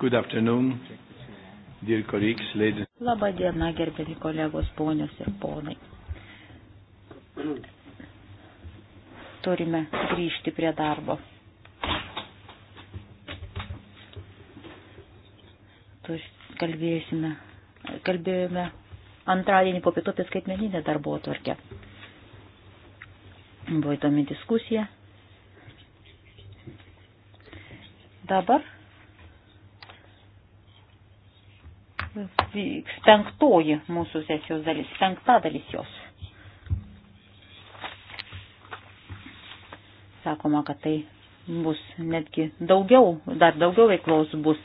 Good afternoon, dear colleagues, ladies. Labą dieną, gerbiami kolegos, ponios ir ponai. Turime grįžti prie darbo. Kalbėsime, kalbėjome antradienį po pietų apie skaitmeninę darbo atvarkę. Buvo įdomi diskusija. Dabar vyks penktoji mūsų sesijos dalis, penkta dalis jos. Sakoma, kad tai bus netgi daugiau, dar daugiau veiklos bus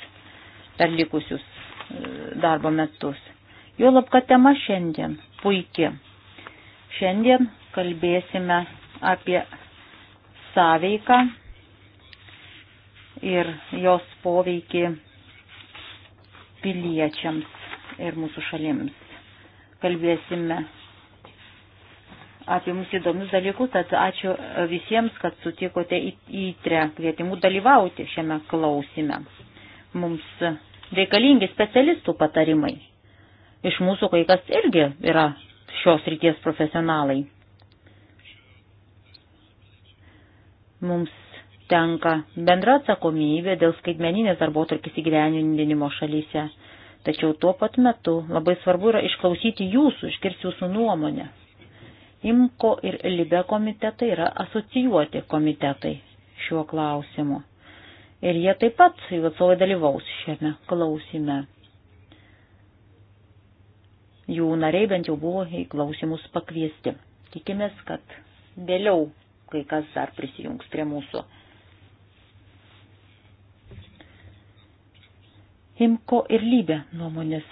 per likusius e, darbo metus. Juolab, kad tema šiandien puikia. Šiandien kalbėsime apie sąveiką ir jos poveikį piliečiams ir mūsų šalims. Kalbėsime apie mūsų įdomius dalykus, tad ačiū visiems, kad sutikote įtre kvietimų dalyvauti šiame klausime. Mums reikalingi specialistų patarimai. Iš mūsų kai kas irgi yra šios ryties profesionalai. Mums tenka bendra atsakomybė dėl skaitmeninės darbo tarkis įgyvenindinimo šalyse. Tačiau tuo pat metu labai svarbu yra išklausyti jūsų, išgirsti jūsų nuomonę. IMKO ir LIBE komitetai yra asocijuoti komitetai šiuo klausimu. Ir jie taip pat, jų atstovai dalyvaus šiame klausime. Jų nariai bent jau buvo į klausimus pakviesti. Tikimės, kad vėliau kai kas dar prisijungs prie mūsų. Imko ir lybė nuomonės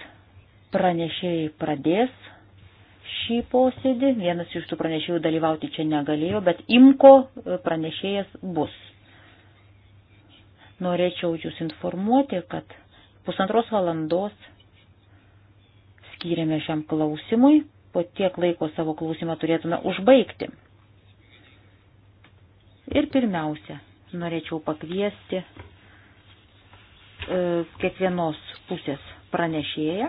pranešėjai pradės šį posėdį. Vienas iš tų pranešėjų dalyvauti čia negalėjo, bet Imko pranešėjas bus. Norėčiau jūs informuoti, kad pusantros valandos skyrėme šiam klausimui, po tiek laiko savo klausimą turėtume užbaigti. Ir pirmiausia, norėčiau pakviesti E, kiekvienos pusės pranešėją,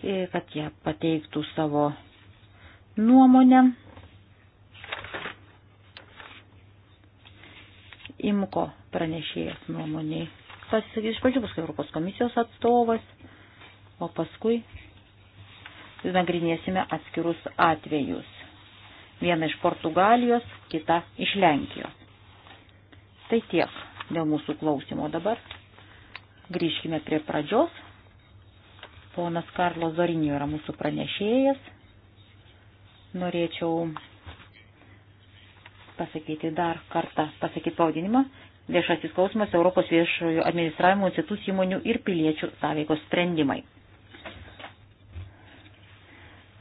e, kad jie pateiktų savo nuomonę. Imko pranešėjas nuomoniai. Pasisakys iš pradžių, paskui Europos komisijos atstovas, o paskui nagrinėsime atskirus atvejus. Vieną iš Portugalijos, kitą iš Lenkijos. Tai tiek dėl mūsų klausimo dabar. Grįžkime prie pradžios. Ponas Karlo Zorinio yra mūsų pranešėjas. Norėčiau pasakyti dar kartą, pasakyti pavadinimą. Viešasis klausimas Europos viešojo administravimo institucijų įmonių ir piliečių sąveikos sprendimai.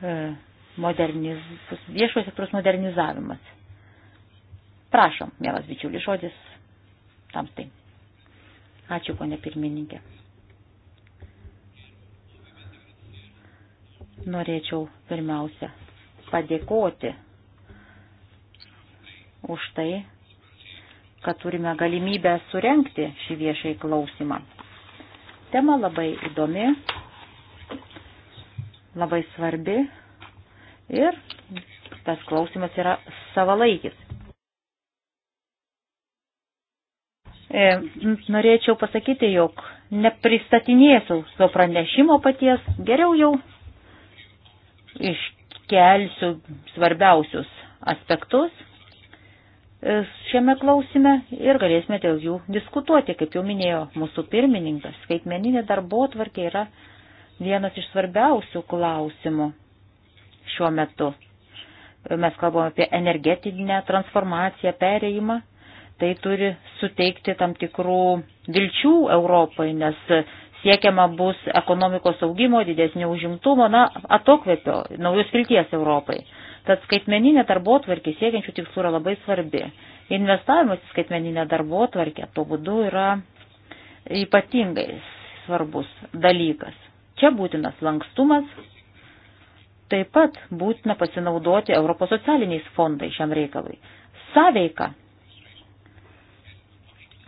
E, moderniz... Viešo sektoriaus modernizavimas. Prašom, mielas bičiulis, žodis Tamstai. Ačiū, ponė pirmininkė. Norėčiau pirmiausia padėkoti už tai, kad turime galimybę surenkti šį viešai klausimą. Tema labai įdomi, labai svarbi ir tas klausimas yra savalaikis. E, norėčiau pasakyti, jog nepristatinėsiu savo pranešimo paties, geriau jau iškelsiu svarbiausius aspektus e, šiame klausime ir galėsime dėl jų diskutuoti, kaip jau minėjo mūsų pirmininkas. Skaitmeninė darbo tvarkė yra vienas iš svarbiausių klausimų šiuo metu. E, mes kalbame apie energetinę transformaciją, perėjimą tai turi suteikti tam tikrų vilčių Europai, nes siekiama bus ekonomikos augimo, didesnio užimtumo, na, atokvėpio, naujos vilties Europai. Tad skaitmeninė darbotvarkė siekiančių tikslų yra labai svarbi. Investavimas į skaitmeninę darbotvarkę tuo būdu yra ypatingai svarbus dalykas. Čia būtinas lankstumas, taip pat būtina pasinaudoti Europos socialiniais fondai šiam reikalui. Saveika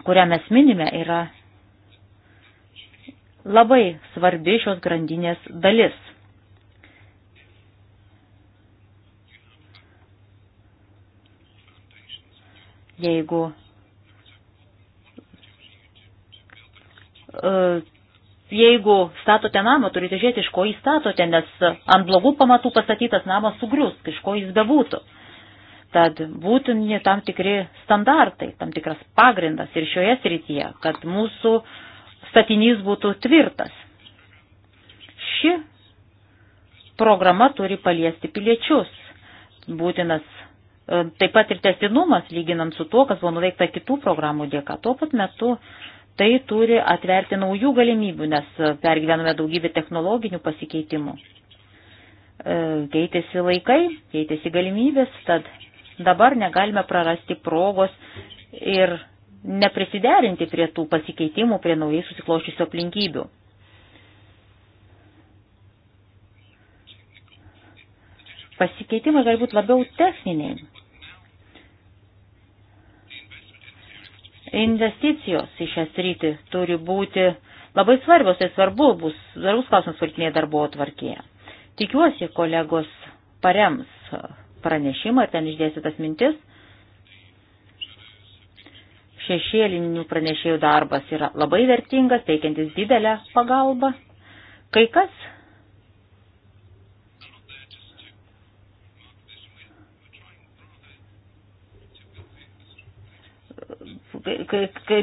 kurią mes minime, yra labai svarbi šios grandinės dalis. Jeigu e, jeigu statote namą, turite žiūrėti, iš ko jį statote, nes ant blogų pamatų pastatytas namas sugrius, iš ko jis bebūtų. Tad būtini tam tikri standartai, tam tikras pagrindas ir šioje srityje, kad mūsų statinys būtų tvirtas. Ši programa turi paliesti piliečius. Būtinas e, taip pat ir testinumas, lyginant su tuo, kas buvo nuveikta kitų programų dėka. Tuo pat metu tai turi atverti naujų galimybių, nes pergyvename daugybę technologinių pasikeitimų. E, keitėsi laikai, keitėsi galimybės, tad Dabar negalime prarasti progos ir neprisiderinti prie tų pasikeitimų, prie naujai susikloščiusių aplinkybių. Pasikeitimai gali būti labiau techniniai. Investicijos į šią sritį turi būti labai svarbios, tai svarbu bus svarbus klausimas politinėje darbo tvarkėje. Tikiuosi, kolegos parems pranešimą ir ten išdėstytas mintis. Šešėlinių pranešėjų darbas yra labai vertingas, teikiantis didelę pagalbą. Kai kas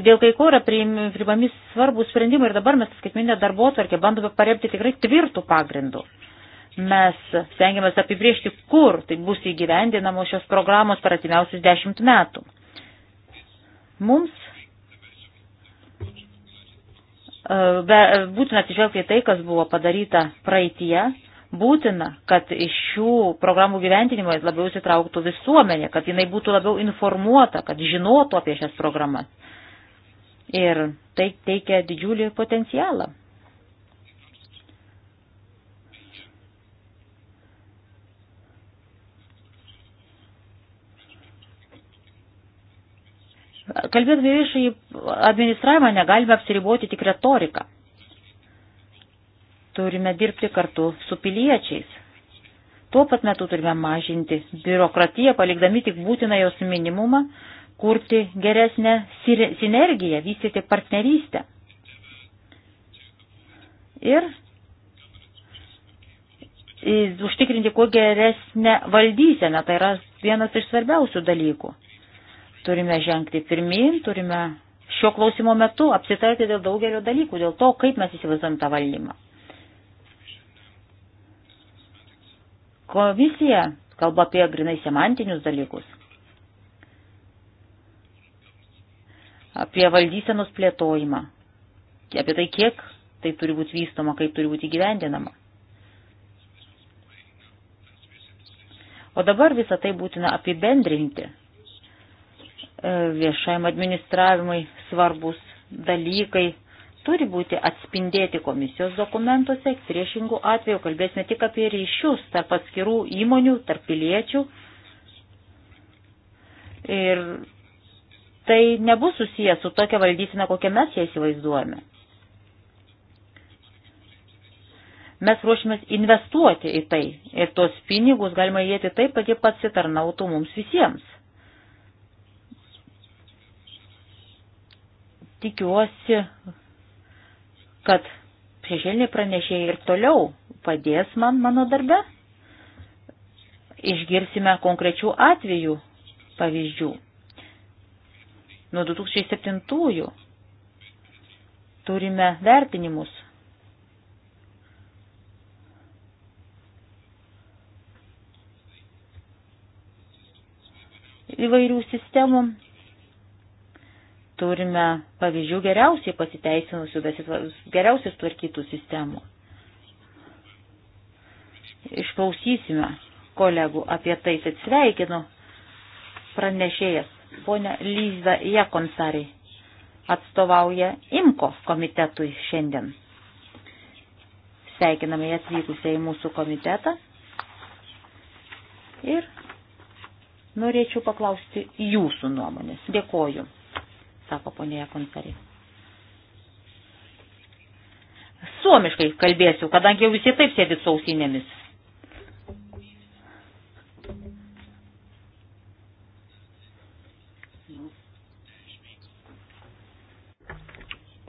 dėl kai ko yra priimami svarbus sprendimai ir dabar mes skaitminę darbo tvarkę bandome paremti tikrai tvirtų pagrindų. Mes stengiamės apibriežti, kur tai bus įgyvendinamos šios programos per atimiausius dešimt metų. Mums e, be, būtina atsižvelgti į tai, kas buvo padaryta praeitie, būtina, kad iš šių programų gyventinimo labiau įsitrauktų visuomenė, kad jinai būtų labiau informuota, kad žinotų apie šias programas. Ir tai teikia didžiulį potencialą. Kalbėt apie viešąjį administravimą negalime apsiriboti tik retoriką. Turime dirbti kartu su piliečiais. Tuo pat metu turime mažinti biurokratiją, palikdami tik būtiną jos minimumą, kurti geresnę sinergiją, vystyti partnerystę. Ir užtikrinti kuo geresnę valdyseną, tai yra vienas iš svarbiausių dalykų. Turime žengti pirmin, turime šio klausimo metu apsitarti dėl daugelio dalykų, dėl to, kaip mes įsivaizduojam tą valdymą. Komisija kalba apie grinai semantinius dalykus, apie valdysenos plėtojimą, apie tai, kiek tai turi būti vystoma, kaip turi būti gyvendinama. O dabar visą tai būtina apibendrinti E, viešajam administravimui svarbus dalykai turi būti atspindėti komisijos dokumentuose, priešingų atveju kalbėsime tik apie ryšius tarp atskirų įmonių, tarp piliečių. Ir tai nebus susijęs su tokia valdysena, kokią mes ją įsivaizduojame. Mes ruošimės investuoti į tai ir tuos pinigus galima įdėti taip, kad jie pasitarnautų mums visiems. Tikiuosi, kad šešėliniai pranešėjai ir toliau padės man mano darbe. Išgirsime konkrečių atvejų pavyzdžių. Nuo 2007 turime vertinimus įvairių sistemų turime pavyzdžių geriausiai pasiteisinusių, geriausiai tvarkytų sistemų. Išklausysime kolegų apie tai, atsveikinu pranešėjas, ponia Lyza Jekonsari, atstovauja IMKO komitetui šiandien. Sveikiname ją atvykusią į mūsų komitetą ir norėčiau paklausti jūsų nuomonės. Dėkoju sako ponė Jakonferė. Suomiškai kalbėsiu, kadangi jau visi taip sėdit sausinėmis.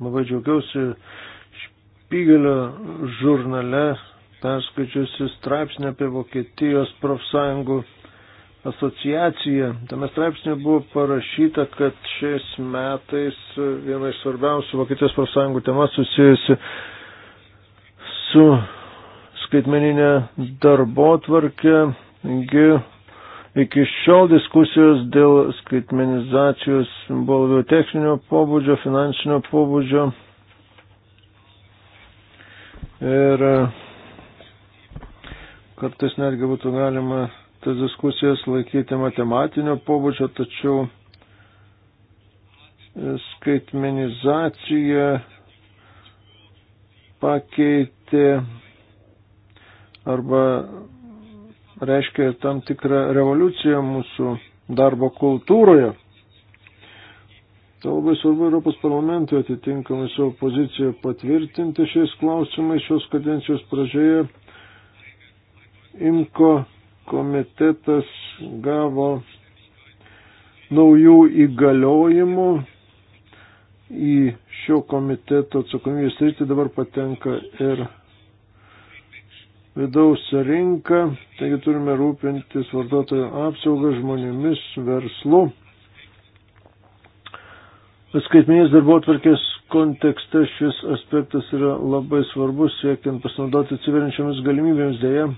Labai džiaugiausi Špygelio žurnale perskaičiusi straipsnį apie Vokietijos profsąjungų asociacija. Tame straipsnė buvo parašyta, kad šiais metais viena iš svarbiausių Vokietijos profsąjungų tema susijusi su skaitmeninė darbo tvarkė. Iki šiol diskusijos dėl skaitmenizacijos buvo labiau techninio pobūdžio, finansinio pobūdžio. Ir kartais netgi būtų galima tas diskusijas laikyti matematinio pobūdžio, tačiau e, skaitmenizacija pakeitė arba reiškia tam tikrą revoliuciją mūsų darbo kultūroje. Tai labai svarbu Europos parlamentui atitinkamai savo poziciją patvirtinti šiais klausimais šios kadencijos pradžioje. Imko komitetas gavo naujų įgaliojimų į šio komiteto atsakomybės rytį dabar patenka ir vidaus rinka, taigi turime rūpintis vartotojų apsaugą žmonėmis, verslu. Skaitminės darbo atvarkės kontekste šis aspektas yra labai svarbus, siekiant pasinaudoti atsiverinčiomis galimybėmis dėja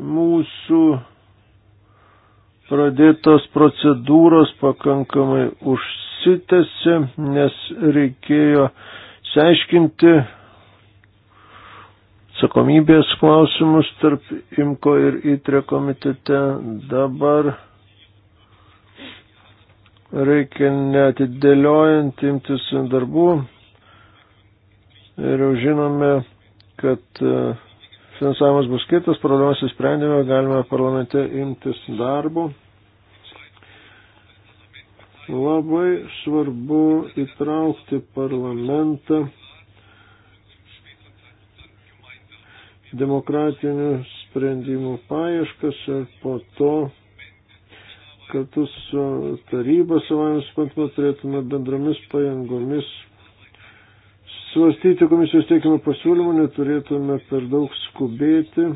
mūsų pradėtos procedūros pakankamai užsitęsė, nes reikėjo seiškinti atsakomybės klausimus tarp IMKO ir ITRE komitete. Dabar reikia netidėliojant imtis darbų ir jau žinome, kad uh, finansavimas bus kitas, problemas įsprendėme, galime parlamente imtis darbų. Labai svarbu įtraukti parlamentą demokratinių sprendimų paieškas ir po to kartu su taryba savai mes pantama turėtume bendromis pajėgomis svarstyti komisijos teikiamą pasiūlymą, neturėtume per daug skubėti.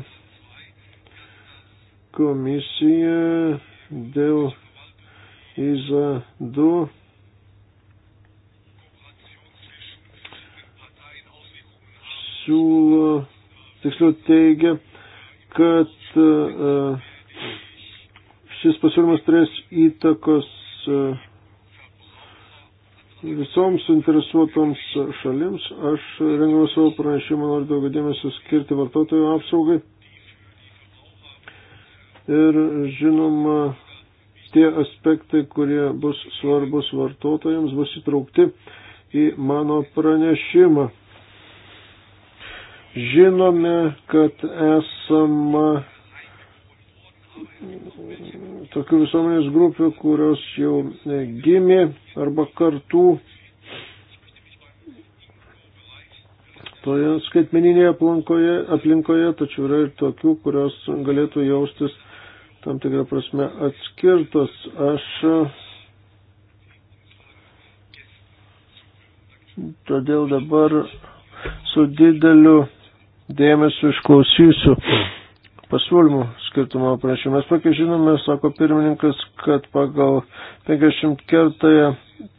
Komisija dėl IZA 2 siūlo, tiksliau teigia, kad e, šis pasiūlymas turės įtakos e, visoms suinteresuotoms šalims. Aš rengiau savo pranešimą, noriu daugiau dėmesio skirti vartotojų apsaugai. Ir žinoma, tie aspektai, kurie bus svarbus vartotojams, bus įtraukti į mano pranešimą. Žinome, kad esama tokių visuomenės grupių, kurios jau e, gimė arba kartų toje skaitmeninėje aplinkoje, aplinkoje, tačiau yra ir tokių, kurios galėtų jaustis tam tikrą prasme atskirtos. Aš todėl dabar su dideliu dėmesiu išklausysiu pasiūlymų skirtų mano pranešimui. Mes puikiai žinome, sako pirmininkas, kad pagal 54,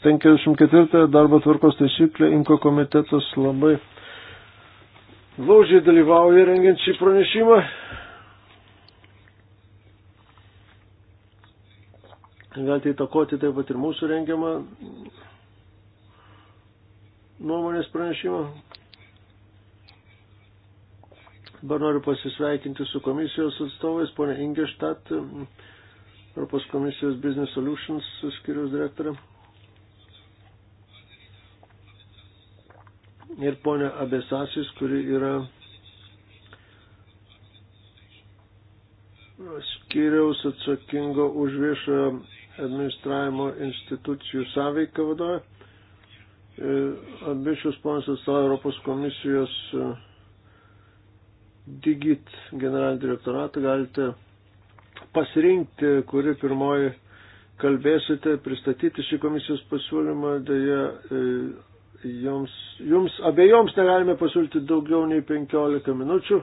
54 darbo tvarkos taisyklę Inko komitetas labai glaužiai dalyvauja rengiant šį pranešimą. Galite įtakoti taip pat ir mūsų rengiamą nuomonės pranešimą. Dabar noriu pasisveikinti su komisijos atstovais, ponė Ingeštat, Europos komisijos Business Solutions skiriaus direktorė. Ir ponė Abesasis, kuri yra skiriaus atsakingo už viešo administravimo institucijų sąveiką vadovė. E, abi šios ponas atstovauja Europos komisijos Digit generalinį direktoratą galite pasirinkti, kuri pirmoji kalbėsite, pristatyti šį komisijos pasiūlymą, dėja e, jums, jums abiejoms negalime pasiūlyti daugiau nei 15 minučių.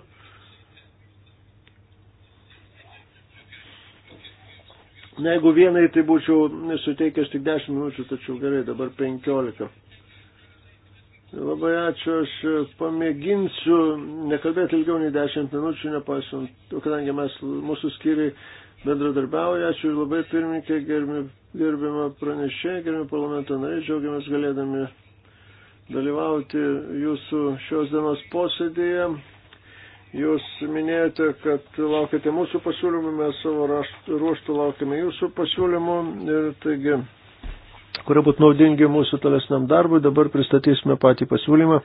Na, jeigu vienai tai būčiau suteikęs tik 10 minučių, tačiau gerai, dabar 15. Labai ačiū, aš pamėginsiu nekalbėti ilgiau nei 10 minučių, nepaisant, kadangi mes, mūsų skyriai bendradarbiauja. Ačiū labai pirmininkė, gerbiamą pranešėją, gerbiamą parlamento nariai, džiaugiamės galėdami dalyvauti jūsų šios dienos posėdėje. Jūs minėjote, kad laukiate mūsų pasiūlymų, mes savo ruoštų laukiame jūsų pasiūlymų. Ir taigi kurie būtų naudingi mūsų tolesniam darbui. Dabar pristatysime patį pasiūlymą.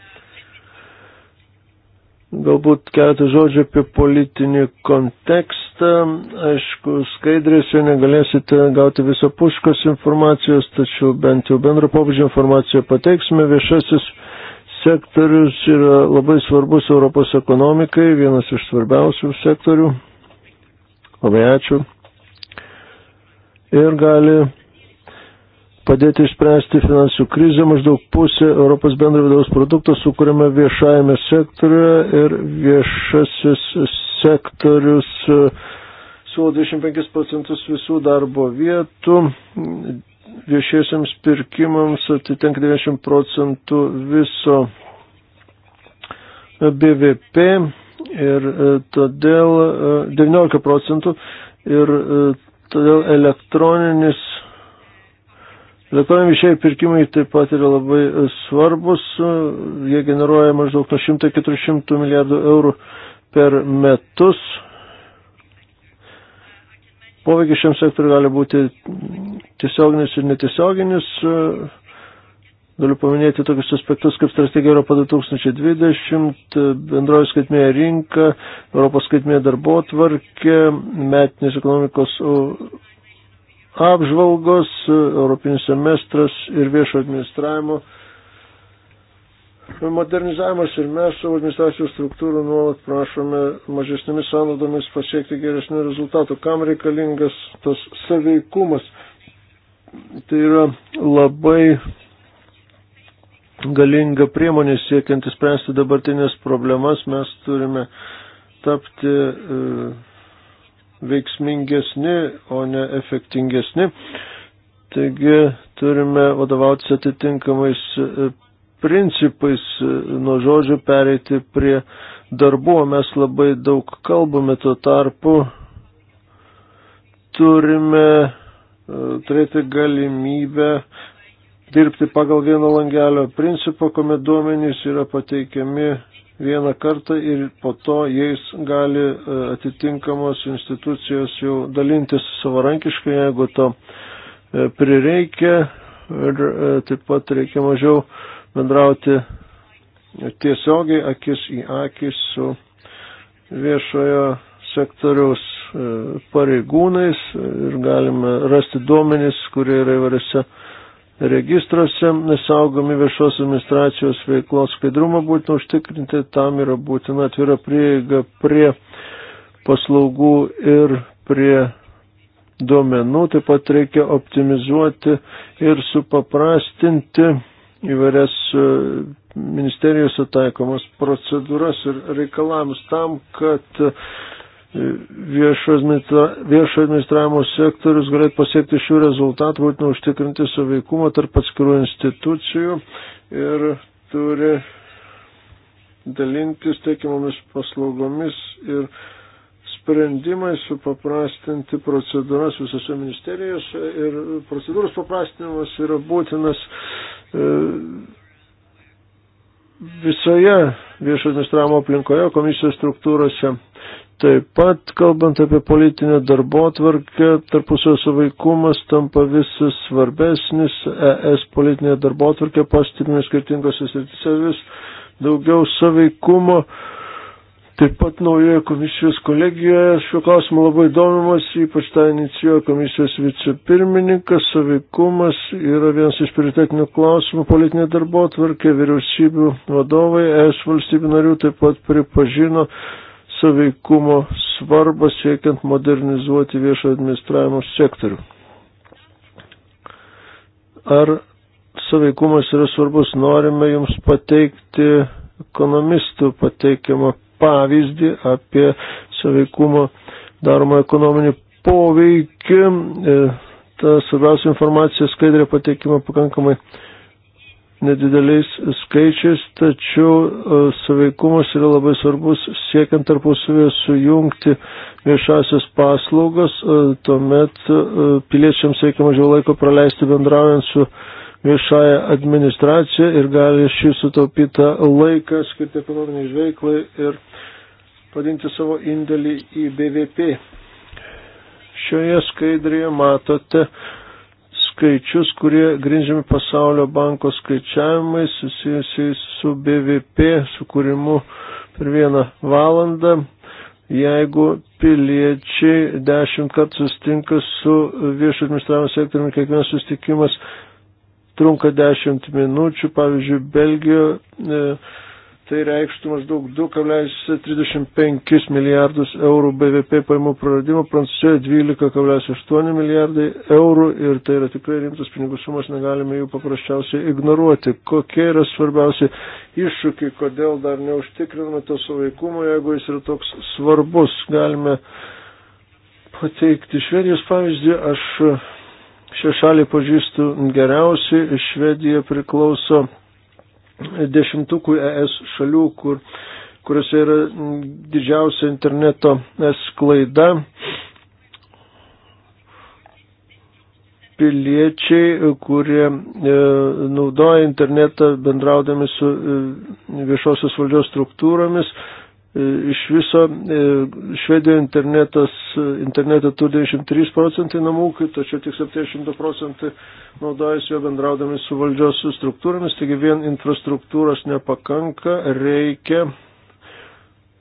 Galbūt keletą žodžių apie politinį kontekstą. Aišku, skaidrėse negalėsite gauti viso puškos informacijos, tačiau bent jau bendro pobūdžio informaciją pateiksime. Viešasis sektorius yra labai svarbus Europos ekonomikai, vienas iš svarbiausių sektorių. Labai ačiū. Ir gali padėti išspręsti finansų krizę. Maždaug pusė Europos bendro vidaus produkto sukūrėme viešajame sektoriuje ir viešasis sektorius e, siūlo 25 procentus visų darbo vietų. Viešiesiams pirkimams atitenka 90 procentų viso BVP ir e, todėl 19 e, procentų ir todėl elektroninis Elektroniniai viešieji pirkimai taip pat yra labai e, svarbus, e, jie generuoja maždaug nuo 100-400 milijardų eurų per metus. Poveikis šiam sektoriu gali būti tiesioginis ir netiesioginis. E, Galiu paminėti tokius aspektus kaip strategija Europa 2020, bendroji skaitmė rinka, Europos skaitmė darbo tvarkė, metinės ekonomikos apžvalgos, Europinis semestras ir viešo administravimo modernizavimas ir mes savo administracijos struktūrų nuolat prašome mažesnėmis sąnaudomis pasiekti geresnių rezultatų. Kam reikalingas tas saveikumas? Tai yra labai galinga priemonė siekiantis spręsti dabartinės problemas. Mes turime tapti. E, veiksmingesni, o ne efektingesni. Taigi turime vadovautis atitinkamais e, principais e, nuo žodžių pereiti prie darbų, mes labai daug kalbame tuo tarpu, turime e, turėti galimybę dirbti pagal vieno langelio principą, kuomet duomenys yra pateikiami vieną kartą ir po to jais gali e, atitinkamos institucijos jau dalintis savarankiškai, jeigu to e, prireikia ir e, taip pat reikia mažiau bendrauti tiesiogiai akis į akį su viešojo sektoriaus pareigūnais ir galime rasti duomenys, kurie yra įvairiose registruose saugomi viešos administracijos veiklos skaidrumą būtina užtikrinti, tam yra būtina atvira prieiga prie paslaugų ir prie duomenų, taip pat reikia optimizuoti ir supaprastinti įvairias e, ministerijose taikomas procedūras ir reikalavimus tam, kad viešo administravimo sektorius galėtų pasiekti šių rezultatų, būtina užtikrinti saveikumą tarp atskirų institucijų ir turi dalintis teikiamomis paslaugomis ir sprendimai supaprastinti procedūras visose ministerijose ir procedūros paprastinimas yra būtinas e, visoje viešo administravimo aplinkoje komisijos struktūrose Taip pat, kalbant apie politinę darbo tvarkę, tarpusio savaikumas tampa vis svarbesnis, ES politinė darbo tvarkė pastebime skirtingose srityse vis daugiau savaikumo. Taip pat naujoje komisijos kolegijoje šiuo klausimu labai domimas, ypač tą inicijuoja komisijos vicepirmininkas, saveikumas yra vienas iš prioritetinių klausimų politinė darbo tvarkė, vyriausybių vadovai, es valstybių narių taip pat pripažino saveikumo svarbą siekiant modernizuoti viešo administravimo sektorių. Ar saveikumas yra svarbus? Norime jums pateikti ekonomistų pateikiamą pavyzdį apie saveikumo daromą ekonominį poveikį. E, ta svarbiausia informacija skaidrė pateikima pakankamai nedideliais skaičiais, tačiau e, saveikumas yra labai svarbus siekiant tarpusavėje sujungti viešasias paslaugas, e, tuomet e, piliečiams reikia mažiau laiko praleisti bendraujant su viešąją administraciją ir gali šį sutaupytą laiką skirti ekonominiai veiklai ir padinti savo indėlį į BVP. Šioje skaidrėje matote, skaičius, kurie grindžiami pasaulio banko skaičiavimai susijusiai su BVP sukūrimu per vieną valandą. Jeigu piliečiai dešimt kartų sustinka su viešo administravimo sektoriumi, kiekvienas sustikimas trunka dešimt minučių, pavyzdžiui, Belgijoje e, Tai reikštų maždaug 2,35 milijardus eurų BVP paimų praradimo, Prancūzijoje 12,8 milijardai eurų ir tai yra tikrai rimtas pinigų sumas, negalime jų paprasčiausiai ignoruoti. Kokie yra svarbiausi iššūkiai, kodėl dar neužtikriname to suvaikumo, jeigu jis yra toks svarbus, galime pateikti Švedijos pavyzdį, aš šią šalį pažįstu geriausiai, Švedija priklauso dešimtukų ES šalių, kur, kuriuose yra didžiausia interneto sklaida. Piliečiai, kurie e, naudoja internetą bendraudami su e, viešosios valdžios struktūromis, e, E, iš viso e, Švedijoje internetas, e, internetą turi 93 procentai namų ūkių, tačiau tik 72 procentai naudojasi jo bendraudami su valdžios struktūromis, taigi vien infrastruktūros nepakanka, reikia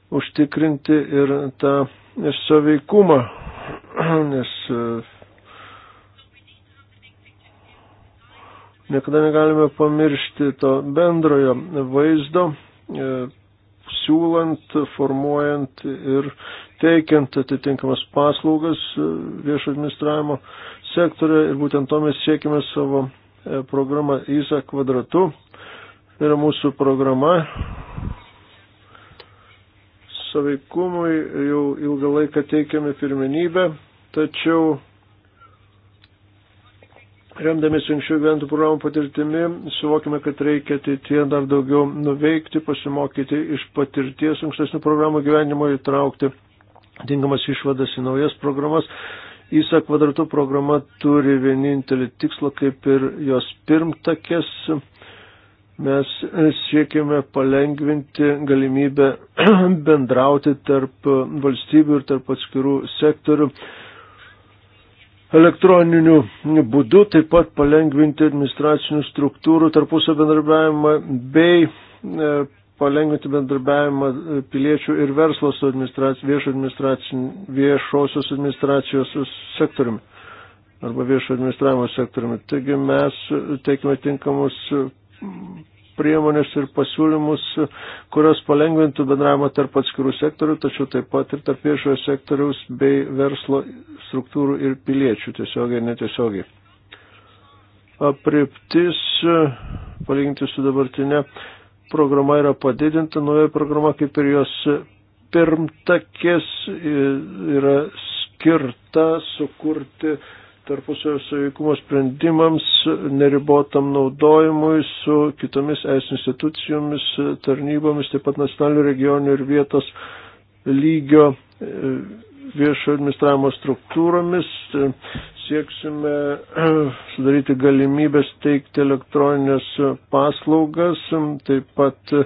užtikrinti ir tą saveikumą, nes niekada negalime pamiršti to bendrojo vaizdo siūlant, formuojant ir teikiant atitinkamas paslaugas viešo administravimo sektorė ir būtent to mes siekime savo e, programą ISA kvadratu. Tai yra mūsų programa. Saveikumui jau ilgą laiką teikiame pirmenybę, tačiau remdamės anksčiau gyventų programų patirtimi, suvokime, kad reikia ateityje dar daugiau nuveikti, pasimokyti iš patirties ankstesnių programų gyvenimo, įtraukti tinkamas išvadas į naujas programas. ISA kvadratų programa turi vienintelį tikslą, kaip ir jos pirmtakės. Mes siekime palengvinti galimybę bendrauti tarp valstybių ir tarp atskirų sektorių elektroniniu būdu, taip pat palengvinti administracinių struktūrų tarpusio bendarbiavimą bei e, palengvinti bendarbiavimą e, piliečių ir verslo su administrac... viešo administraci... viešosios administracijos sektoriumi arba viešo administravimo sektoriumi. Taigi mes teikime tinkamus priemonės ir pasiūlymus, kurios palengvintų bendravimą tarp atskirų sektorių, tačiau taip pat ir tarp viešojo sektoriaus bei verslo struktūrų ir piliečių tiesiogiai ir netiesiogiai. Apriptis, palyginti su dabartinė programa, yra padidinta, nauja programa kaip ir jos pirmtakės yra skirta sukurti tarpusavio saveikumo sprendimams, neribotam naudojimui su kitomis es institucijomis, tarnybomis, taip pat nacionalinių regionių ir vietos lygio e, viešo administravimo struktūromis. Sieksime e, sudaryti galimybės teikti elektroninės paslaugas, taip pat e,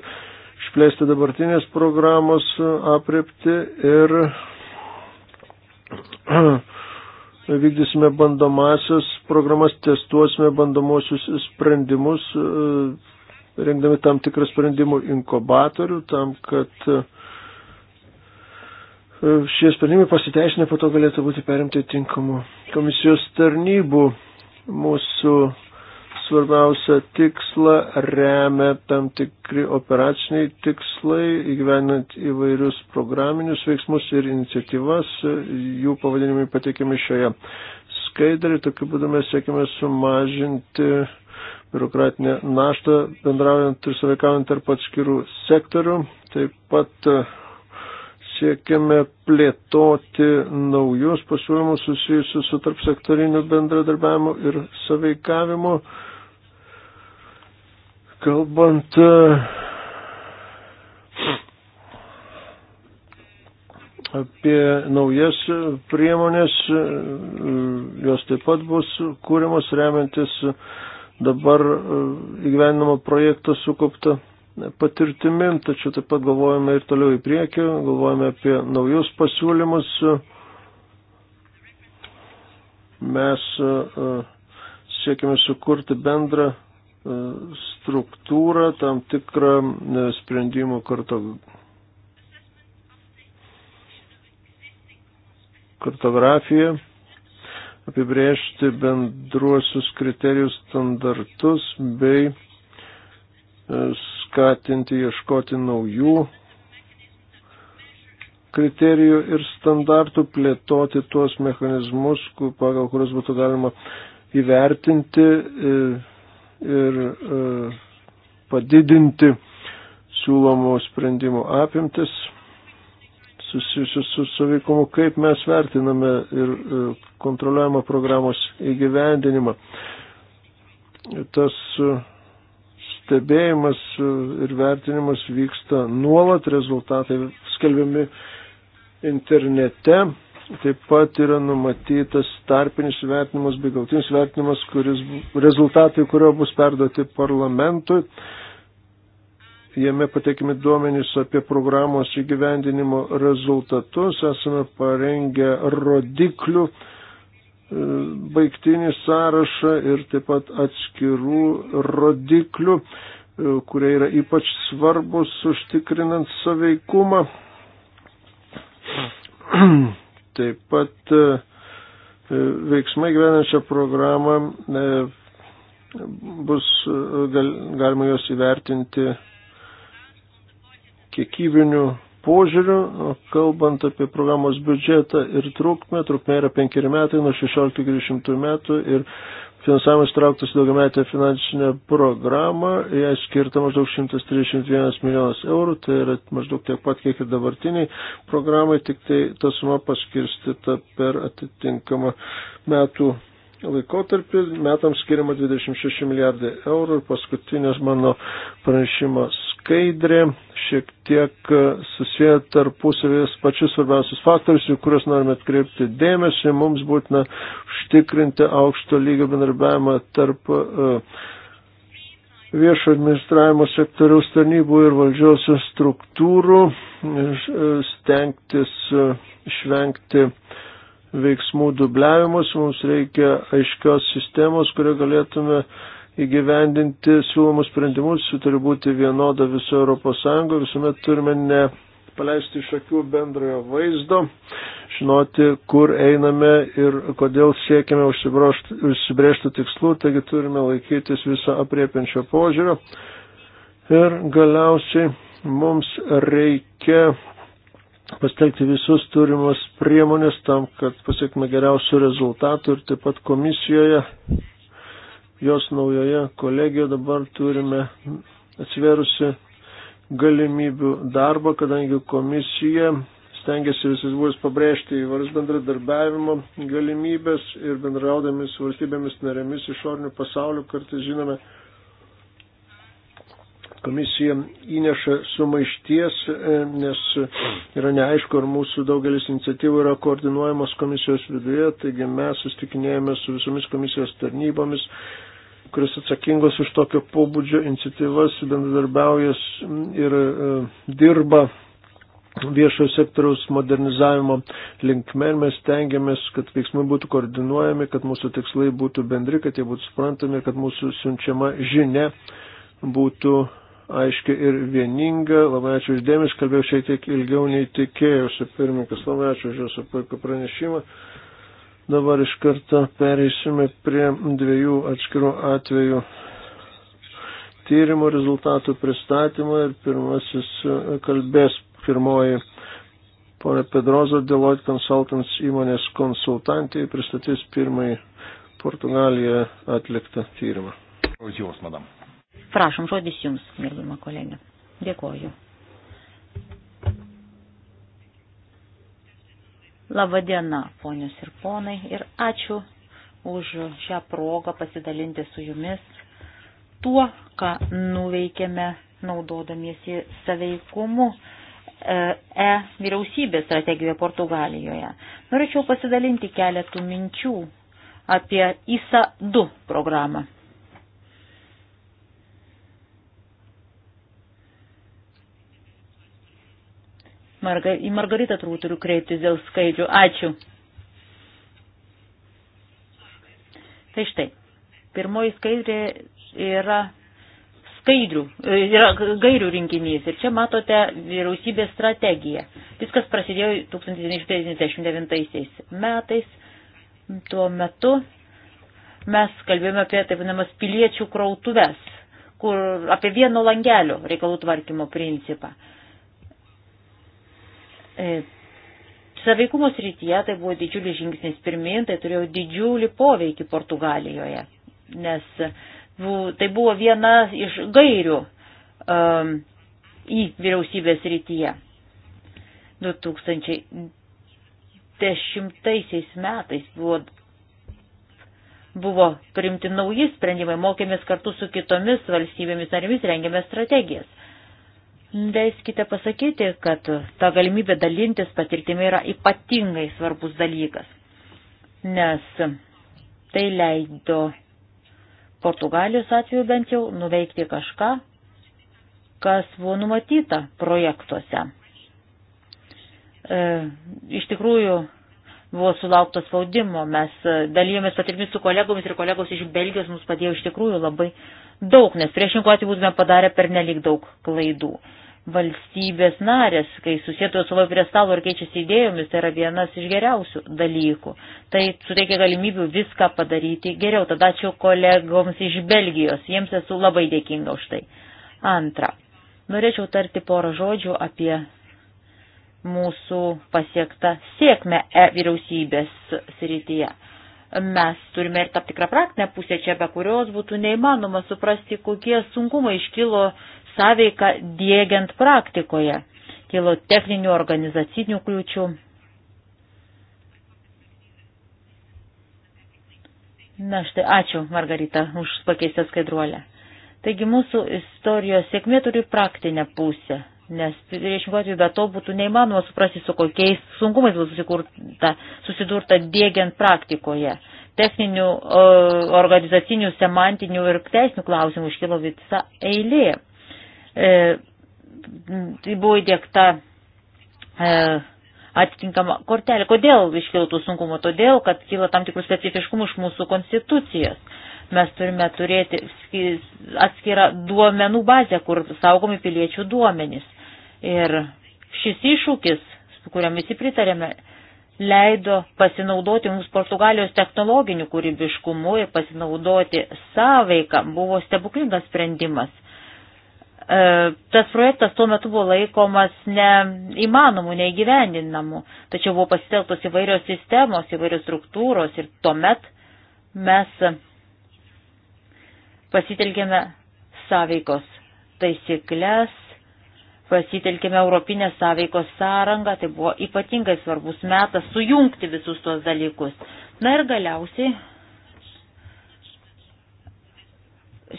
išplėsti dabartinės programos apriepti ir vykdysime bandomasias programas, testuosime bandomosius sprendimus, e, rengdami tam tikrą sprendimų inkubatorių, tam, kad e, šie sprendimai pasiteisinę po to galėtų būti perimti tinkamų komisijos tarnybų. Mūsų svarbiausią tikslą remia tam tikri operaciniai tikslai, įgyvenant įvairius programinius veiksmus ir iniciatyvas, jų pavadinimai pateikiami šioje skaidrė, tokiu būdu mes siekime sumažinti biurokratinę naštą bendraujant ir sąveikaujant tarp atskirų sektorių. Taip pat e, siekiame plėtoti naujus pasiūlymus susijusius su tarp sektoriniu bendradarbiavimu ir sąveikavimu. Kalbant e, apie naujas priemonės, e, jos taip pat bus kūrimas remiantis dabar e, įgyvenimo projektą sukauptą patirtimi, tačiau taip pat galvojame ir toliau į priekį, galvojame apie naujus pasiūlymus. Mes siekime sukurti bendrą struktūrą, tam tikrą e, sprendimų karto, kartografiją, apibrėžti bendruosius kriterijus standartus bei e, skatinti ieškoti naujų kriterijų ir standartų, plėtoti tuos mechanizmus, pagal kuriuos būtų galima įvertinti e, ir e, padidinti siūlomų sprendimų apimtis susijusius su savykumu, kaip mes vertiname ir e, kontroliuojamą programos įgyvendinimą. Tas e, stebėjimas ir vertinimas vyksta nuolat, rezultatai skelbiami internete Taip pat yra numatytas tarpinis vertinimas bei gautinis vertinimas, kuris rezultatai, kurio bus perduoti parlamentui. Jame pateikimi duomenys apie programos įgyvendinimo rezultatus. Esame parengę rodiklių e, baigtinį sąrašą ir taip pat atskirų rodiklių, e, kurie yra ypač svarbus užtikrinant saveikumą. Taip pat e, e, veiksmai gyvenančią programą e, bus gal, galima juos įvertinti kiekybinių požiūriu, kalbant apie programos biudžetą ir trukmę, trukmė yra penkeri metai nuo 16-20 metų ir finansavimas trauktas į daugiametę finansinę programą, jai skirta maždaug 131 milijonas eurų, tai yra maždaug tiek pat, kiek ir dabartiniai programai, tik tai ta suma paskirstita per atitinkamą metų laikotarpį, metams skiriama 26 milijardai eurų ir paskutinės mano pranešimo skaidrė, šiek tiek e, susiję tarpusavės pačius svarbiausius faktorius, į kuriuos norime atkreipti dėmesį. Mums būtina užtikrinti aukšto lygio bendarbiavimą tarp e, viešo administravimo sektoriaus tarnybų ir valdžios struktūrų, e, stengtis išvengti veiksmų dubliavimus. Mums reikia aiškios sistemos, kurią galėtume įgyvendinti siūlomus sprendimus, turi būti vienoda viso Europos Sąjungo, visuomet turime ne paleisti iš akių bendrojo vaizdo, žinoti, kur einame ir kodėl siekiame užsibrėžtų tikslų, taigi turime laikytis viso apriepiančio požiūrio. Ir galiausiai mums reikia pastelgti visus turimus priemonės tam, kad pasiekime geriausių rezultatų ir taip pat komisijoje jos naujoje kolegijoje dabar turime atsverusi galimybių darbą, kadangi komisija stengiasi visais būdais pabrėžti įvairias bendradarbiavimo galimybės ir bendraudami su valstybėmis narėmis išorinių pasaulių kartais žinome, komisija įneša sumaišties, e, nes yra neaišku, ar mūsų daugelis iniciatyvų yra koordinuojamos komisijos viduje, taigi mes sustikinėjame su visomis komisijos tarnybomis, kuris atsakingas už tokio pobūdžio iniciatyvas, bendradarbiaujas ir e, dirba viešojo sektoriaus modernizavimo linkme ir mes tengiamės, kad veiksmai būtų koordinuojami, kad mūsų tikslai būtų bendri, kad jie būtų suprantami, kad mūsų siunčiama žinia būtų aiški ir vieninga. Labai ačiū uždėmės, kalbėjau šiek tiek ilgiau nei tikėjusi pirmininkas. Labai ačiū už jūsų puikų pranešimą. Dabar iš karto pereisime prie dviejų atskirų atvejų tyrimų rezultatų pristatymą ir pirmasis e, kalbės pirmoji ponė Pedrozo Deloitte Consultants įmonės konsultantė pristatys pirmąjį Portugalijoje atliktą tyrimą. Prašom, žodis Jums, gerbima kolegė. Dėkoju. Labadiena, ponios ir ponai, ir ačiū už šią progą pasidalinti su jumis tuo, ką nuveikėme naudodamiesi saveikumu e, e vyriausybės strategijoje Portugalijoje. Norėčiau pasidalinti keletų minčių apie ISA 2 programą. Marga, į Margaritą turbūt turiu kreiptis dėl skaidžių. Ačiū. Tai štai, pirmoji skaidrė yra skaidrių, e, yra gairių rinkinys. Ir čia matote vyriausybės strategiją. Viskas prasidėjo 1999 metais. Tuo metu mes kalbėjome apie taip vadinamas piliečių krautuves, kur apie vieno langelio reikalų tvarkymo principą. E, saveikumo srityje tai buvo didžiulis žingsnis pirmin, tai turėjo didžiulį poveikį Portugalijoje, nes tai buvo viena iš gairių um, į vyriausybės srityje. 2010 metais buvo, buvo primti nauji sprendimai, mokėmės kartu su kitomis valstybėmis narėmis, rengėme strategijas. Leiskite pasakyti, kad ta galimybė dalintis patirtimi yra ypatingai svarbus dalykas, nes tai leido Portugalijos atveju bent jau nuveikti kažką, kas buvo numatyta projektuose. E, iš tikrųjų, buvo sulauktas spaudimo, mes e, dalyjomės patirtimis su kolegomis ir kolegos iš Belgijos mums padėjo iš tikrųjų labai daug, nes priešinku atveju būtume padarę per nelik daug klaidų. E, valstybės narės, kai susėtų atstovai prie stalo ir keičiasi idėjomis, tai yra vienas iš geriausių dalykų. Tai suteikia galimybių viską padaryti geriau. Tada ačiū kolegoms iš Belgijos, jiems esu labai dėkinga už tai. Antra, norėčiau tarti porą žodžių apie mūsų pasiektą sėkmę e vyriausybės srityje. Mes turime ir tam tikrą praktinę pusę čia, be kurios būtų neįmanoma suprasti, kokie sunkumai iškilo sąveiką dėgiant praktikoje. Kilo techninių organizacinių kliūčių. Na štai, ačiū Margarita už pakeistę skaidruolę. Taigi mūsų istorijos sėkmė turi praktinę pusę, nes priešingų atveju be to būtų neįmanoma suprasti, su kokiais sunkumais bus susidurta dėgiant praktikoje. Techninių, organizacinių, semantinių ir teisinių klausimų iškilo visa eilė. E, tai buvo įdėkta e, atitinkama kortelė. Kodėl iškilo tų sunkumų? Todėl, kad kyla tam tikrų specifiškumų iš mūsų konstitucijos. Mes turime turėti atskirą duomenų bazę, kur saugomi piliečių duomenys. Ir šis iššūkis, su kuriam visi pritarėme, leido pasinaudoti mums Portugalijos technologiniu kūrybiškumu ir pasinaudoti sąveiką buvo stebuklingas sprendimas. E, tas projektas tuo metu buvo laikomas neįmanomu, neįgyvendinamu, tačiau buvo pasitelktos įvairios sistemos, įvairios struktūros ir tuomet mes pasitelkėme sąveikos taisyklės, pasitelkėme Europinę sąveikos sąrangą, tai buvo ypatingai svarbus metas sujungti visus tuos dalykus. Na ir galiausiai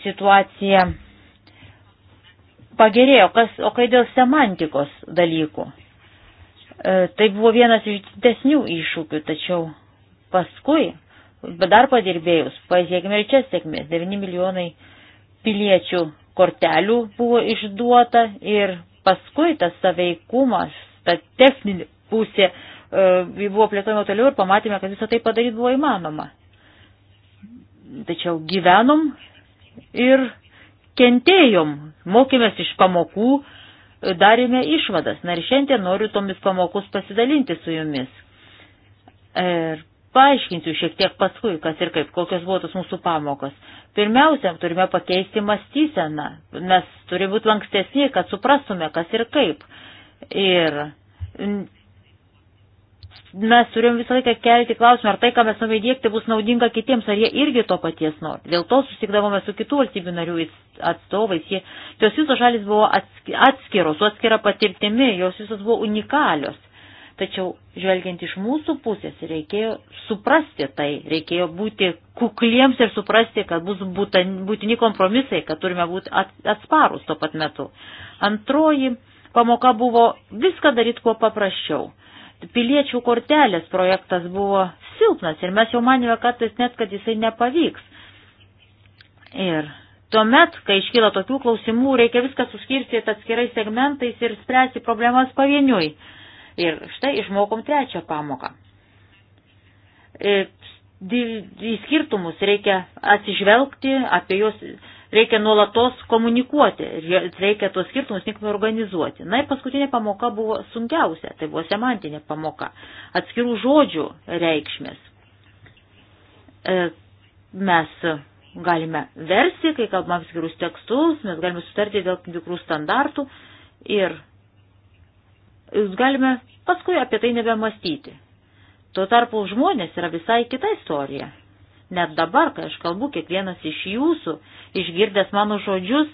situacija pagerėjo, kas, o kai dėl semantikos dalykų. E, tai buvo vienas iš didesnių iššūkių, tačiau paskui, bet dar padirbėjus, pasiekime ir čia sėkmės, 9 milijonai piliečių kortelių buvo išduota ir paskui tas saveikumas, ta techninė pusė e, buvo plėtojama toliau ir pamatėme, kad visą tai padaryti buvo įmanoma. Tačiau gyvenom ir kentėjom, mokėmės iš pamokų, e, darėme išvadas. Na ir šiandien noriu tomis pamokus pasidalinti su jumis. E, ir paaiškinsiu šiek tiek paskui, kas ir kaip, kokios buvo tos mūsų pamokos. Pirmiausia, turime pakeisti mąstyseną. Mes turime būti lankstesni, kad suprastume, kas ir kaip. Ir mes turim visą laiką kelti klausimą, ar tai, ką mes norime įdėkti, bus naudinga kitiems, ar jie irgi to paties nori. Dėl to susitikdavome su kitų valstybių narių atstovais. Jie, jos visos šalis buvo atskiros, su atskira patirtimi, jos visos buvo unikalios. Tačiau, žvelgiant iš mūsų pusės, reikėjo suprasti tai, reikėjo būti kukliems ir suprasti, kad bus būtini kompromisai, kad turime būti atsparus tuo pat metu. Antroji pamoka buvo viską daryti kuo paprasčiau piliečių kortelės projektas buvo silpnas ir mes jau manėme kartais net, kad jisai nepavyks. Ir tuomet, kai iškyla tokių klausimų, reikia viską suskirstyti atskirai segmentais ir spręsti problemas pavieniui. Ir štai išmokom trečią pamoką. Į skirtumus reikia atsižvelgti, apie juos Reikia nuolatos komunikuoti, reikia tuos skirtumus tinkamai organizuoti. Na ir paskutinė pamoka buvo sunkiausia, tai buvo semantinė pamoka. Atskirų žodžių reikšmės. E, mes galime versi, kai kalbame atskirus tekstus, mes galime sutarti dėl tikrų standartų ir galime paskui apie tai nebemastyti. Tuo tarpu žmonės yra visai kita istorija. Net dabar, kai aš kalbu, kiekvienas iš jūsų, išgirdęs mano žodžius,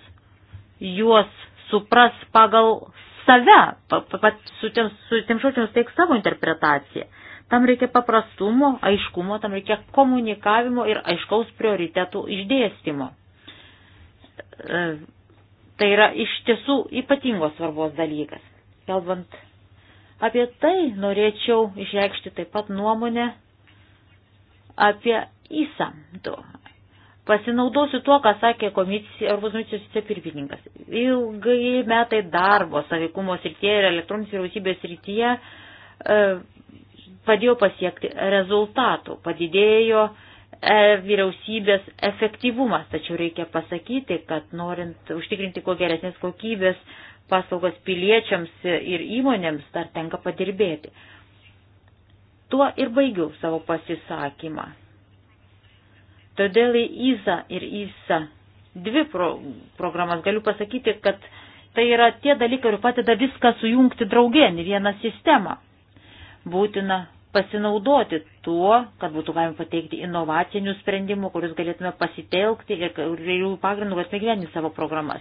juos supras pagal save, pat pa, su tiem, su tiem žodžiams teiks savo interpretaciją. Tam reikia paprastumo, aiškumo, tam reikia komunikavimo ir aiškaus prioritetų išdėstymo. E, tai yra iš tiesų ypatingos svarbos dalykas. Kalbant apie tai, norėčiau išreikšti taip pat nuomonę apie ISA 2. Pasinaudosiu tuo, ką sakė komisija, Europos komisijos vicepirmininkas. Ilgai metai darbo savykumo srityje ir elektroninės vyriausybės srityje e, padėjo pasiekti rezultatų, padidėjo e, vyriausybės efektyvumas. Tačiau reikia pasakyti, kad norint užtikrinti kuo geresnės kokybės paslaugas piliečiams ir įmonėms, dar tenka padirbėti. Tuo ir baigiau savo pasisakymą. Todėl į IZA ir ISA dvi pro, programas galiu pasakyti, kad tai yra tie dalykai, kurie padeda viską sujungti draugien į vieną sistemą. Būtina pasinaudoti tuo, kad būtų galima pateikti inovacinių sprendimų, kuriuos galėtume pasitelkti ir jų pagrindų galėtume gyventi savo programas.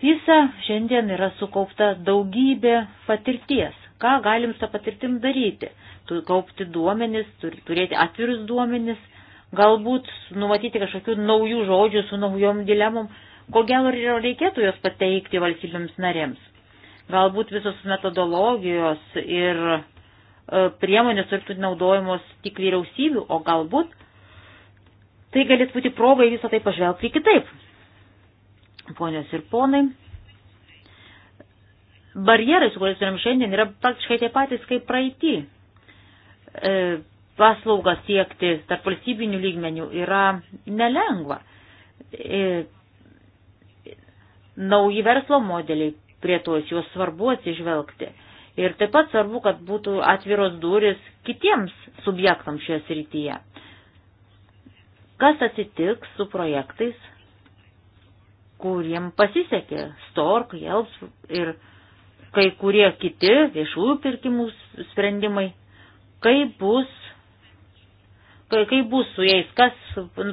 Visa šiandien yra sukaupta daugybė patirties. Ką galim su tą patirtim daryti? Tu kaupti duomenis, turėti atvirus duomenis, galbūt numatyti kažkokių naujų žodžių su naujom dilemom, ko gero reikėtų jos pateikti valstybėms narėms. Galbūt visos metodologijos ir e, priemonės turėtų naudojamos tik vyriausybių, o galbūt tai galėtų būti progai visą tai pažvelgti kitaip. Ponios ir ponai, barjerai, su kuriais turim šiandien, yra praktiškai tie patys kaip praeitį. E, paslaugas tiekti tarp valstybinių lygmenių yra nelengva. E, nauji verslo modeliai prie to juos svarbu atsižvelgti. Ir taip pat svarbu, kad būtų atviros duris kitiems subjektams šioje srityje. Kas atsitiks su projektais, kuriem pasisekė Stork, Jelps ir kai kurie kiti viešųjų pirkimų sprendimai, kaip bus kaip bus su jais, kas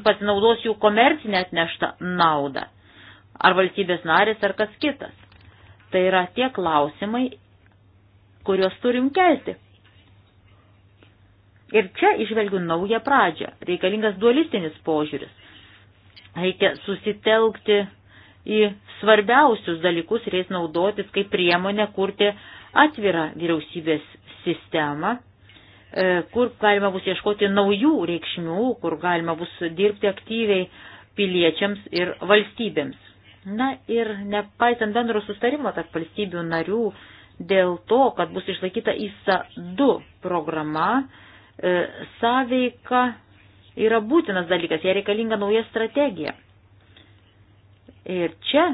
pasinaudos jų komercinę atneštą naudą, ar valstybės narės, ar kas kitas. Tai yra tie klausimai, kuriuos turim kelti. Ir čia išvelgiu naują pradžią. Reikalingas dualistinis požiūris. Reikia susitelkti į svarbiausius dalykus ir jais naudotis kaip priemonę kurti atvirą vyriausybės sistemą E, kur galima bus ieškoti naujų reikšmių, kur galima bus dirbti aktyviai piliečiams ir valstybėms. Na ir nepaisant bendro sustarimo tarp valstybių narių dėl to, kad bus išlaikyta ISA 2 programa, e, sąveika yra būtinas dalykas, jai reikalinga nauja strategija. Ir čia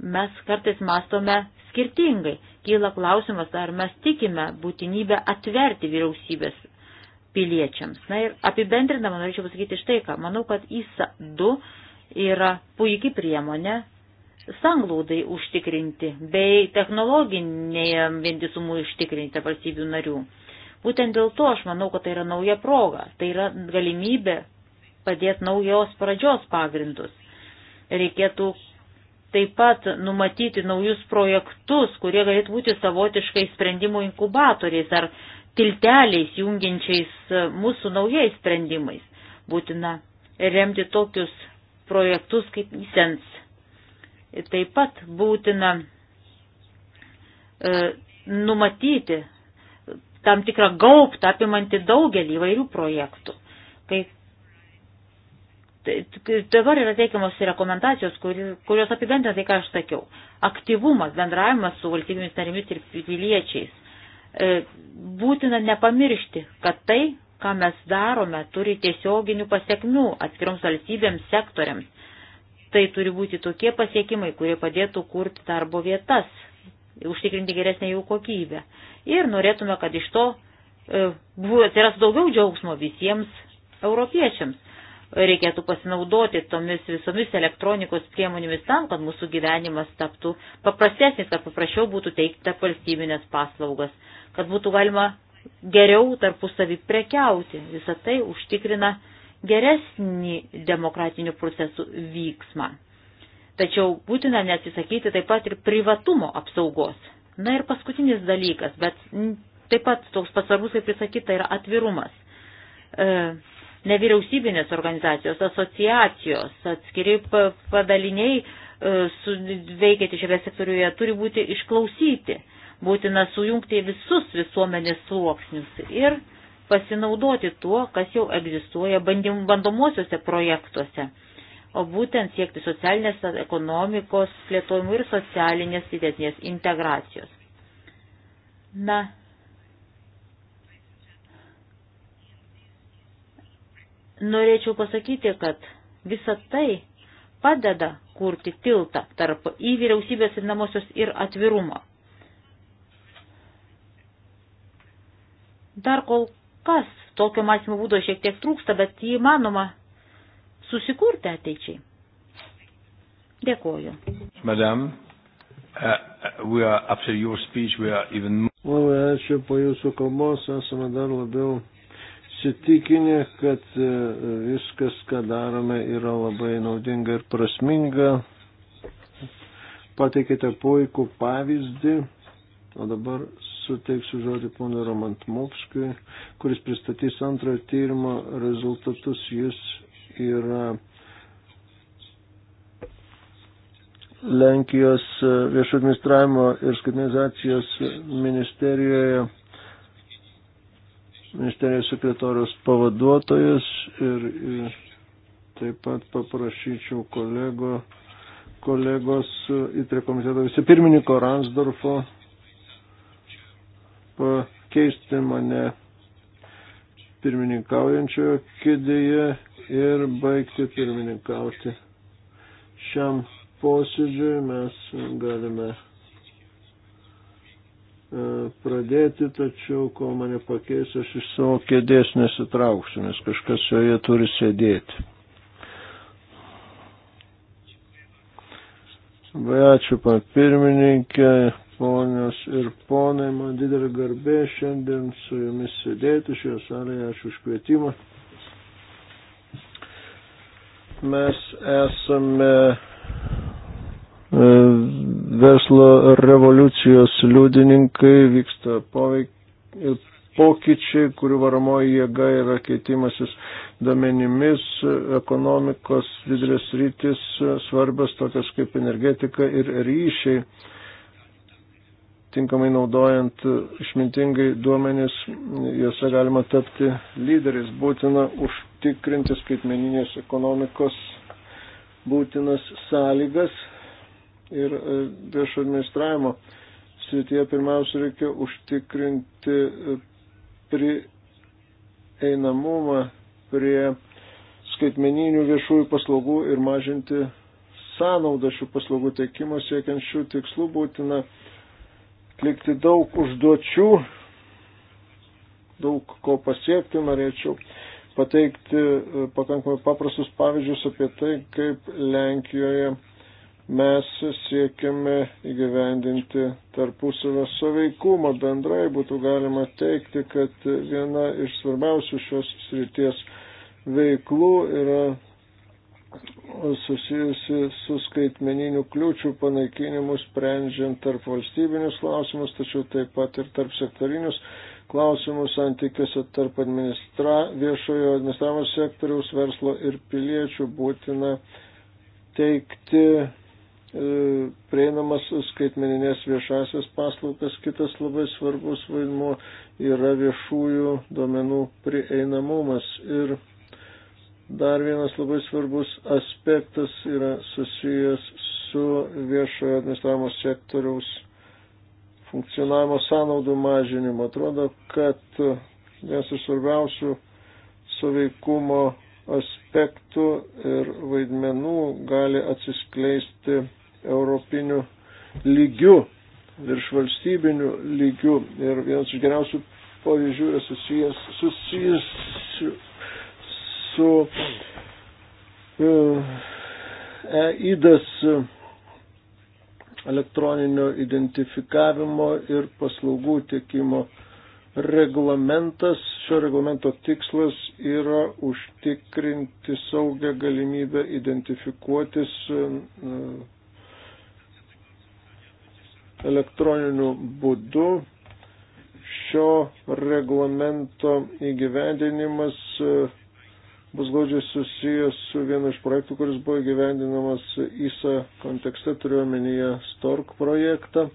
mes kartais mastome skirtingai kyla klausimas, ar mes tikime būtinybę atverti vyriausybės piliečiams. Na ir apibendrindama norėčiau pasakyti štai ką. Manau, kad ISA 2 yra puikiai priemonė sanglaudai užtikrinti bei technologiniam vientisumui užtikrinti valstybių narių. Būtent dėl to aš manau, kad tai yra nauja proga, tai yra galimybė padėti naujos pradžios pagrindus. Reikėtų taip pat numatyti naujus projektus, kurie galėtų būti savotiškai sprendimų inkubatoriais ar tilteliais jungiančiais mūsų naujais sprendimais. Būtina remti tokius projektus kaip įsens. Taip pat būtina e, numatyti tam tikrą gaubtą apimantį daugelį įvairių projektų. Kai Dabar yra teikiamos rekomendacijos, kurios apibendrina tai, ką aš sakiau. Aktyvumas, bendravimas su valstybėmis narimis ir piliečiais. E, būtina nepamiršti, kad tai, ką mes darome, turi tiesioginių pasiekmių atskiroms valstybėms, sektoriams. Tai turi būti tokie pasiekimai, kurie padėtų kurti darbo vietas, užtikrinti geresnę jų kokybę. Ir norėtume, kad iš to e, atsiras daugiau džiaugsmo visiems europiečiams reikėtų pasinaudoti tomis visomis elektronikos priemonėmis tam, kad mūsų gyvenimas taptų paprastesnis, kad paprasčiau būtų teikti tarp valstybinės paslaugas, kad būtų galima geriau tarpusavį prekiauti. Visą tai užtikrina geresnį demokratinių procesų vyksmą. Tačiau būtina nesisakyti taip pat ir privatumo apsaugos. Na ir paskutinis dalykas, bet taip pat toks pasvarbus, kaip prisakyta, yra atvirumas. E, nevyriausybinės organizacijos, asociacijos, atskiri padaliniai e, veikianti šiame sektoriuje turi būti išklausyti. Būtina sujungti visus visuomenės sluoksnius ir pasinaudoti tuo, kas jau egzistuoja bandym, bandomuosiuose projektuose, o būtent siekti socialinės ekonomikos plėtojimų ir socialinės didesnės integracijos. Na, Norėčiau pasakyti, kad visa tai padeda kurti tiltą tarp į vyriausybės vadinamosios ir atvirumo. Dar kol kas tokio mąstymo būdo šiek tiek trūksta, bet jį manoma susikurti ateičiai. Dėkuoju. Madam, uh, uh, we are after your speech, we are even more. O, ačiū po jūsų kalbos, esame dar labiau įsitikinę, kad e, viskas, ką darome, yra labai naudinga ir prasminga. Pateikite puikų pavyzdį. O dabar suteiksiu žodį ponui Romantmovskui, kuris pristatys antrojo tyrimo rezultatus. Jis yra Lenkijos viešo administravimo ir skaitmenizacijos ministerijoje ministerijos sekretorijos pavaduotojas ir taip pat paprašyčiau kolego, kolegos e, įtrė komiteto vicepirmininko Ransdorfo pakeisti mane pirmininkaujančiojo kėdėje ir baigti pirmininkauti. Šiam posėdžiui mes galime E, pradėti, tačiau kol mane pakeis, aš iš savo kėdės nesitrauksiu, nes kažkas joje turi sėdėti. Labai ačiū, pan pirmininkė, ponios ir ponai, man didelė garbė šiandien su jumis sėdėti šioje salėje, ačiū už kvietimą. Mes esame e, verslo revoliucijos liudininkai, vyksta poveik, pokyčiai, kurių varomoji jėga yra keitimasis domenimis, ekonomikos didelės rytis, svarbios tokios kaip energetika ir ryšiai. Tinkamai naudojant išmintingai duomenis, juose galima tapti lyderis. Būtina užtikrinti skaitmeninės ekonomikos būtinas sąlygas ir e, viešo administravimo srityje pirmiausia reikia užtikrinti e, prieinamumą prie skaitmeninių viešųjų paslaugų ir mažinti sąnaudą šių paslaugų teikimo siekiant šių tikslų būtina atlikti daug užduočių, daug ko pasiekti norėčiau pateikti e, pakankamai paprastus pavyzdžius apie tai, kaip Lenkijoje mes siekiame įgyvendinti tarpusavio suveikumą. Bendrai būtų galima teikti, kad viena iš svarbiausių šios srities veiklų yra susijusi su skaitmeninių kliūčių panaikinimu, sprendžiant tarp valstybinius klausimus, tačiau taip pat ir tarp sektorinius klausimus santykiuose tarp administra, viešojo administravimo sektoriaus, verslo ir piliečių būtina teikti E, prieinamas skaitmeninės viešasias paslaugas. Kitas labai svarbus vaidmuo yra viešųjų duomenų prieinamumas. Ir dar vienas labai svarbus aspektas yra susijęs su viešojo administravimo sektoriaus funkcionavimo sąnaudų mažinimo. Atrodo, kad vienas iš svarbiausių suveikumo aspektų ir vaidmenų gali atsiskleisti europiniu lygiu, virš valstybiniu lygiu. Ir vienas iš geriausių pavyzdžių yra susijęs, susijęs su, su uh, e, EIDAS elektroninio identifikavimo ir paslaugų tiekimo reglamentas, šio reglamento tikslas yra užtikrinti saugę galimybę identifikuotis e, elektroniniu būdu. Šio reglamento įgyvendinimas e, bus glaudžiai susijęs su vienu iš projektų, kuris buvo įgyvendinamas ISA kontekste, turiuomenyje STORK projektą.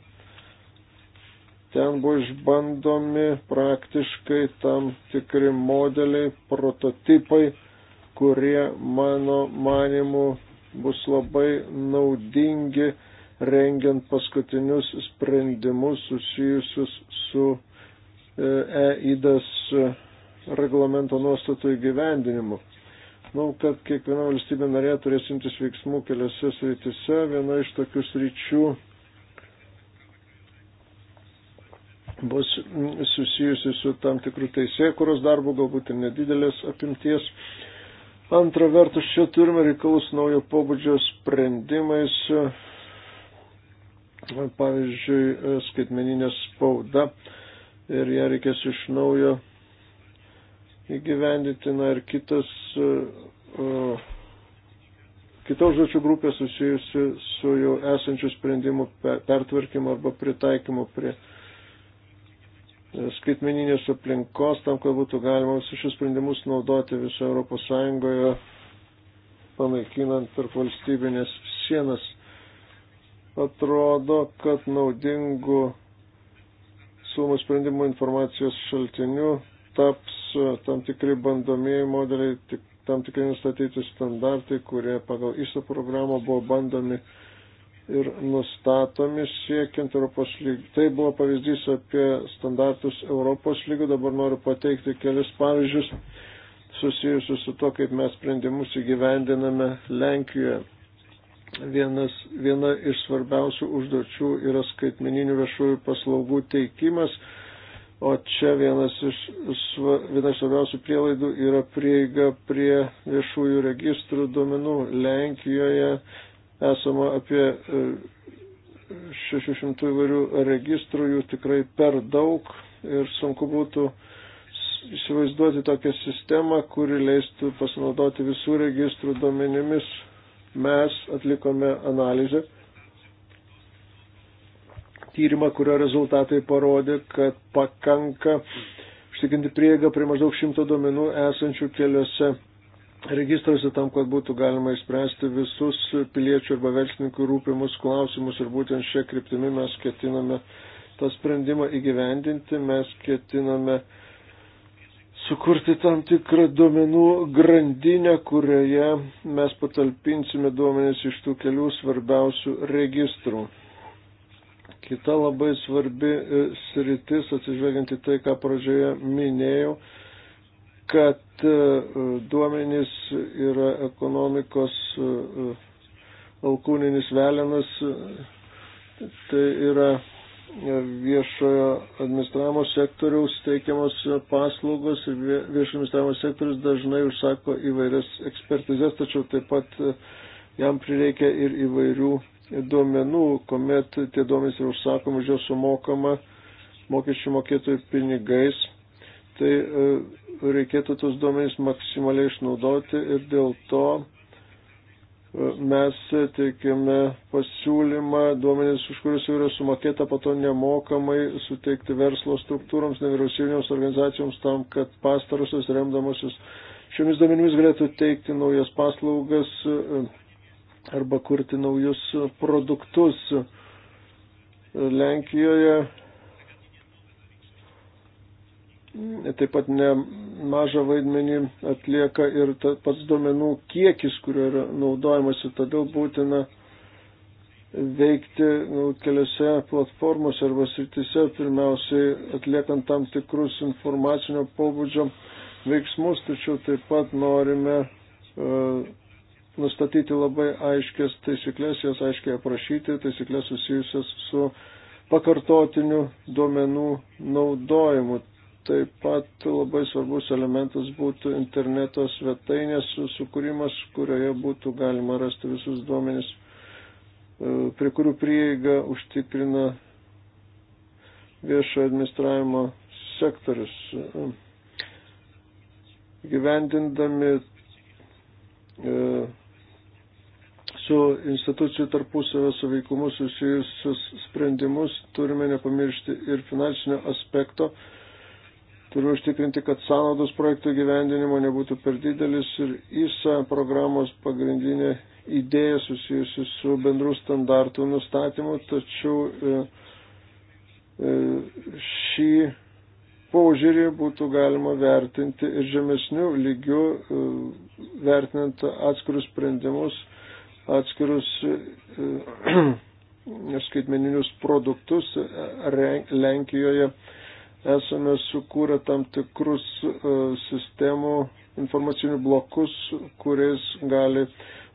Ten buvo išbandomi praktiškai tam tikri modeliai, prototipai, kurie mano manimu bus labai naudingi rengiant paskutinius sprendimus susijusius su EIDAS e reglamento nuostatų įgyvendinimu. Manau, kad kiekviena valstybė narė turės imtis veiksmų keliose srityse. Viena iš tokių sričių bus susijusi su tam tikrų teisėkuros darbu, galbūt ir nedidelės apimties. Antra vertus, čia turime reikalus naujo pobūdžio sprendimais, pavyzdžiui, e, skaitmeninė spauda ir ją reikės iš naujo įgyvendyti. Na ir kitas, e, e, kita užduočių grupė susijusi su jau esančių sprendimų pertvarkymu arba pritaikymu prie skaitmeninės aplinkos, tam, kad būtų galima visus šius sprendimus naudoti visoje Europos Sąjungoje, panaikinant tarp valstybinės sienas atrodo, kad naudingų siūlomų sprendimų informacijos šaltinių taps e, tam tikri bandomieji modeliai, tik, tam tikri nustatyti standartai, kurie pagal ISO programą buvo bandomi ir nustatomi siekiant Europos lygių. Tai buvo pavyzdys apie standartus Europos lygių, dabar noriu pateikti kelis pavyzdžius susijusius su to, kaip mes sprendimus įgyvendiname Lenkijoje vienas, viena iš svarbiausių užduočių yra skaitmeninių viešųjų paslaugų teikimas, o čia vienas iš, viena iš svarbiausių prielaidų yra prieiga prie viešųjų registrų duomenų. Lenkijoje esama apie 600 e, įvairių registrų, jų tikrai per daug ir sunku būtų įsivaizduoti tokią sistemą, kuri leistų pasinaudoti visų registrų duomenimis mes atlikome analizę, tyrimą, kurio rezultatai parodė, kad pakanka užtikrinti prieigą prie maždaug šimto duomenų esančių keliuose registruose tam, kad būtų galima išspręsti visus piliečių arba verslininkų rūpimus klausimus ir būtent šią kryptimį mes ketiname tą sprendimą įgyvendinti, mes ketiname uh, sukurti tam tikrą duomenų grandinę, kurioje mes patalpinsime duomenis iš tų kelių svarbiausių registrų. Kita labai svarbi e, sritis, atsižvelgiant į tai, ką pradžioje minėjau, kad e, duomenys yra ekonomikos e, alkūninis velenas, tai yra viešojo administravimo sektoriaus teikiamos paslaugos ir viešojo administravimo sektorius dažnai užsako įvairias ekspertizės, tačiau taip pat e, jam prireikia ir įvairių duomenų, kuomet tie duomenys yra užsakomi, už juos sumokama mokesčių mokėtojų pinigais, tai e, reikėtų tos duomenys maksimaliai išnaudoti ir dėl to mes teikiame pasiūlymą duomenys, už kuriuos jau yra sumokėta, po to nemokamai suteikti verslo struktūroms, nevyriausybinėms organizacijoms tam, kad pastarosios remdamosios šiomis duomenimis galėtų teikti naujas paslaugas e, arba kurti naujus produktus. Lenkijoje taip pat nemažą vaidmenį atlieka ir pats duomenų kiekis, kurio yra naudojamasi, todėl būtina veikti nu, keliose platformose arba sritise, pirmiausiai atliekant tam tikrus informacinio pobūdžio veiksmus, tačiau taip pat norime uh, nustatyti labai aiškias taisyklės, jas aiškiai aprašyti, taisyklės susijusias su pakartotiniu duomenų naudojimu. Taip pat labai svarbus elementas būtų interneto svetainės sukūrimas, kurioje būtų galima rasti visus duomenis, e, prie kurių prieiga užtikrina viešo administravimo sektorius. Gyvendindami e, su institucijų tarpusavio suveikumu susijusius sprendimus turime nepamiršti ir finansinio aspekto, Turiu užtikrinti, kad sąnaudos projektų gyvendinimo nebūtų per didelis ir ISA programos pagrindinė idėja susijusi su bendrų standartų nustatymu, tačiau e, e, šį požiūrį būtų galima vertinti ir žemesnių lygių, e, vertinant atskirus sprendimus, atskirus skaitmeninius produktus Lenkijoje. Re esame sukūrę tam tikrus e, sistemų informacinių blokus, kuriais gali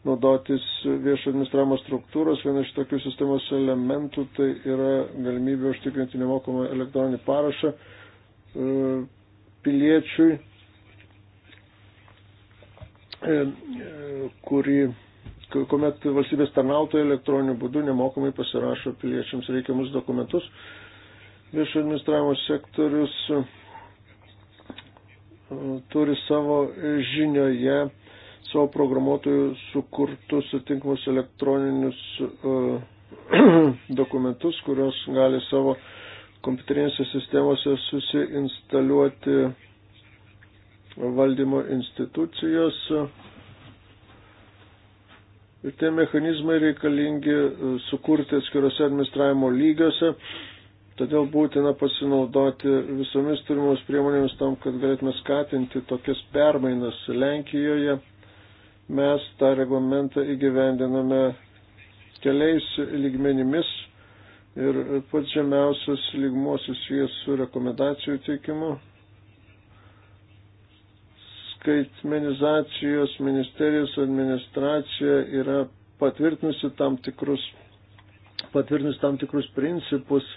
naudotis viešo administravimo struktūros. Vienas iš tokių sistemos elementų tai yra galimybė užtikrinti nemokamą elektroninį parašą e, piliečiui, e, kurį kuomet valstybės tarnautojai elektroniniu būdu nemokamai pasirašo piliečiams reikiamus dokumentus, viešo administravimo sektorius e, turi savo žinioje savo programuotojų sukurtus atitinkamus elektroninius e, dokumentus, kurios gali savo kompiuterinėse sistemose susiinstaliuoti valdymo institucijos. Ir tie mechanizmai reikalingi e, sukurti atskirose administravimo lygiuose, Todėl būtina pasinaudoti visomis turimos priemonėmis tam, kad galėtume skatinti tokias permainas Lenkijoje. Mes tą reglamentą įgyvendiname keliais lygmenimis ir pats žemiausias lygmuo susijęs su rekomendacijų teikimu. Skaitmenizacijos ministerijos administracija yra patvirtinusi tam tikrus, patvirtinusi tam tikrus principus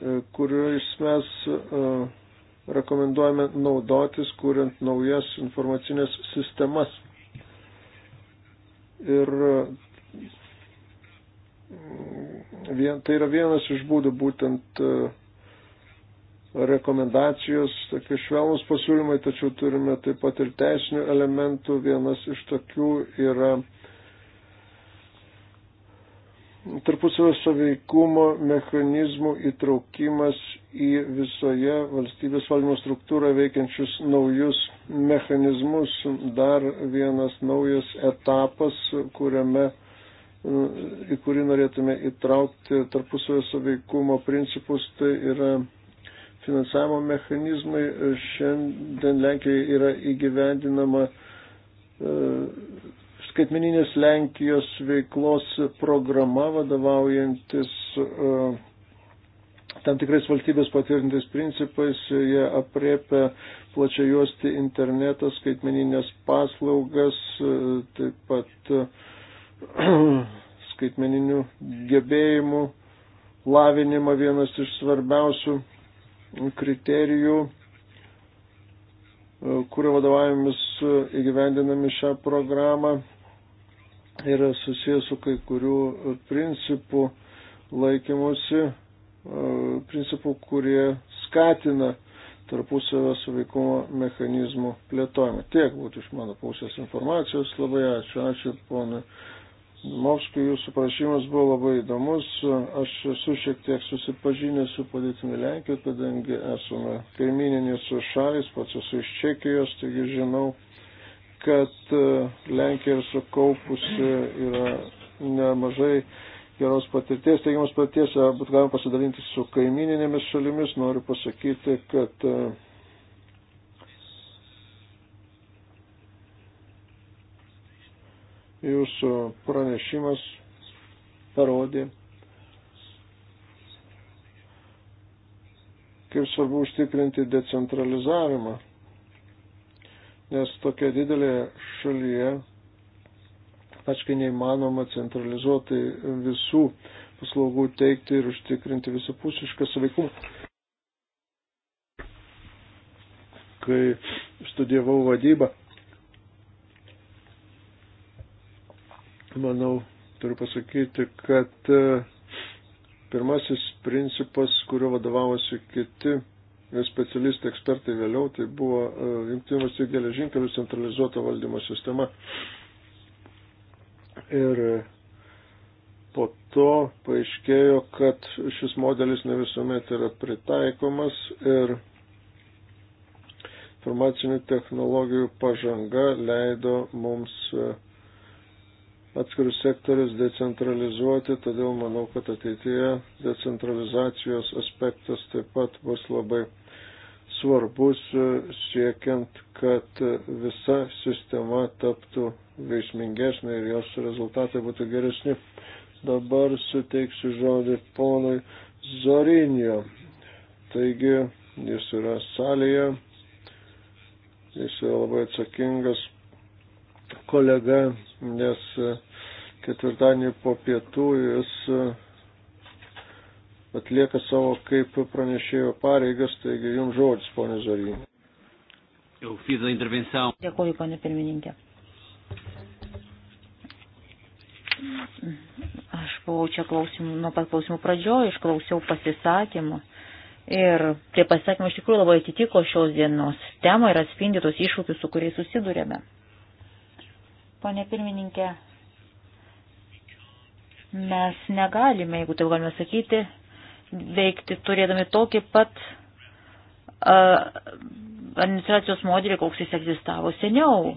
E, kuriais mes e, rekomenduojame naudotis, kuriant naujas informacinės sistemas. Ir e, vien, tai yra vienas iš būdų būtent rekomendacijos, tokie švelnus pasiūlymai, tačiau turime taip pat ir teisinių elementų. Vienas iš tokių yra tarpusavio saveikumo mechanizmų įtraukimas į visoje valstybės valdymo struktūroje veikiančius naujus mechanizmus, dar vienas naujas etapas, kuriame į kurį norėtume įtraukti tarpusavio saveikumo principus, tai yra finansavimo mechanizmai. Šiandien Lenkijoje yra įgyvendinama e, skaitmeninės Lenkijos veiklos programa vadovaujantis e, tam tikrais valstybės patvirtintais principais, jie apriepia plačiai juosti internetą, skaitmeninės paslaugas, e, taip pat e, skaitmeninių gebėjimų lavinimą vienas iš svarbiausių kriterijų, kurio vadovavimis įgyvendinami šią programą yra susijęs su kai kurių principų laikymusi, e, principų, kurie skatina tarpusavio suveikumo mechanizmų plėtojimą. Tiek būtų iš mano pusės informacijos. Labai ačiū. Ačiū, ponai. Movskai, jūsų prašymas buvo labai įdomus. Aš esu šiek tiek susipažinęs su padėtimi Lenkijoje, kadangi esame kaimininės šalis, pats esu iš Čekijos, taigi žinau, kad e, Lenkija ir sukaupusi yra nemažai geros patirties, teigiamas patirties, būtų galima pasidalinti su kaimininėmis šalimis. Noriu pasakyti, kad e, jūsų pranešimas parodė, kaip svarbu užtikrinti decentralizavimą nes tokia didelė šalyje pačkai neįmanoma centralizuotai visų paslaugų teikti ir užtikrinti visapusišką saveikumą. Kai studijavau vadybą, manau, turiu pasakyti, kad e, pirmasis principas, kuriuo vadovavosi kiti specialistai, ekspertai vėliau, tai buvo e, Junktinių valstybių geležinkelių centralizuota valdymo sistema. Ir e, po to paaiškėjo, kad šis modelis ne visuomet yra pritaikomas ir informacinių technologijų pažanga leido mums uh, atskirus sektorius decentralizuoti, todėl manau, kad ateityje decentralizacijos aspektas taip pat bus labai svarbus siekiant, kad visa sistema taptų veiksmingesnė ir jos rezultatai būtų geresni. Dabar suteiksiu žodį ponui Zorinio. Taigi, jis yra salėje, jis yra labai atsakingas kolega, nes e, ketvirtadienį po pietų jis e, atlieka savo kaip pranešėjo pareigas, taigi jums žodis, ponė Zorinė. Dėkuoju, ponė pirmininkė. Aš buvau čia klausimų, nuo pat klausimų pradžiojo, išklausiau pasisakymų. Ir tie pasisakymai iš tikrųjų labai atitiko šios dienos temą ir atspindi tos iššūkius, su kuriais susidurėme. Pone pirmininkė, mes negalime, jeigu taip galime sakyti, veikti turėdami tokį pat uh, administracijos modelį, koks jis egzistavo seniau.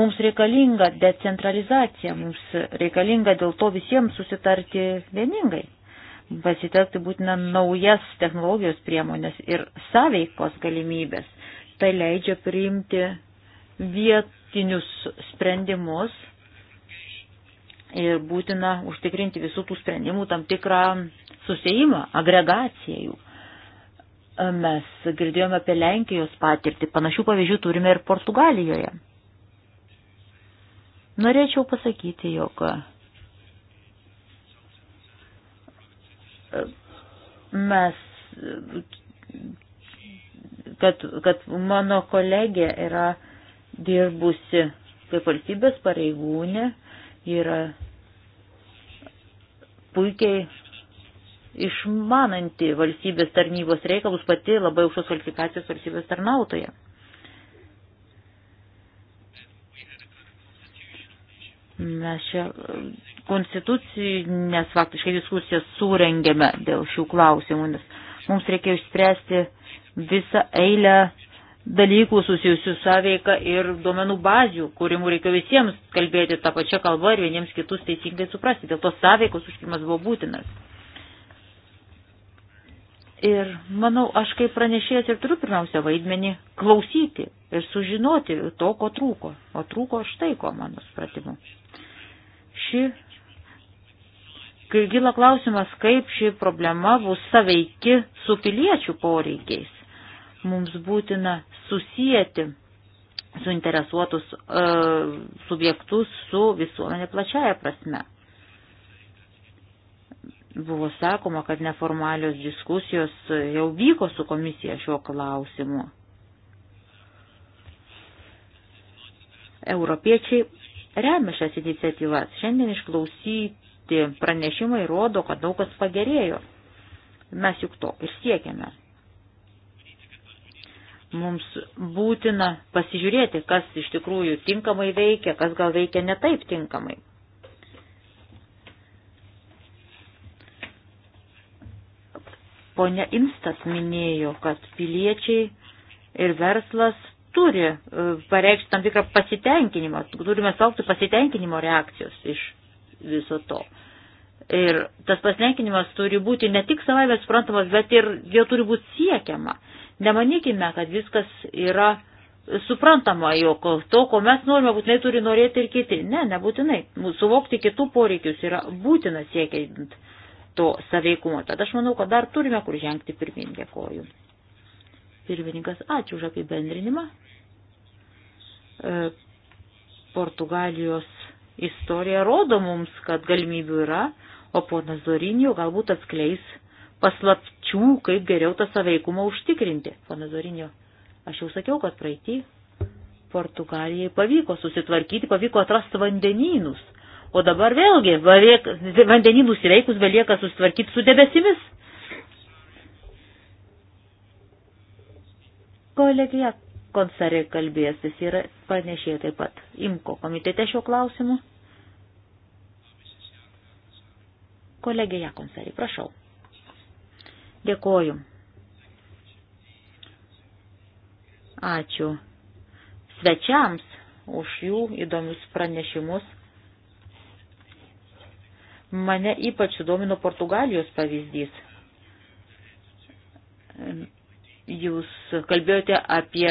Mums reikalinga decentralizacija, mums reikalinga dėl to visiems susitarti vieningai, pasitelkti būtina naujas technologijos priemonės ir sąveikos galimybės. Tai leidžia priimti viet, politinius sprendimus ir būtina užtikrinti visų tų sprendimų tam tikrą susijimą, agregaciją jų. Mes girdėjome apie Lenkijos patirtį, panašių pavyzdžių turime ir Portugalijoje. Norėčiau pasakyti, jog e, mes, e, kad, kad mano kolegė yra dirbusi kaip valstybės pareigūnė, yra puikiai išmananti valstybės tarnybos reikalus pati labai aukštos kvalifikacijos valstybės tarnautoje. Mes čia e, konstitucinės faktiškai diskusijas surengėme dėl šių klausimų, nes mums reikėjo išspręsti visą eilę dalykų susijusių sąveiką ir duomenų bazių, kurių reikia visiems kalbėti tą pačią kalbą ir vieniems kitus teisingai suprasti. Dėl to sąveikos užkimas buvo būtinas. Ir manau, aš kaip pranešėjas ir turiu pirmiausia vaidmenį klausyti ir sužinoti to, ko trūko. O trūko štai ko, mano supratimu. Ši kai gila klausimas, kaip ši problema bus saveiki su piliečių poreikiais. Mums būtina susijęti suinteresuotus e, subjektus su visuomenė plačiaja prasme. Buvo sakoma, kad neformalios diskusijos jau vyko su komisija šiuo klausimu. Europiečiai remia šias iniciatyvas. Šiandien išklausyti pranešimai rodo, kad daug kas pagerėjo. Mes juk to ir siekiame. Mums būtina pasižiūrėti, kas iš tikrųjų tinkamai veikia, kas gal veikia netaip tinkamai. Pone Imstas minėjo, kad piliečiai ir verslas turi e, pareikšti tam tikrą pasitenkinimą, turime saukti pasitenkinimo reakcijos iš viso to. Ir tas pasitenkinimas turi būti ne tik savai suprantamas, bet ir jo turi būti siekiama. Nemanykime, kad viskas yra suprantama, jog to, ko mes norime, būtinai turi norėti ir kiti. Ne, nebūtinai. Suvokti kitų poreikius yra būtina siekiant to saveikumo. Tad aš manau, kad dar turime kur žengti pirmin. Dėkoju. Pirmininkas, ačiū už apibendrinimą. E, Portugalijos istorija rodo mums, kad galimybių yra, o ponas Zorinijų galbūt atskleis paslapčių, kaip geriau tą saveikumą užtikrinti. Pana Zorinio, aš jau sakiau, kad praeitį Portugalijai pavyko susitvarkyti, pavyko atrasti vandenynus. O dabar vėlgi, vandenynų įveikus belieka susitvarkyti su debesimis. Kolegija konsarė kalbės, jis yra panešė taip pat imko komitete šio klausimu. Kolegija konsarė, prašau. Dėkoju. Ačiū svečiams už jų įdomius pranešimus. Mane ypač sudomino Portugalijos pavyzdys. Jūs kalbėjote apie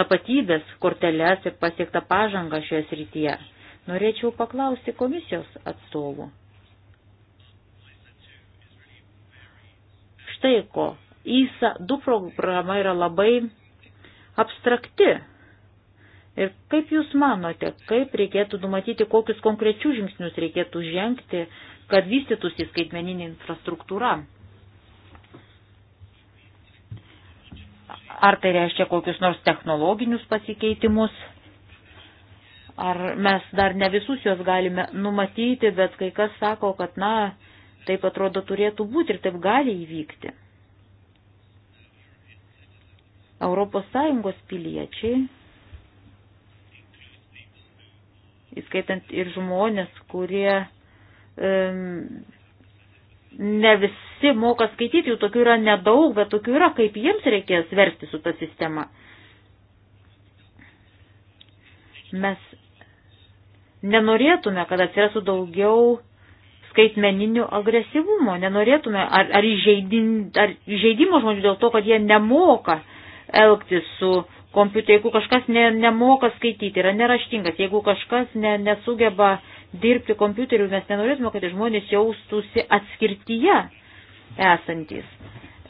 tapatybės korteles ir pasiektą pažangą šioje srityje. Norėčiau paklausti komisijos atstovų. štai ko. ISA 2 programa yra labai abstrakti. Ir kaip Jūs manote, kaip reikėtų numatyti, kokius konkrečius žingsnius reikėtų žengti, kad vystytųsi skaitmeninė infrastruktūra? Ar tai reiškia kokius nors technologinius pasikeitimus? Ar mes dar ne visus juos galime numatyti, bet kai kas sako, kad, na, Taip atrodo turėtų būti ir taip gali įvykti. Europos Sąjungos piliečiai, įskaitant ir žmonės, kurie um, ne visi moka skaityti, jų tokių yra nedaug, bet tokių yra, kaip jiems reikės versti su ta sistema. Mes nenorėtume, kad atsirastų daugiau skaitmeninių agresyvumo. Nenorėtume ar, ar, įžeidin, ar įžeidimo žmonių dėl to, kad jie nemoka elgtis su kompiuteriu. Jeigu kažkas ne, nemoka skaityti, yra neraštingas, jeigu kažkas ne, nesugeba dirbti kompiuteriu, mes nenorėtume, kad žmonės jaustųsi atskirtyje esantis.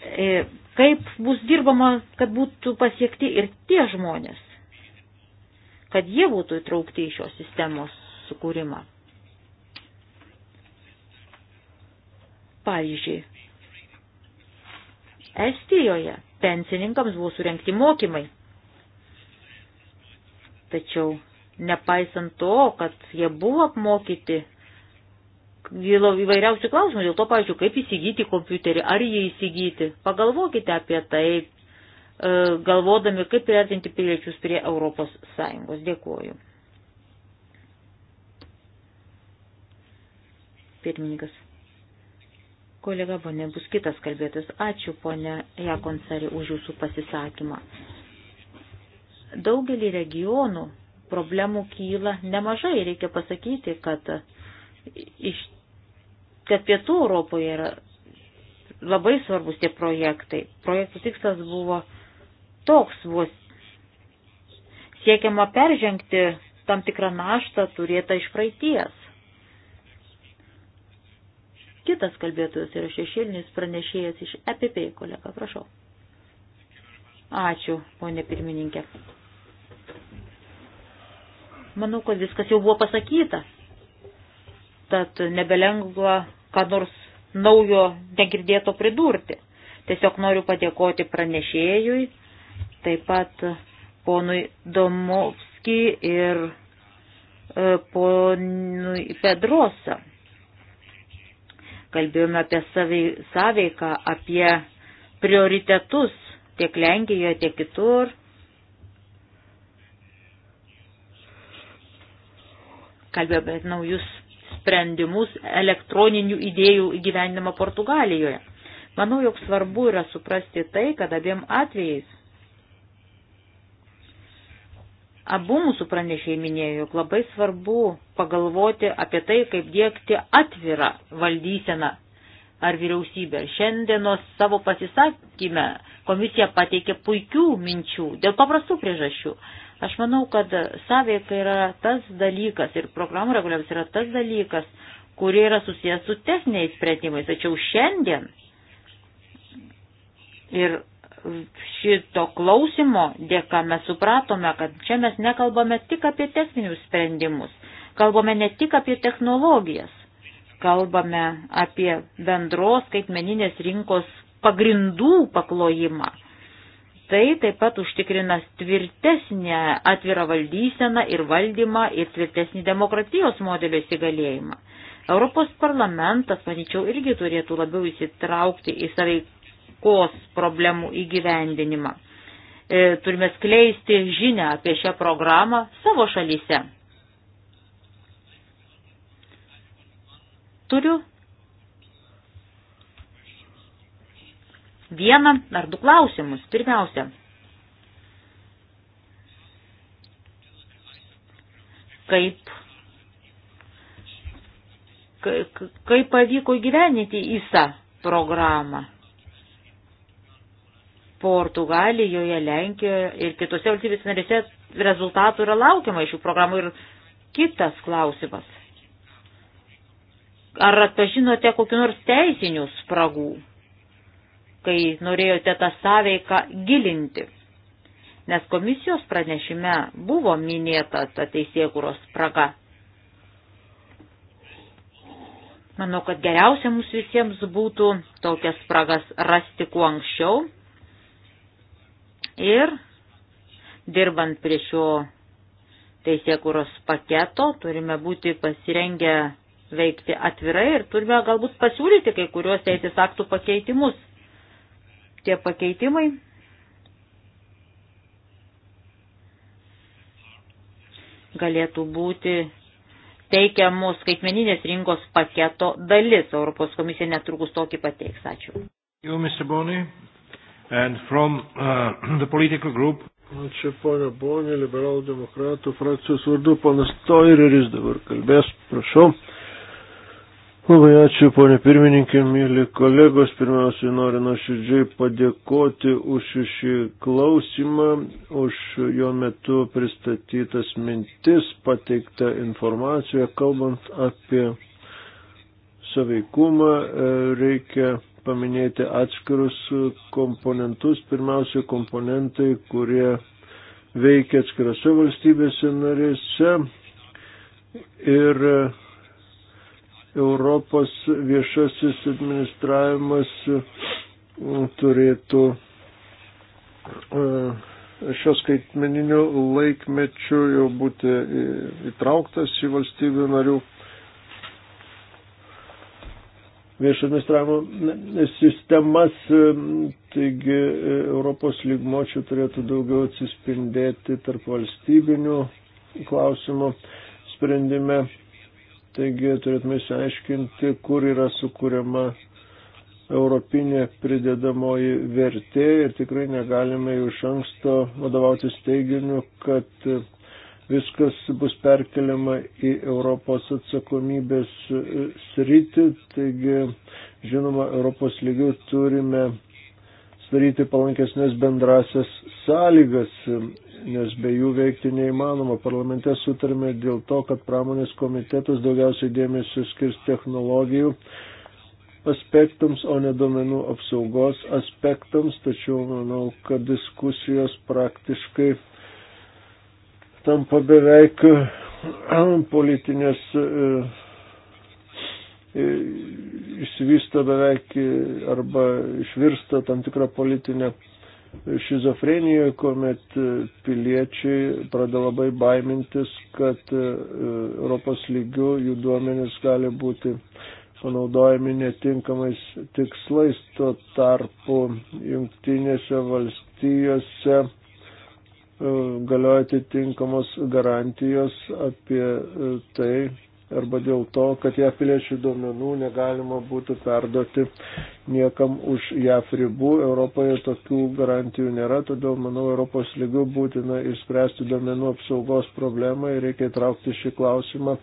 E, kaip bus dirbama, kad būtų pasiekti ir tie žmonės, kad jie būtų įtraukti į šios sistemos sukūrimą. Pavyzdžiui, Estijoje pensininkams buvo surenkti mokymai. Tačiau, nepaisant to, kad jie buvo apmokyti, gilo įvairiausių klausimų, dėl to, pavyzdžiui, kaip įsigyti kompiuterį, ar jį įsigyti. Pagalvokite apie tai, e, galvodami, kaip priartinti piliečius prie Europos Sąjungos. Dėkuoju. Pirmininkas. Kolega Bonė bus kitas kalbėtis. Ačiū, ponė Jakonsari, už jūsų pasisakymą. Daugelį regionų problemų kyla nemažai. Reikia pasakyti, kad, iš, kad pietų Europoje yra labai svarbus tie projektai. Projektų tikslas buvo toks, buvo siekiama peržengti tam tikrą naštą turėtą iš praeities. Kitas kalbėtojas yra šešėlinis pranešėjas iš EPP, kolega, prašau. Ačiū, ponė pirmininkė. Manau, kad viskas jau buvo pasakyta. Tad nebelengva, ką nors naujo negirdėto pridurti. Tiesiog noriu padėkoti pranešėjui, taip pat ponui Domovski ir e, ponui Pedrosa kalbėjome apie sąveiką, apie prioritetus tiek Lenkijoje, tiek kitur. Kalbėjome apie naujus sprendimus elektroninių idėjų įgyvendimą Portugalijoje. Manau, jog svarbu yra suprasti tai, kad abiem atvejais Abu mūsų pranešėjai minėjo, jog labai svarbu pagalvoti apie tai, kaip dėkti atvirą valdyseną ar vyriausybę. Šiandienos savo pasisakymę komisija pateikė puikių minčių dėl paprastų priežasčių. Aš manau, kad sąveika yra tas dalykas ir programų reguliavimas yra tas dalykas, kurie yra susijęs su tesniais sprendimais. Tačiau šiandien ir šito klausimo dėka mes supratome, kad čia mes nekalbame tik apie techninius sprendimus, kalbame ne tik apie technologijas, kalbame apie bendros skaitmeninės rinkos pagrindų paklojimą. Tai taip pat užtikrina tvirtesnę atvirą valdyseną ir valdymą ir tvirtesnį demokratijos modelio įsigalėjimą. Europos parlamentas, manyčiau, irgi turėtų labiau įsitraukti į saveiką aplinkos problemų įgyvendinimą. E, turime skleisti žinę apie šią programą savo šalyse. Turiu vieną ar du klausimus. Pirmiausia, kaip, kaip pavyko įgyveninti įsą programą. Portugalijoje, Lenkijoje ir kitose valstybės narėse rezultatų yra laukiama iš šių programų. Ir kitas klausimas. Ar atpažinote kokiu nors teisinių spragų, kai norėjote tą sąveiką gilinti? Nes komisijos pranešime buvo minėta ta teisėkuros spraga. Manau, kad geriausia mums visiems būtų tokias spragas rasti kuo anksčiau Ir dirbant prie šio teisėkūros paketo turime būti pasirengę veikti atvirai ir turime galbūt pasiūlyti kai kuriuos teisės aktų pakeitimus. Tie pakeitimai galėtų būti teikiamų skaitmeninės rinkos paketo dalis. Europos komisija netrukus tokį pateiks. Ačiū. Jau, Mr. Bonai. And from uh, the political group. Ačiū ponia Bonė, liberalų demokratų frakcijos vardu, panas Toireris dabar kalbės, prašau. Labai ačiū, ponė pirmininkė, mėly kolegos. Pirmiausiai noriu nuoširdžiai padėkoti už šį klausimą, už jo metu pristatytas mintis, pateiktą informaciją. Kalbant apie saveikumą, e, reikia paminėti atskirus komponentus. Pirmiausia, komponentai, kurie veikia atskirose valstybėse narėse ir Europos viešasis administravimas mm, turėtų e, šio skaitmeniniu laikmečiu jau būti įtrauktas į valstybių narių viešo administravimo sistemas, taigi e, Europos lygmočių turėtų daugiau atsispindėti tarp valstybinių klausimų sprendime. Taigi turėtume išsiaiškinti, kur yra sukūriama europinė pridėdamoji vertė ir tikrai negalime iš anksto vadovautis teiginiu, kad viskas bus perkeliama į Europos atsakomybės sritį, taigi žinoma, Europos lygių turime sudaryti palankesnės bendrasias sąlygas, nes be jų veikti neįmanoma. Parlamente sutarime dėl to, kad pramonės komitetas daugiausiai dėmesio skirs technologijų aspektams, o ne domenų apsaugos aspektams, tačiau manau, kad diskusijos praktiškai tampa beveik eh, politinės eh, eh, išsivysto beveik arba išvirsta tam tikrą politinę šizofreniją, kuomet piliečiai pradeda labai baimintis, kad Europos lygių jų duomenys gali būti panaudojami netinkamais tikslais. Tuo tarpu jungtinėse valstijose E, galioja atitinkamos garantijos apie e, tai arba dėl to, kad JAF piliečių duomenų negalima būtų perduoti niekam už JAF ribų. Europoje tokių garantijų nėra, todėl, manau, Europos lygių būtina išspręsti duomenų apsaugos problemą ir reikia įtraukti šį klausimą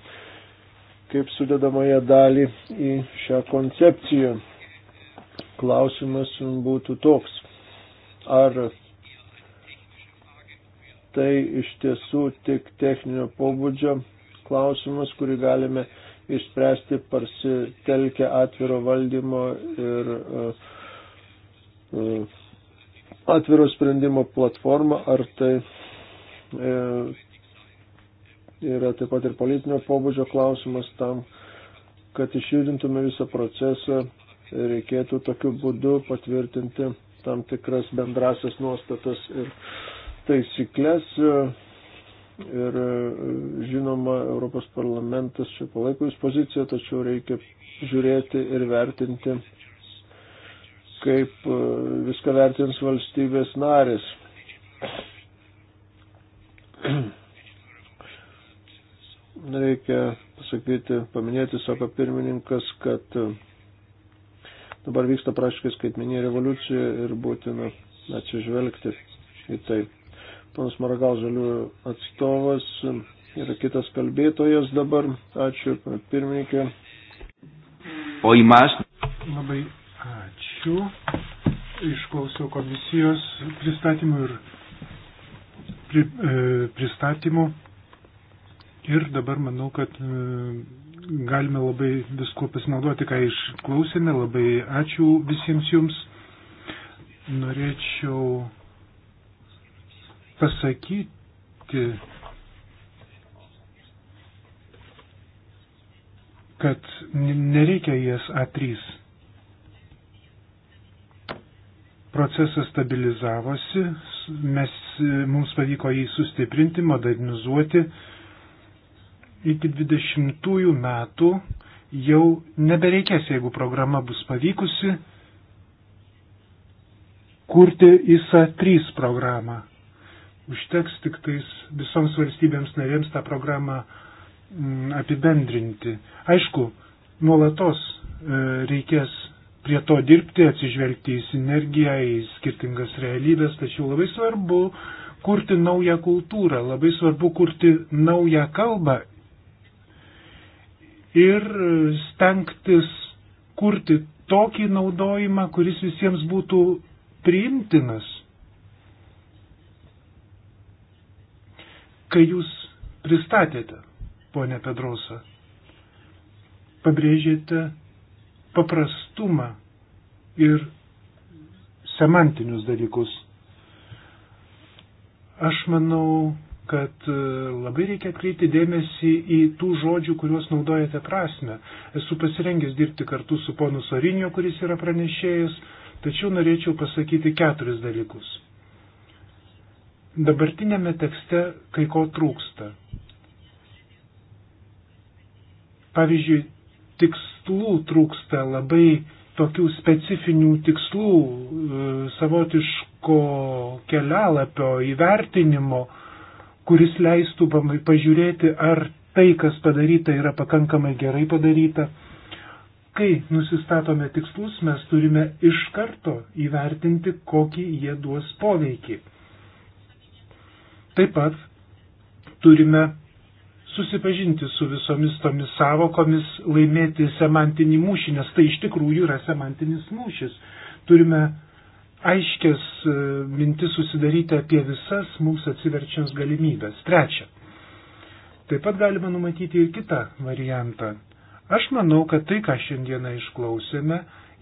kaip sudedamąją dalį į šią koncepciją. Klausimas būtų toks. Ar tai iš tiesų tik techninio pobūdžio klausimas, kurį galime išspręsti pasitelkę atviro valdymo ir e, e, atviro sprendimo platformą, ar tai e, yra taip pat ir politinio pobūdžio klausimas tam, kad išjudintume visą procesą, reikėtų tokiu būdu patvirtinti tam tikras bendrasias nuostatas ir uh, taisyklės ir žinoma, Europos parlamentas čia palaiko jūs poziciją, tačiau reikia žiūrėti ir vertinti, kaip viską vertins valstybės narės. Reikia pasakyti, paminėti, sako pirmininkas, kad dabar vyksta praškai skaitminė revoliucija ir būtina atsižvelgti į tai. Panas Maragal Žaliųjų atstovas yra kitas kalbėtojas dabar. Ačiū, pirmininkė. O į mas. Labai ačiū. Išklausiau komisijos pristatymų ir pri, e, pristatymų. Ir dabar manau, kad e, galime labai visko pasinaudoti, ką išklausėme. Labai ačiū visiems jums. Norėčiau pasakyti, kad nereikia jas A3. Procesas stabilizavosi, mes, mums pavyko jį sustiprinti, modernizuoti. Iki 20 metų jau nebereikės, jeigu programa bus pavykusi, kurti ISA 3 programą. Užteks tik tais visoms valstybėms narėms tą programą mm, apibendrinti. Aišku, nuolatos e, reikės prie to dirbti, atsižvelgti į sinergiją, į skirtingas realybės, tačiau labai svarbu kurti naują kultūrą, labai svarbu kurti naują kalbą ir e, stengtis kurti tokį naudojimą, kuris visiems būtų priimtinas. kai jūs pristatėte, ponė Pedrosa, pabrėžėte paprastumą ir semantinius dalykus. Aš manau, kad e, labai reikia atkreipti dėmesį į tų žodžių, kuriuos naudojate prasme. Esu pasirengęs dirbti kartu su ponu Sorinio, kuris yra pranešėjas, tačiau norėčiau pasakyti keturis dalykus. Dabartinėme tekste kai ko trūksta. Pavyzdžiui, tikslų trūksta labai tokių specifinių tikslų, e, savotiško kelapio įvertinimo, kuris leistų pažiūrėti, ar tai, kas padaryta, yra pakankamai gerai padaryta. Kai nusistatome tikslus, mes turime iš karto įvertinti, kokį jie duos poveikį. Taip pat turime susipažinti su visomis tomis savokomis, laimėti semantinį mūšį, nes tai iš tikrųjų yra semantinis mūšis. Turime aiškės e, mintis susidaryti apie visas mums atsiverčias galimybės. Trečia. Taip pat galima numatyti ir kitą variantą. Aš manau, kad tai, ką šiandieną išklausėme,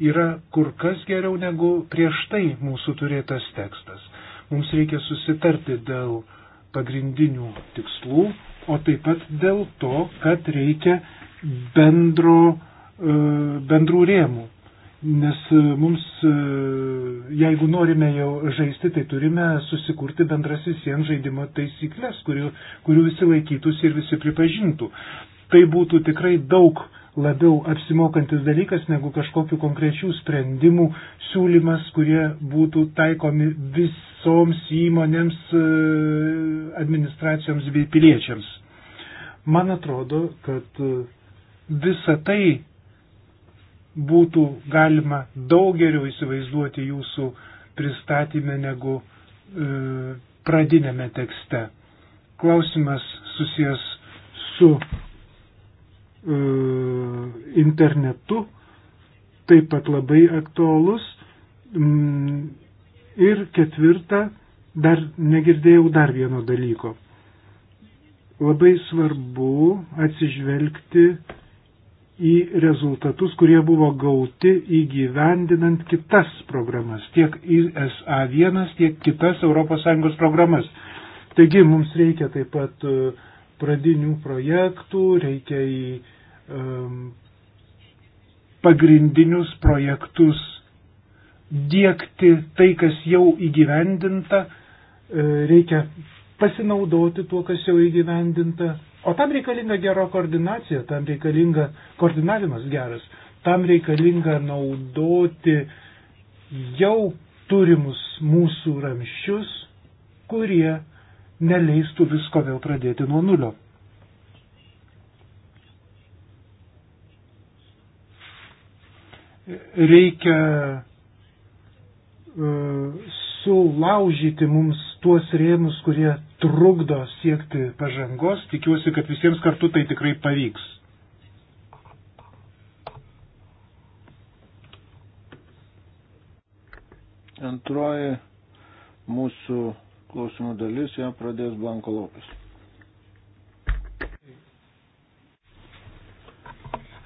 yra kur kas geriau negu prieš tai mūsų turėtas tekstas. Mums reikia susitarti dėl uh, pagrindinių tikslų, o taip pat dėl to, kad reikia bendro, e, bendrų rėmų. Nes e, mums, e, jeigu norime jau žaisti, tai turime susikurti bendras visiems žaidimo taisyklės, kurių, kurių visi laikytųsi ir visi pripažintų. Tai būtų tikrai daug labiau apsimokantis dalykas negu kažkokių konkrečių sprendimų siūlymas, kurie būtų taikomi visoms įmonėms, e, administracijoms bei piliečiams. Man atrodo, kad e, visą tai būtų galima daug geriau įsivaizduoti jūsų pristatymę negu e, pradinėme tekste. Klausimas susijęs su E, internetu taip pat labai aktualus. Mm, ir ketvirta, dar negirdėjau dar vieno dalyko. Labai svarbu atsižvelgti į rezultatus, kurie buvo gauti įgyvendinant kitas programas, tiek ISA1, tiek kitas ES programas. Taigi mums reikia taip pat e, pradinių projektų, reikia į pagrindinius projektus, dėkti tai, kas jau įgyvendinta, e, reikia pasinaudoti tuo, kas jau įgyvendinta, o tam reikalinga gera koordinacija, tam reikalinga koordinavimas geras, tam reikalinga naudoti jau turimus mūsų ramščius, kurie neleistų visko vėl pradėti nuo nulio. reikia e, sulaužyti mums tuos rėmus, kurie trukdo siekti pažangos. Tikiuosi, kad visiems kartu tai tikrai pavyks. Antroji mūsų klausimų dalis ją pradės Blanko Lopes.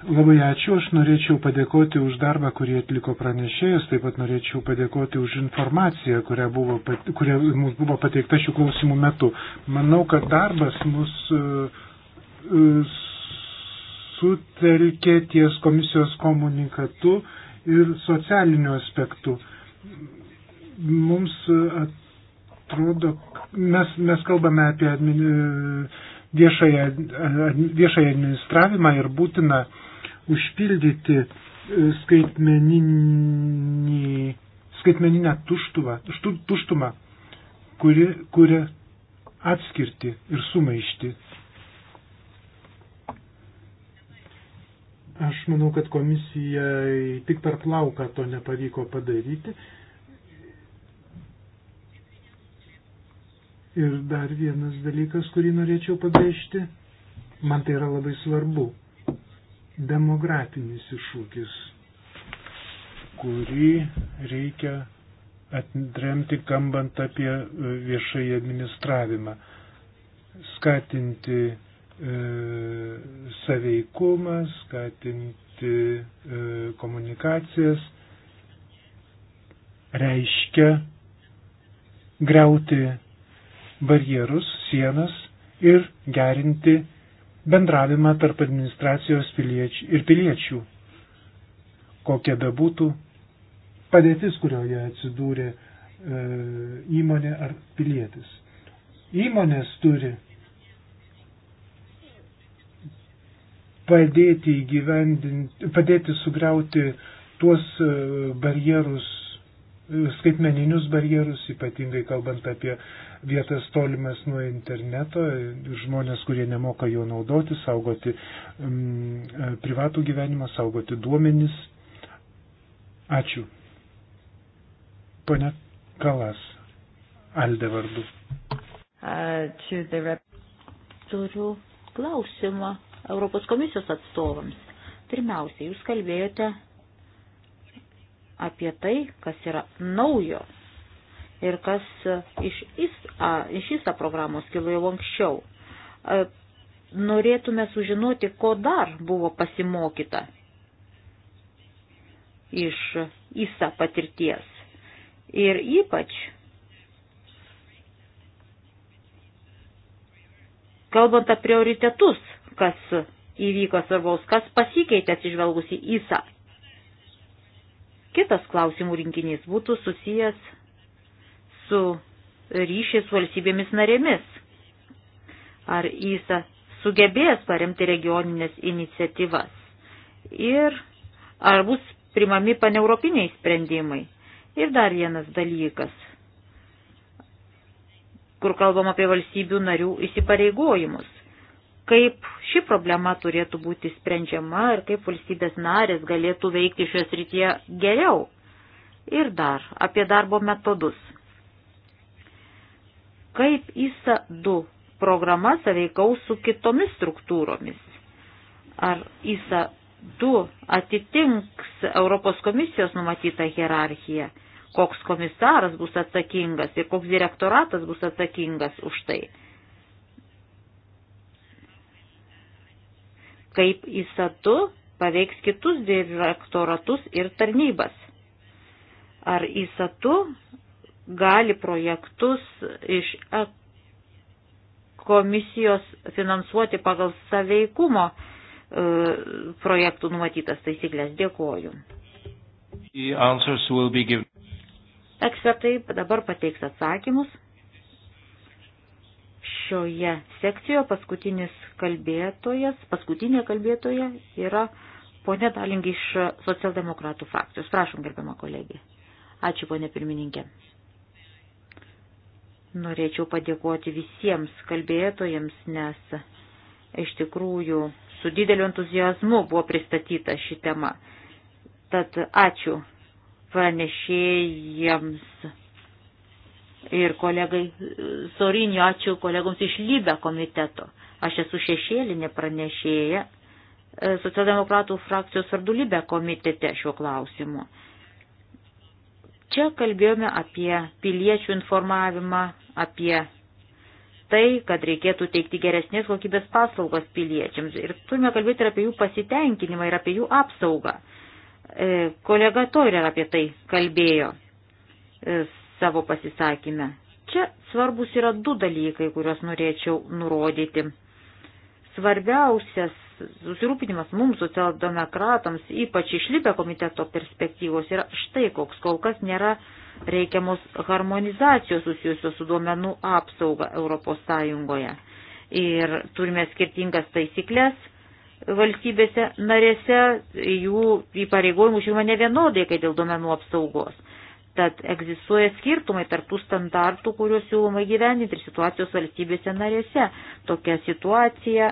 Labai ačiū, aš norėčiau padėkoti už darbą, kurį atliko pranešėjas, taip pat norėčiau padėkoti už informaciją, kuria, buvo, kuria mums buvo pateikta šių klausimų metu. Manau, kad darbas mus e, e, sutelkė ties komisijos komunikatu ir socialiniu aspektu. Mums atrodo, mes, mes kalbame apie admini, e, viešąją, viešąją administravimą ir būtina uh, užpildyti e, skaitmeninę tuštuvą, tuštumą, kuri kuria atskirti ir sumaišti. Aš manau, kad komisijai tik per plauką to nepavyko padaryti. Ir dar vienas dalykas, kurį norėčiau pabrėžti, man tai yra labai svarbu demografinis iššūkis, kurį reikia atremti, kambant apie e, viešai administravimą, skatinti e, saveikumą, skatinti e, komunikacijas, reiškia greuti barjerus, sienas ir gerinti bendravimą tarp administracijos piliečių ir piliečių. Kokia bebūtų padėtis, kurioje atsidūrė e, įmonė ar pilietis. Įmonės turi padėti įgyvendinti, padėti sugriauti tuos e, barjerus skaitmeninius barjerus, ypatingai kalbant apie vietas tolimas nuo interneto, žmonės, kurie nemoka jo naudoti, saugoti mm, privatų gyvenimą, saugoti duomenis. Ačiū. Pone Kalas, Alde vardu. Ačiū, Dere. Turiu klausimą Europos komisijos atstovams. Pirmiausia, jūs kalbėjote apie tai, kas yra naujo ir kas iš ISA, iš ISA programos kilo jau anksčiau. Norėtume sužinoti, ko dar buvo pasimokyta iš ISA patirties. Ir ypač kalbant apie prioritetus, kas įvyko svarbaus, kas pasikeitė atsižvelgusi į ISA Kitas klausimų rinkinys būtų susijęs su ryšiais su valstybėmis narėmis. Ar įsa sugebės paremti regioninės iniciatyvas? Ir ar bus primami paneuropiniai sprendimai? Ir dar vienas dalykas, kur kalbam apie valstybių narių įsipareigojimus kaip ši problema turėtų būti sprendžiama ir kaip valstybės narės galėtų veikti šioje srityje geriau. Ir dar apie darbo metodus. Kaip ISA 2 programa saveikaus su kitomis struktūromis? Ar ISA 2 atitinks Europos komisijos numatytą hierarchiją? Koks komisaras bus atsakingas ir koks direktoratas bus atsakingas už tai? kaip įsatu paveiks kitus direktoratus ir tarnybas. Ar įsatu gali projektus iš e- komisijos finansuoti pagal saveikumo e, projektų numatytas taisyklės. Dėkuoju. Ekspertai dabar pateiks atsakymus šioje sekcijoje paskutinis kalbėtojas, paskutinė kalbėtoja yra ponė Daling iš socialdemokratų frakcijos. Prašom, gerbiama kolegė. Ačiū, ponė pirmininkė. Norėčiau padėkoti visiems kalbėtojams, nes iš tikrųjų su dideliu entuzijazmu buvo pristatyta ši tema. Tad ačiū pranešėjams ir kolegai Sorinio, ačiū kolegoms iš Lybę komiteto. Aš esu šešėlinė pranešėja e, socialdemokratų frakcijos vardu Lybę komitete šiuo klausimu. Čia kalbėjome apie piliečių informavimą, apie tai, kad reikėtų teikti geresnės kokybės paslaugas piliečiams. Ir turime kalbėti ir apie jų pasitenkinimą, ir apie jų apsaugą. E, kolega Toirer apie tai kalbėjo. E, savo pasisakymę. Čia svarbus yra du dalykai, kuriuos norėčiau nurodyti. Svarbiausias susirūpinimas mums, socialdemokratams, ypač išlipę komiteto perspektyvos, yra štai koks kol kas nėra reikiamos harmonizacijos susijusios su duomenų apsauga Europos Sąjungoje. Ir turime skirtingas taisyklės valstybėse narėse, jų įpareigojimų žinoma nevienodai, kai dėl duomenų apsaugos. Tad egzistuoja skirtumai tarptų standartų, kuriuos siūloma gyveninti ir situacijos valstybėse narėse. Tokia situacija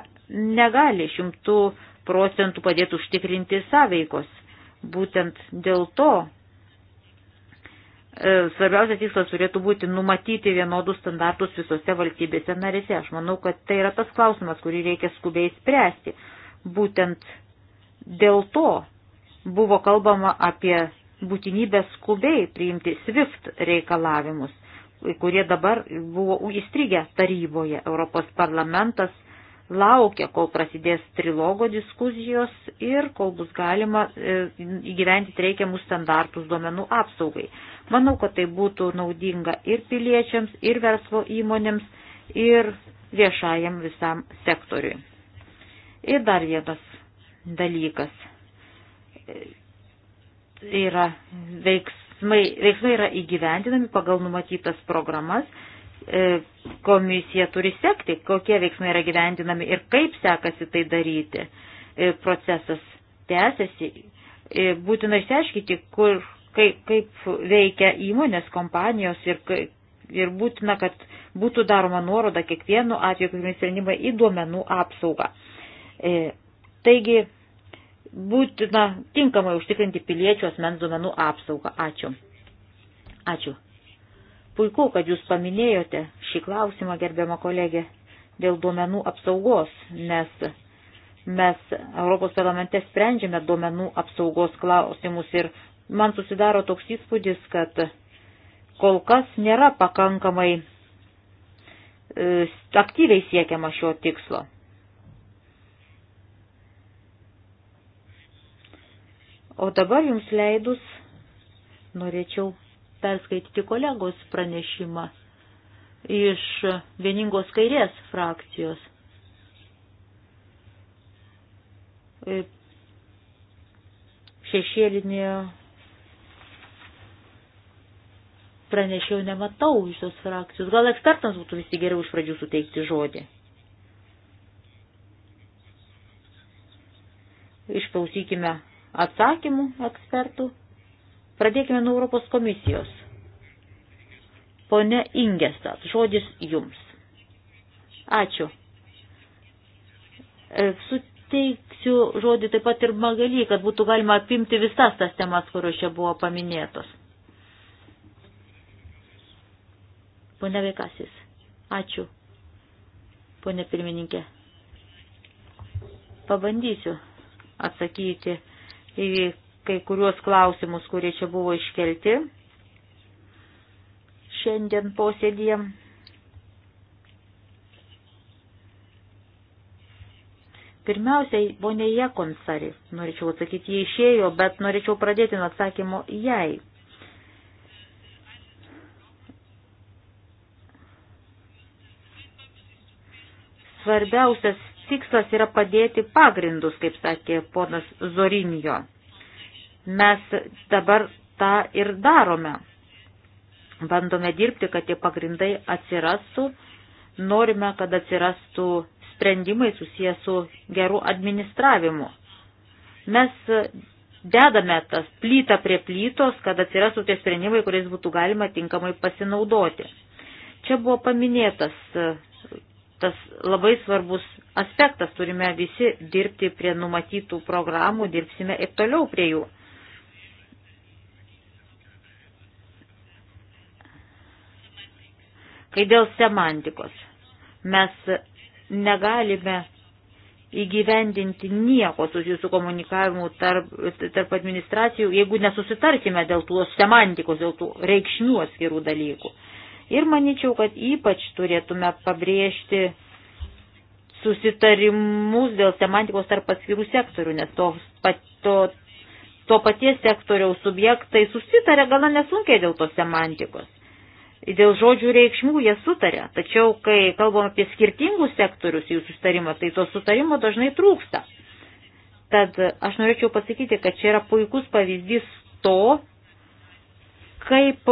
negali šimtų procentų padėti užtikrinti sąveikos. Būtent dėl to e, svarbiausias tikslas turėtų būti numatyti vienodus standartus visose valstybėse narėse. Aš manau, kad tai yra tas klausimas, kurį reikia skubiai spręsti. Būtent dėl to buvo kalbama apie būtinybę skubiai priimti SWIFT reikalavimus, kurie dabar buvo įstrigę taryboje. Europos parlamentas laukia, kol prasidės trilogo diskusijos ir kol bus galima e, įgyventi reikiamus standartus duomenų apsaugai. Manau, kad tai būtų naudinga ir piliečiams, ir verslo įmonėms, ir viešajam visam sektoriui. Ir dar vienas dalykas Tai yra veiksmai, veiksmai yra įgyvendinami pagal numatytas programas. E, komisija turi sekti, kokie veiksmai yra gyvendinami ir kaip sekasi tai daryti. E, procesas tęsiasi. E, būtina išsiaiškyti, kur, kaip, kaip veikia įmonės, kompanijos ir, ir būtina, kad būtų daroma nuoroda kiekvienu atveju, kiekvienai sprendimai į duomenų apsaugą. Taigi, būtina tinkamai užtikrinti piliečių asmens duomenų apsaugą. Ačiū. Ačiū. Puiku, kad jūs paminėjote šį klausimą, gerbiama kolegė, dėl duomenų apsaugos, nes mes Europos parlamente sprendžiame duomenų apsaugos klausimus ir man susidaro toks įspūdis, kad kol kas nėra pakankamai e, aktyviai siekiama šio tikslo. O dabar jums leidus norėčiau perskaityti kolegos pranešimą iš vieningos kairės frakcijos. E, Šešėlinėje pranešiau nematau iš tos frakcijos. Gal ekspertams būtų visi geriau iš pradžių suteikti žodį. Išklausykime atsakymų ekspertų. Pradėkime nuo Europos komisijos. Pone Ingestas, žodis jums. Ačiū. E, suteiksiu žodį taip pat ir magalį, kad būtų galima apimti visas tas temas, kurios čia buvo paminėtos. Pone Veikasis, ačiū. Pone pirmininkė, pabandysiu atsakyti į kai kuriuos klausimus, kurie čia buvo iškelti šiandien posėdėje. Pirmiausiai, ponė Jekonsari, norėčiau atsakyti, jie išėjo, bet norėčiau pradėti nuo atsakymo jai. Svarbiausias tikslas yra padėti pagrindus, kaip sakė ponas Zorinjo. Mes dabar tą ir darome. Bandome dirbti, kad tie pagrindai atsirastų. Norime, kad atsirastų sprendimai susijęs su geru administravimu. Mes dedame tas plytą prie plytos, kad atsirastų tie sprendimai, kuriais būtų galima tinkamai pasinaudoti. Čia buvo paminėtas tas labai svarbus aspektas. Turime visi dirbti prie numatytų programų, dirbsime ir toliau prie jų. Kai dėl semantikos mes negalime įgyvendinti nieko susijusių komunikavimų tarp, tarp administracijų, jeigu nesusitarsime dėl tos semantikos, dėl tų reikšmių atskirų dalykų. Ir manyčiau, kad ypač turėtume pabrėžti susitarimus dėl semantikos tarp atskirų sektorių, nes to, to, to paties sektoriaus subjektai susitarė gana nesunkiai dėl tos semantikos. Dėl žodžių reikšmių jie sutarė, tačiau kai kalbam apie skirtingus sektorius jų sustarimą, tai to sutarimo dažnai trūksta. Tad aš norėčiau pasakyti, kad čia yra puikus pavyzdys to, kaip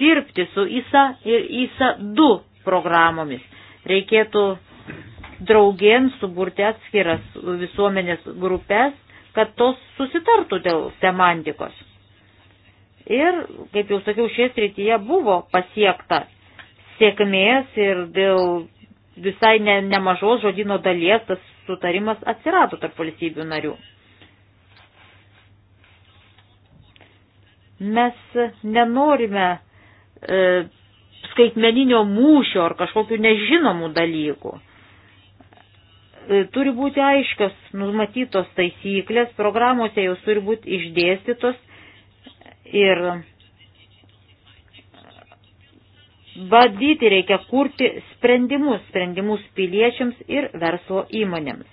dirbti su ISA ir ISA 2 programomis. Reikėtų draugien suburti atskiras visuomenės grupės, kad tos susitartų dėl semantikos. Ir, kaip jau sakiau, šie srityje buvo pasiekta sėkmės ir dėl visai ne, nemažos žodino dalies tas sutarimas atsirado tarp valstybių narių. Mes nenorime e, skaitmeninio mūšio ar kažkokių nežinomų dalykų. E, turi būti aiškios numatytos taisyklės, programuose jos turi būti išdėstytos ir badyti reikia kurti sprendimus, sprendimus piliečiams ir verslo įmonėms.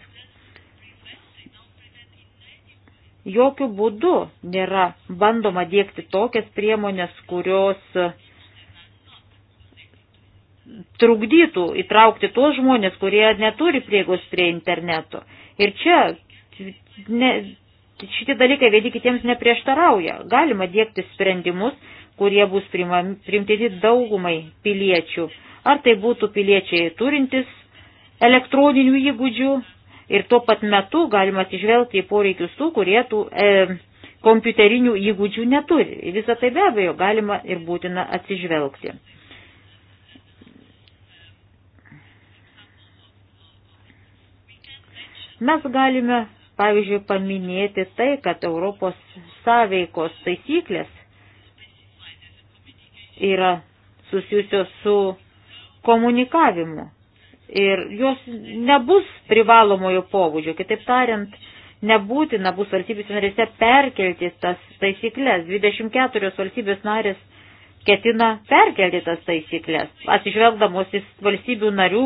Jokių būdų nėra bandoma dėkti tokias priemonės, kurios trukdytų įtraukti tuos žmonės, kurie neturi prieigos prie interneto. Ir čia ne, šitie dalykai vieni kitiems neprieštarauja. Galima dėkti sprendimus, kurie bus priimti daugumai piliečių. Ar tai būtų piliečiai turintis elektroninių įgūdžių ir tuo pat metu galima atsižvelgti į poreikius tų, kurie tų e, kompiuterinių įgūdžių neturi. Visą tai be abejo galima ir būtina atsižvelgti. Mes galime, pavyzdžiui, paminėti tai, kad Europos sąveikos taisyklės yra susijusios su komunikavimu ir jos nebus privalomojo pobūdžio. Kitaip tariant, nebūtina bus valstybės narėse perkelti tas taisyklės. 24 valstybės narės ketina perkelti tas taisyklės, atsižvelgdamos į valstybių narių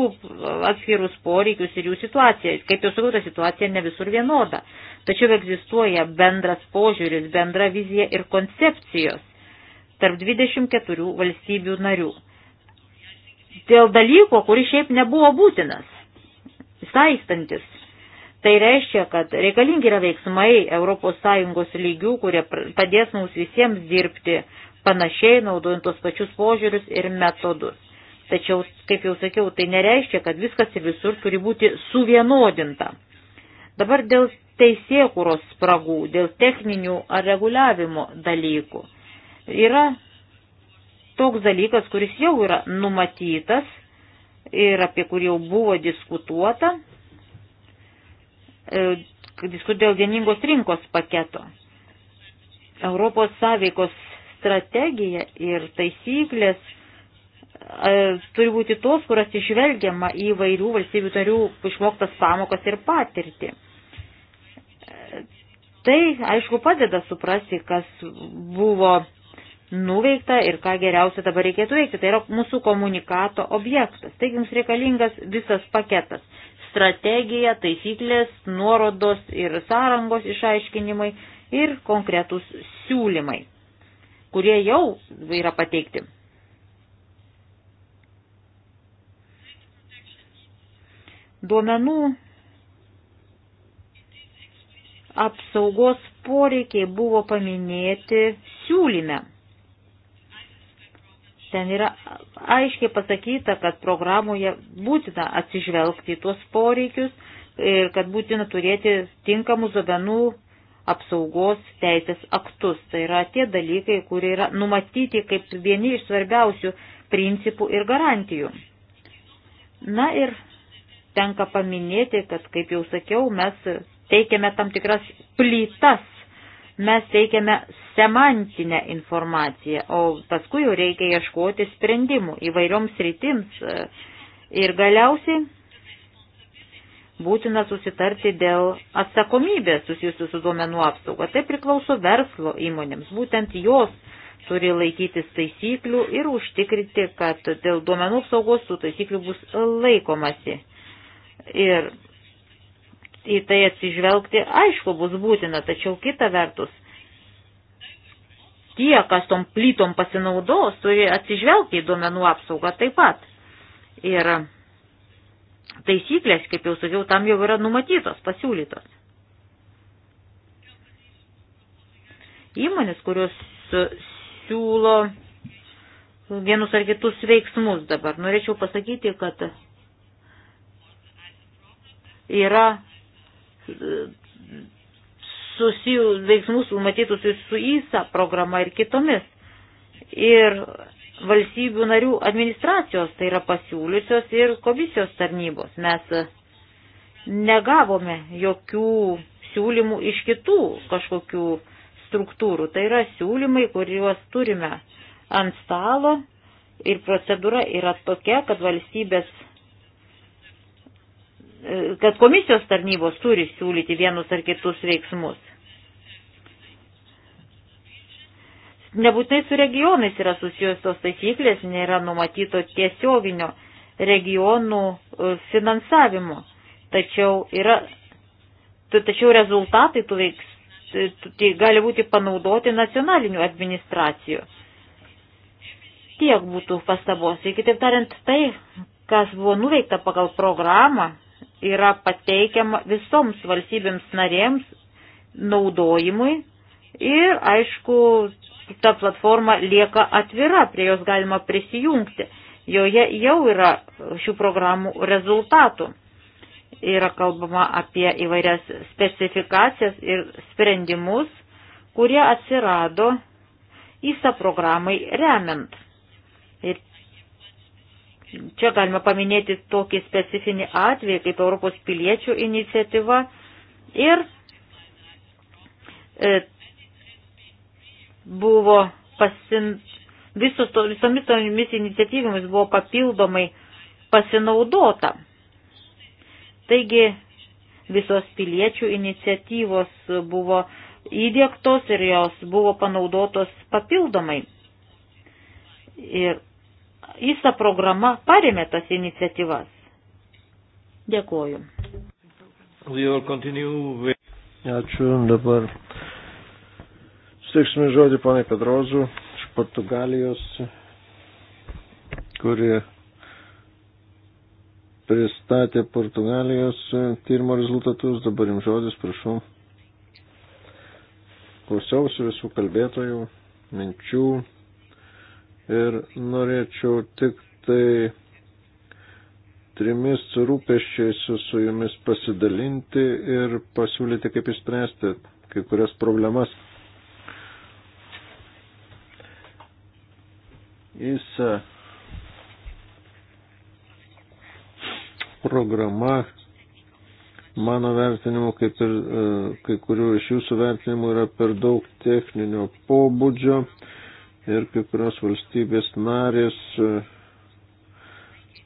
atskirus poreikius ir jų situaciją. Kaip jau sakiau, ta situacija ne visur vienoda, tačiau egzistuoja bendras požiūris, bendra vizija ir koncepcijos tarp 24 valstybių narių. Dėl dalyko, kuris šiaip nebuvo būtinas, saistantis. Tai reiškia, kad reikalingi yra veiksmai ES lygių, kurie padės mums visiems dirbti uh, panašiai naudojant tos pačius požiūrius ir metodus. Tačiau, kaip jau sakiau, tai nereiškia, kad viskas ir visur turi būti suvienodinta. Dabar dėl teisėkūros spragų, dėl techninių ar reguliavimo dalykų. Yra toks dalykas, kuris jau yra numatytas ir apie kurį jau buvo diskutuota, e, diskutuot dėl vieningos rinkos paketo. Europos sąveikos strategija ir taisyklės e, turi būti tos, kurias išvelgiama į vairių valstybių tarių išmoktas pamokas ir patirtį. Tai, aišku, padeda suprasti, kas buvo nuveikta ir ką geriausia dabar reikėtų veikti. Tai yra mūsų komunikato objektas. Taigi mums reikalingas visas paketas. Strategija, taisyklės, nuorodos ir sąrangos išaiškinimai ir konkretūs siūlymai kurie jau yra pateikti. Duomenų apsaugos poreikiai buvo paminėti siūlyme. Ten yra aiškiai pasakyta, kad programoje būtina atsižvelgti į tuos poreikius ir kad būtina turėti tinkamus duomenų apsaugos teisės aktus. Tai yra tie dalykai, kurie yra numatyti kaip vieni iš svarbiausių principų ir garantijų. Na ir tenka paminėti, kad, kaip jau sakiau, mes teikiame tam tikras plytas, mes teikiame semantinę informaciją, o paskui jau reikia ieškoti sprendimų įvairioms rytims. Ir galiausiai būtina susitarti dėl atsakomybės susijusių su duomenų apsauga. Tai priklauso verslo įmonėms, būtent jos turi laikytis taisyklių ir užtikrinti, kad dėl duomenų apsaugos tų taisyklių bus laikomasi. Ir į tai atsižvelgti, aišku, bus būtina, tačiau kita vertus, tie, kas tom plytom pasinaudos, turi atsižvelgti į duomenų apsaugą taip pat. Ir taisyklės, kaip jau sakiau, tam jau yra numatytos, pasiūlytos. Įmonės, kurios siūlo vienus ar kitus veiksmus dabar, norėčiau pasakyti, kad yra susijų veiksmus matytus su ISA programa ir kitomis. Ir valstybių narių administracijos tai yra pasiūliusios ir komisijos tarnybos. Mes e, negavome jokių siūlymų iš kitų kažkokių struktūrų. Tai yra siūlymai, kuriuos turime ant stalo ir procedūra yra tokia, kad valstybės e, kad komisijos tarnybos turi siūlyti vienus ar kitus veiksmus. Nebūtinai su regionais yra susijęs tos taisyklės, nėra numatyto tiesioginio regionų e, finansavimo. Tačiau, yra, tačiau rezultatai tų veiks, tai gali būti panaudoti nacionalinių administracijų. Tiek būtų pastabos. Ir kitaip tariant, tai, kas buvo nuveikta pagal programą, yra pateikiama visoms valstybėms narėms naudojimui ir, aišku, ta platforma lieka atvira, prie jos galima prisijungti. Joje jau yra šių programų rezultatų. Yra kalbama apie įvairias specifikacijas ir sprendimus, kurie atsirado įsa programai remiant. Ir čia galima paminėti tokį specifinį atvejį kaip Europos piliečių iniciatyva ir e, buvo pasin... Visos to, visomis tomis iniciatyvomis buvo papildomai pasinaudota. Taigi visos piliečių iniciatyvos buvo įdėktos ir jos buvo panaudotos papildomai. Ir įsa programa paremė tas iniciatyvas. Dėkuoju. Ačiū dabar Steiksime žodį ponai Pedrozu iš Portugalijos, kuri pristatė Portugalijos tyrimo rezultatus. Dabar jums žodis, prašau. Klausiausi visų kalbėtojų, minčių ir norėčiau tik tai trimis rūpeščiais su, su jumis pasidalinti ir pasiūlyti, kaip išspręsti kai kurias problemas ISA e, programa, mano vertinimu, kaip ir e, kai kurių iš jūsų vertinimų, yra per daug techninio pobūdžio ir kai kurios valstybės narės e,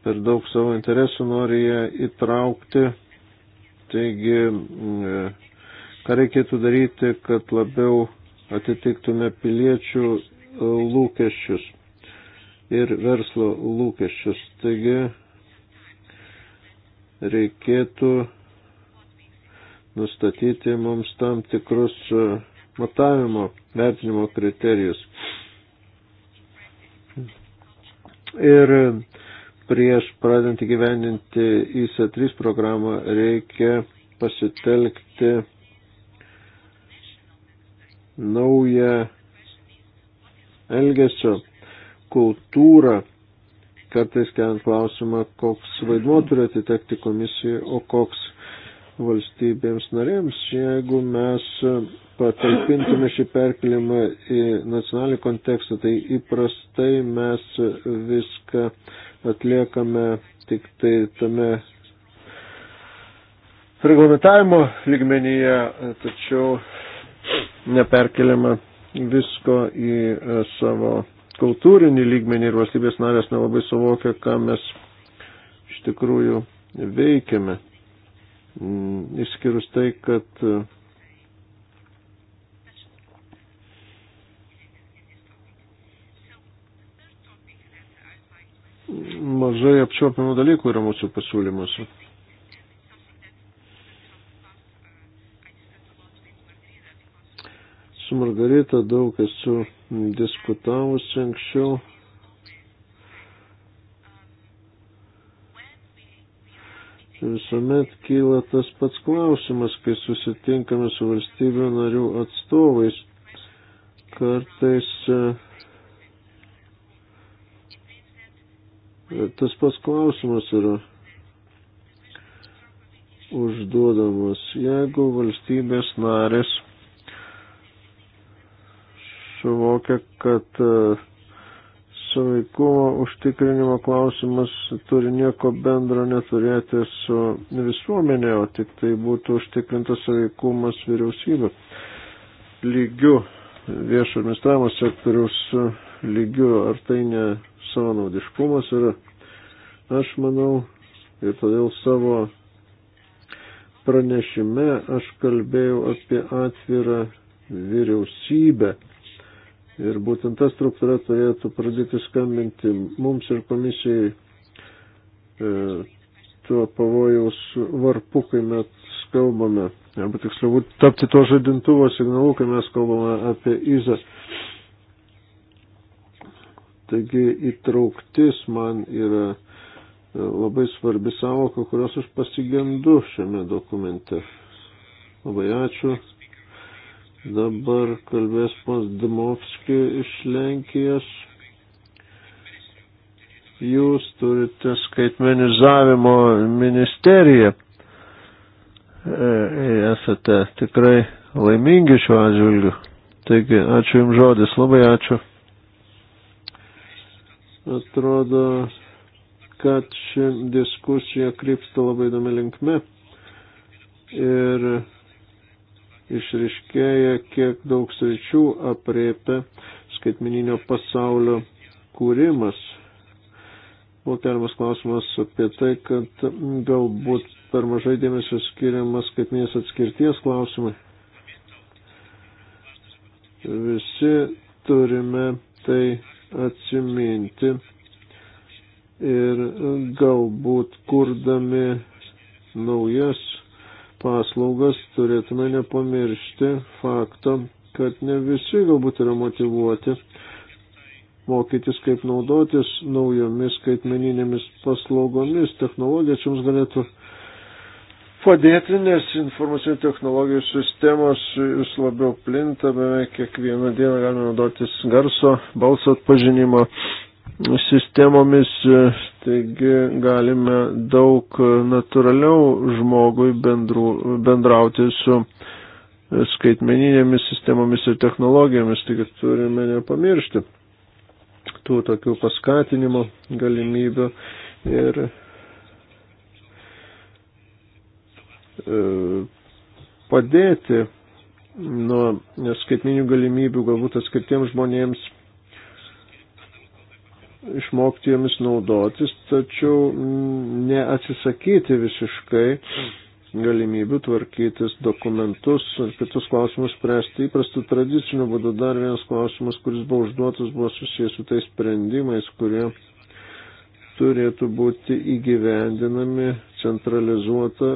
per daug savo interesų nori ją įtraukti. Taigi, ką reikėtų daryti, kad labiau atitiktume piliečių lūkesčius ir verslo lūkesčius. Taigi reikėtų nustatyti mums tam tikrus e, matavimo, vertinimo kriterijus. Ir prieš pradant įgyvendinti IC3 programą reikia pasitelkti naują elgesio kultūrą, kartais keliant klausimą, koks vaidmuo turi atitekti komisijai, o koks valstybėms narėms. Jeigu mes patalpintume šį perkelimą į nacionalinį kontekstą, tai įprastai mes viską atliekame tik tai tame reglamentavimo lygmenyje, tačiau neperkeliama visko į savo kultūrinį lygmenį ir valstybės narės nelabai suvokia, ką mes iš tikrųjų veikiame. Mm, išskyrus tai, kad mm, mažai apčiopiamų dalykų yra mūsų pasiūlymuose. Su Margarita daug esu diskutavusi anksčiau. Visuomet kyla tas pats klausimas, kai susitinkame su valstybių narių atstovais. Kartais e, tas pats klausimas yra užduodamas, jeigu valstybės narės suvokia, kad e, suveikumo užtikrinimo klausimas turi nieko bendro neturėti su visuomenė, o tik tai būtų užtikrintas suveikumas vyriausybių lygių, viešo administravimo sektoriaus lygių, ar tai ne savanaudiškumas yra. Aš manau ir todėl savo pranešime aš kalbėjau apie atvirą vyriausybę Ir būtent ta struktūra turėtų pradėti skambinti mums ir komisijai e, tuo pavojaus varpu, kai mes kalbame, arba tiksliau tapti to žadintuvo signalu, kai mes kalbame apie įzą. Taigi įtrauktis man yra e, labai svarbi savoka, kurios aš pasigendu šiame dokumente. Labai ačiū. Dabar kalbės pas Dmovski iš Lenkijos. Jūs turite skaitmenizavimo ministeriją. E, e, esate tikrai laimingi šiuo atžvilgiu. Taigi, ačiū Jums žodis, labai ačiū. Atrodo, kad ši diskusija krypsta labai įdomi linkme. Ir išriškėja, kiek daug sričių apriepia skaitmeninio pasaulio kūrimas. Buvo keliamas klausimas apie tai, kad galbūt per mažai dėmesio skiriamas skaitminės atskirties klausimai. Visi turime tai atsiminti ir galbūt kurdami naujas paslaugas, turėtume nepamiršti fakto, kad ne visi galbūt yra motivuoti mokytis, kaip naudotis naujomis skaitmeninėmis paslaugomis. Technologija čia jums galėtų padėti, nes informacinių technologijų sistemos vis labiau plinta, beveik kiekvieną dieną galime naudotis garso, balso atpažinimo sistemomis, e, taigi galime daug natūraliau žmogui bendru, bendrauti su skaitmeninėmis sistemomis ir technologijomis, taigi turime nepamiršti tų tokių paskatinimo galimybių ir e, padėti nuo skaitminių galimybių galbūt atskirtiems žmonėms išmokti jomis naudotis, tačiau neatsisakyti visiškai galimybių tvarkytis dokumentus ir kitus klausimus spręsti įprastų tradicinių būdų. Dar vienas klausimas, kuris buvo užduotas, buvo susijęs su tais sprendimais, kurie turėtų būti įgyvendinami centralizuota,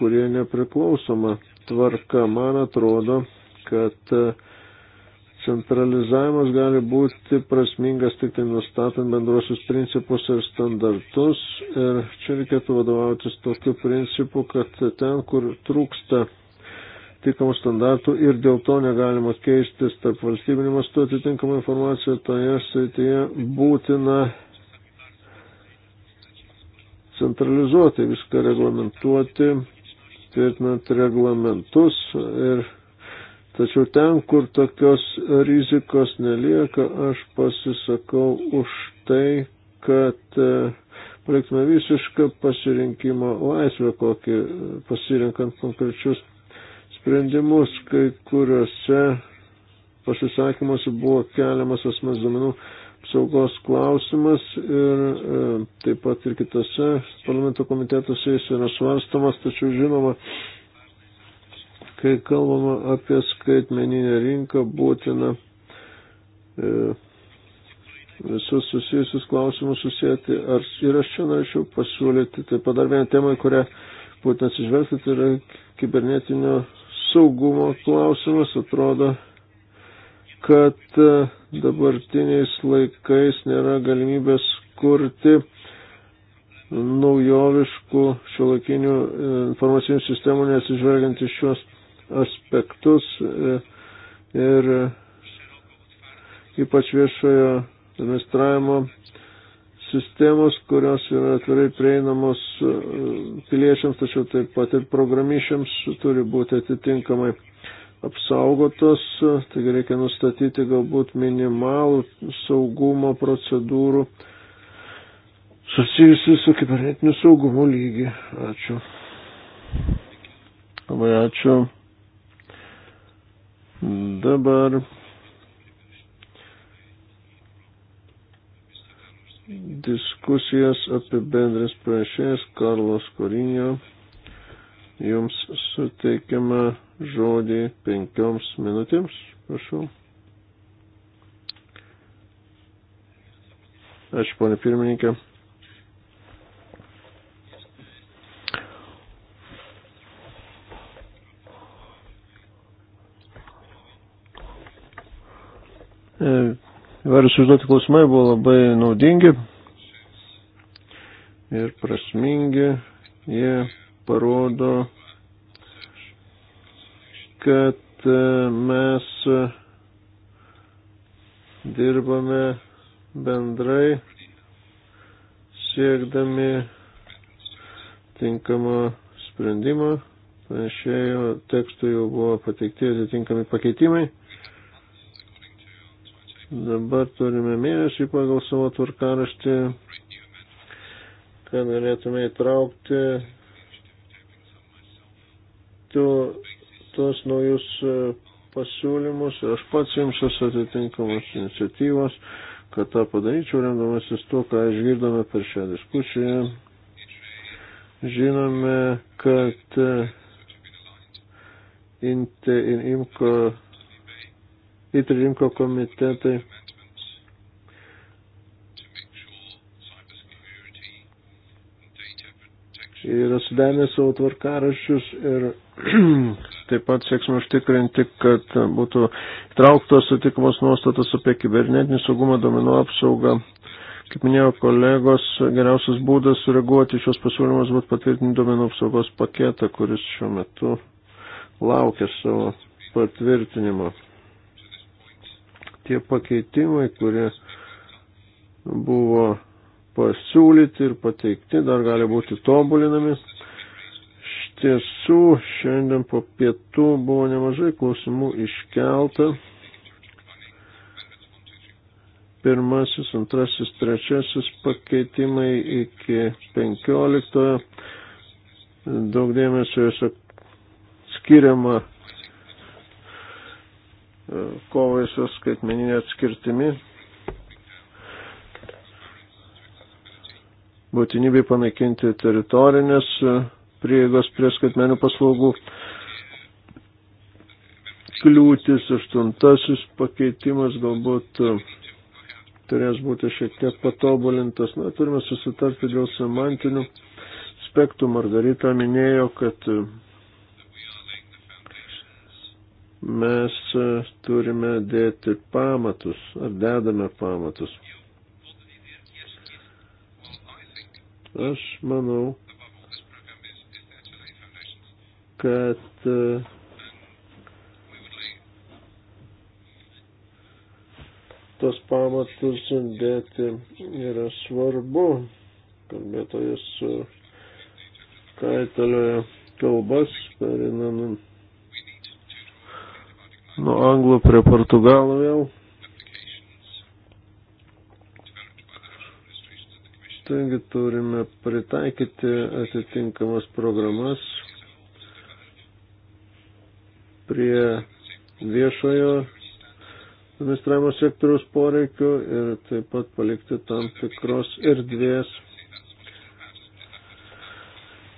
kurie nepriklausoma tvarka. Man atrodo, kad uh, Centralizavimas gali būti prasmingas tik tai nustatant bendrosius principus ir standartus. Ir čia reikėtų vadovautis tokiu principu, kad ten, kur trūksta tikamų standartų ir dėl to negalima keistis tarp valstybinio mastu atitinkamą informaciją, toje srityje būtina centralizuoti viską reglamentuoti, tvirtinant reglamentus ir Tačiau ten, kur tokios rizikos nelieka, aš pasisakau už tai, kad e, paliktume visišką pasirinkimo laisvę, kokį e, pasirinkant konkrečius sprendimus, kai kuriuose pasisakymuose buvo keliamas asmens duomenų apsaugos klausimas ir e, taip pat ir kitose parlamento komitetuose jis yra svarstamas, tačiau žinoma, Kai kalbama apie skaitmeninę rinką, būtina e, visus susijusius klausimus susijęti. Ar, ir aš čia norėčiau pasiūlyti taip pat dar vieną temą, kurią būtent atsižvelgti, tai yra kibernetinio saugumo klausimas. Atrodo, kad e, dabartiniais laikais nėra galimybės kurti naujoviškų šiuolaikinių e, informacinių sistemų, nesižvelgiant iš šios aspektus e, ir ypač viešojo administravimo sistemos, kurios yra atvirai prieinamos e, piliečiams, tačiau taip pat ir programišiams turi būti atitinkamai apsaugotos, taigi reikia nustatyti galbūt minimalų saugumo procedūrų susijusių su kibernetiniu saugumu lygį. Ačiū. Labai ačiū. Dabar diskusijas apie bendras pranešėjas Karlos Korinio. Jums suteikiama žodį penkioms minutėms. Prašau. Ačiū, ponė pirmininkė. E, Įvairius užduoti klausimai buvo labai naudingi ir prasmingi. Jie parodo, kad e, mes dirbame bendrai siekdami tinkamą sprendimą. Pranešėjo tekstui jau buvo pateikti atitinkami pakeitimai. Dabar turime mėnesį pagal savo tvarkaraštį, kad galėtume įtraukti tu, tuos naujus e, pasiūlymus ir aš pats imsiuos atitinkamas iniciatyvas, kad tą padaryčiau, remdamasis tuo, ką išgirdome per šią diskusiją. Žinome, kad e, Inte in Imko įtrinko komitetai. Yra sudanę savo tvarkarašius ir taip pat sieksime užtikrinti, kad būtų trauktos sutikamos nuostatos apie kibernetinį saugumą, domenų apsaugą. Kaip minėjo kolegos, geriausias būdas sureaguoti šios pasiūlymus būtų patvirtinti domenų apsaugos paketą, kuris šiuo metu laukia savo patvirtinimo tie pakeitimai, kurie buvo pasiūlyti ir pateikti, dar gali būti tobulinami. Tiesų, šiandien po pietų buvo nemažai klausimų iškelta. Pirmasis, antrasis, trečiasis pakeitimai iki penkioliktojo. Daug dėmesio jose skiriama kovai su skaitmeninė atskirtimi, būtinybė panaikinti teritorinės prieigos prie skaitmenių paslaugų kliūtis, aštuntasis pakeitimas galbūt turės būti šiek tiek patobulintas. Na, turime susitarti dėl semantinių aspektų. Margarita minėjo, kad mes e, turime dėti pamatus, ar dedame pamatus. Aš manau, kad e, tos pamatus dėti yra svarbu. Kalbėtojas e, kaitalioje kalbas, perinant nuo anglų prie portugalų jau. Taigi turime pritaikyti atitinkamas programas prie viešojo administravimo sektoriaus poreikių ir taip pat palikti tam tikros erdvės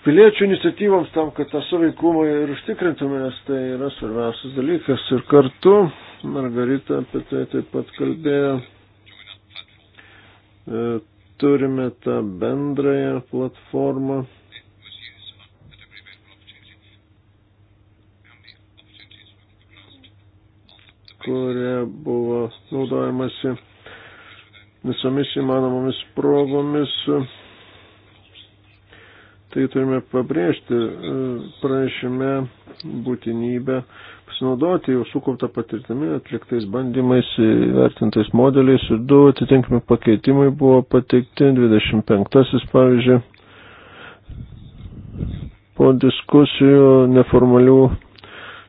piliečių iniciatyvoms tam, kad tą saveikumą ir užtikrintume, nes tai yra svarbiausias dalykas. Ir kartu Margarita apie tai taip pat kalbėjo. E, turime tą bendrąją platformą. kurie buvo naudojamasi visomis įmanomomis progomis Tai turime pabrėžti e, pranešime būtinybę pasinaudoti jau sukauptą patirtimį, atliktais bandymais, vertintais modeliais ir du atitinkami pakeitimai buvo pateikti, 25-asis pavyzdžiui, po diskusijų neformalių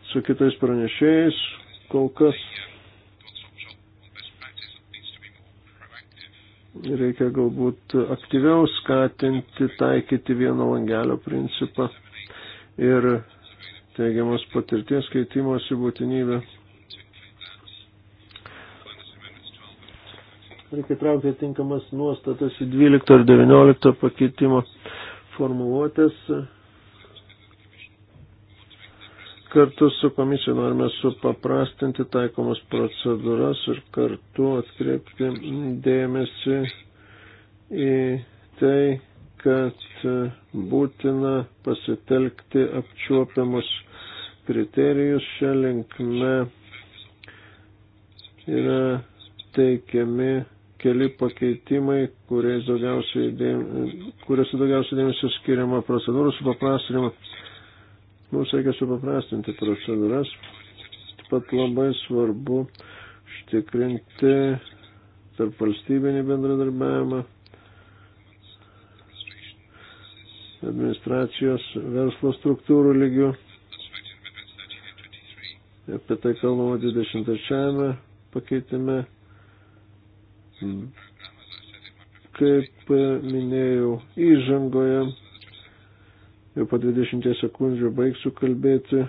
su kitais pranešėjais, kol kas reikia galbūt aktyviau skatinti, taikyti vieno langelio principą ir teigiamos patirties keitimosi būtinybę. Reikia traukti tinkamas nuostatas į 12 ir 19 pakeitimo formuluotės. Kartu su komisija norime supaprastinti taikomas procedūras ir kartu atkreipti dėmesį į tai, kad būtina pasitelkti apčiuopiamus kriterijus šią linkme yra teikiami keli pakeitimai, kuriuose daugiausiai dėmesio skiriama procedūrų supaprastinimui Mums reikia supaprastinti procedūras. Taip pat labai svarbu užtikrinti tarp valstybinį bendradarbiavimą administracijos verslo struktūrų lygių. Apie tai kalbama 23 pakeitime. Kaip minėjau įžangoje, Jau po 20 sekundžių baigsiu kalbėti.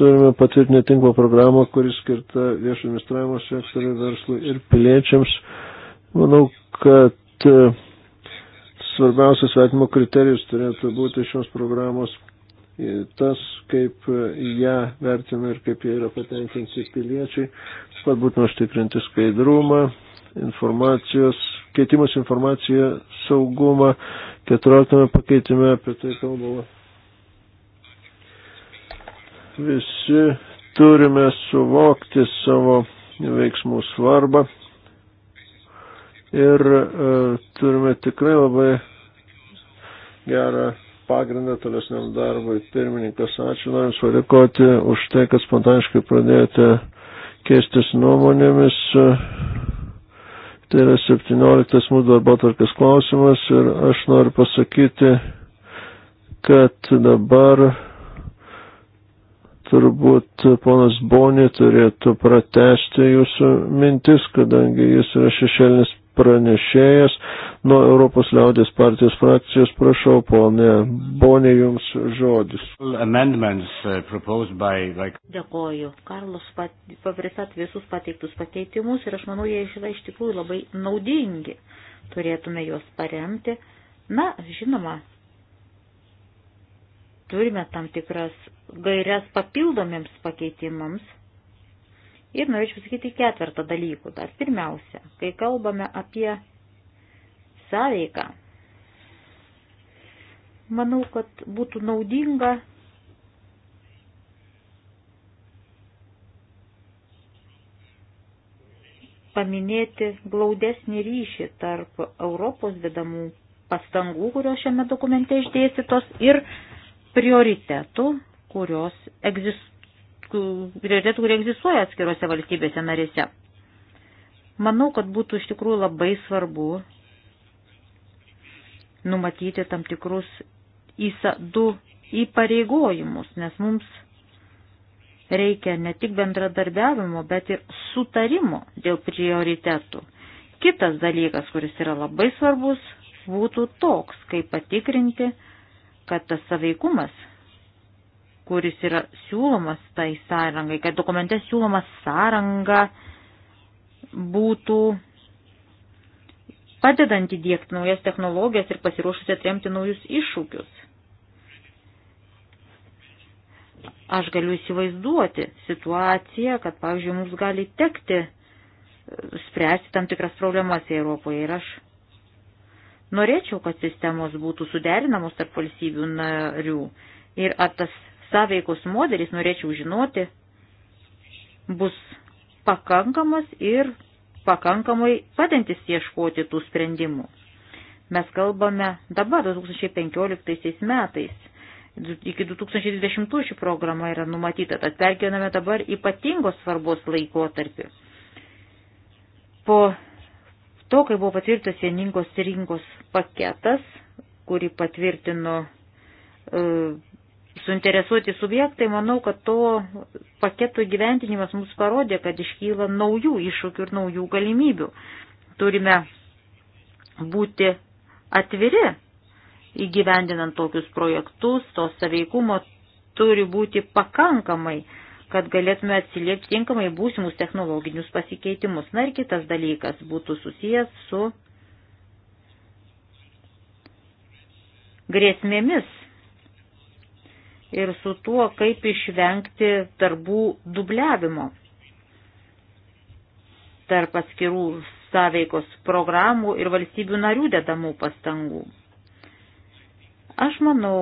Turime patvirtinę tinklo programą, kuris skirta viešo administravimo sektoriui, verslui ir piliečiams. Manau, kad e, svarbiausias vertimo kriterijus turėtų būti šios programos e, tas, kaip e, ją vertina ir kaip jie yra patenkinti piliečiai. Taip pat būtina užtikrinti skaidrumą, informacijos keitimas informacija saugumą, 14 pakeitime apie tai kalbama. Visi turime suvokti savo veiksmų svarbą ir e, turime tikrai labai gerą pagrindą tolesniam darbui. Pirmininkas, ačiū Jums padėkoti už tai, kad spontaniškai pradėjote keistis nuomonėmis. E, Tai yra 17 mūsų darbo tvarkės klausimas ir aš noriu pasakyti, kad dabar turbūt ponas Boni turėtų pratesti jūsų mintis, kadangi jis yra šešėlinis pranešėjas nuo Europos liaudės partijos frakcijos. Prašau, ponė, ponė jums žodis. Uh, Dėkoju. Karlos pat, paprisat visus pateiktus pakeitimus ir aš manau, jie yra iš tikrųjų labai naudingi. Turėtume juos paremti. Na, žinoma, turime tam tikras gairias papildomiems pakeitimams Ir norėčiau pasakyti ketvertą dalykų. Dar pirmiausia, kai kalbame apie sąveiką, manau, kad būtų naudinga paminėti glaudesnį ryšį tarp Europos vedamų pastangų, kurios šiame dokumente išdėstytos, ir prioritetų, kurios egzist, prioritetų, kurie egzistuoja atskirose valstybėse narėse. Manau, kad būtų iš tikrųjų labai svarbu numatyti tam tikrus įsa, du įpareigojimus, nes mums reikia ne tik bendradarbiavimo, bet ir sutarimo dėl prioritetų. Kitas dalykas, kuris yra labai svarbus, būtų toks, kaip patikrinti, kad tas saveikumas kuris yra siūlomas tai sąrangai, kad dokumente siūlomas sąranga būtų padedant įdėkti naujas technologijas ir pasiruošusi atremti naujus iššūkius. Aš galiu įsivaizduoti situaciją, kad, pavyzdžiui, mums gali tekti e, spręsti tam tikras problemas Europoje ir aš norėčiau, kad sistemos būtų suderinamos tarp valstybių narių ir ar tas sąveikos modelis, norėčiau žinoti, bus pakankamas ir pakankamai padantis ieškoti tų sprendimų. Mes kalbame dabar 2015 metais. Iki 2020 ši programa yra numatyta, tad pergyvename dabar ypatingos svarbos laikotarpį. Po to, kai buvo patvirtas vieningos rinkos paketas, kurį patvirtino e, suinteresuoti subjektai, manau, kad to paketo gyventinimas mums parodė, kad iškyla naujų iššūkių ir naujų galimybių. Turime būti atviri įgyvendinant tokius projektus, to saveikumo turi būti pakankamai, kad galėtume atsiliepti tinkamai būsimus technologinius pasikeitimus. Na ir kitas dalykas būtų susijęs su grėsmėmis ir su tuo, kaip išvengti darbų dubliavimo tarp atskirų sąveikos programų ir valstybių narių dedamų pastangų. Aš manau,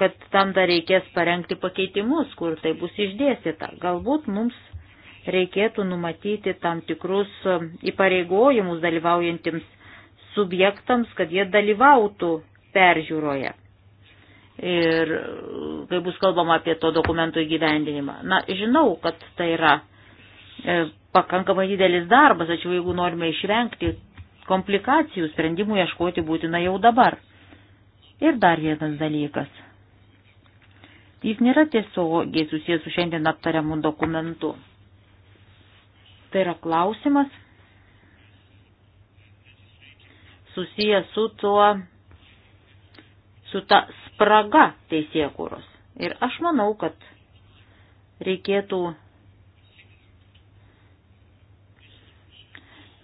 kad tam dar reikės parengti pakeitimus, kur tai bus išdėstyta. Galbūt mums reikėtų numatyti tam tikrus um, įpareigojimus dalyvaujantiems subjektams, kad jie dalyvautų peržiūroje ir kai bus kalbama apie to dokumento įgyvendinimą. Na, žinau, kad tai yra e, pakankamai didelis darbas, tačiau jeigu norime išvengti komplikacijų, sprendimų ieškoti būtina jau dabar. Ir dar vienas dalykas. Jis nėra tiesiogiai susijęs su šiandien aptariamu dokumentu. Tai yra klausimas susijęs su tuo su ta spraga teisėkūros. Ir aš manau, kad reikėtų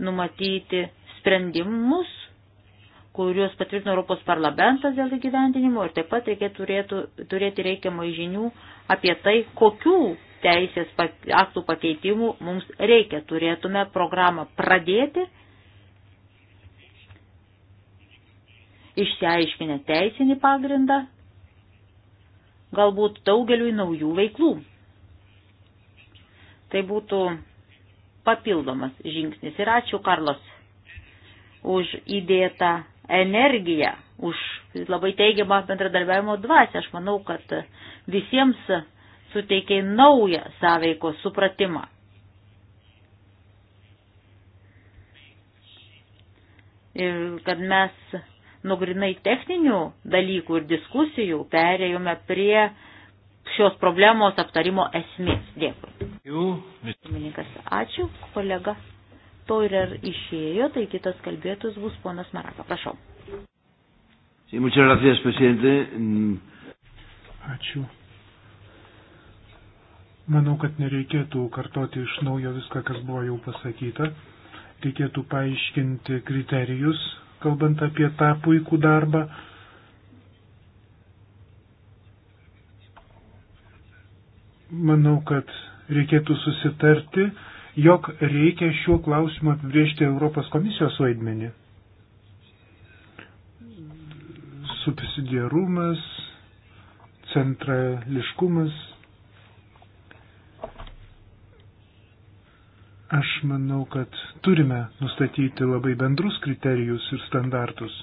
numatyti sprendimus, kuriuos patvirtino Europos parlamentas dėl įgyvendinimo ir taip pat reikėtų turėtų, turėti reikiamai žinių apie tai, kokių teisės aktų pakeitimų mums reikia. Turėtume programą pradėti išsiaiškinę teisinį pagrindą, galbūt daugeliui naujų veiklų. Tai būtų papildomas žingsnis. Ir ačiū Karlos už įdėtą energiją, už labai teigiamą bendradarbiavimo dvasę. Aš manau, kad visiems suteikiai naują sąveiko supratimą. Ir kad mes nugrinai techninių dalykų ir diskusijų perėjome prie šios problemos aptarimo esmės. Dėkui. Pirmininkas, ačiū, kolega. To ir ar išėjo, tai kitas kalbėtus bus ponas Maraka. Prašau. Sí, muchas gracias, presidente. Ačiū. Manau, kad nereikėtų kartoti iš naujo viską, kas buvo jau pasakyta. Reikėtų paaiškinti kriterijus, kalbant apie tą puikų darbą. Manau, kad reikėtų susitarti, jog reikia šiuo klausimu apibriežti Europos komisijos vaidmenį. Subsidiarumas, centrališkumas, Aš manau, kad turime nustatyti labai bendrus kriterijus ir standartus.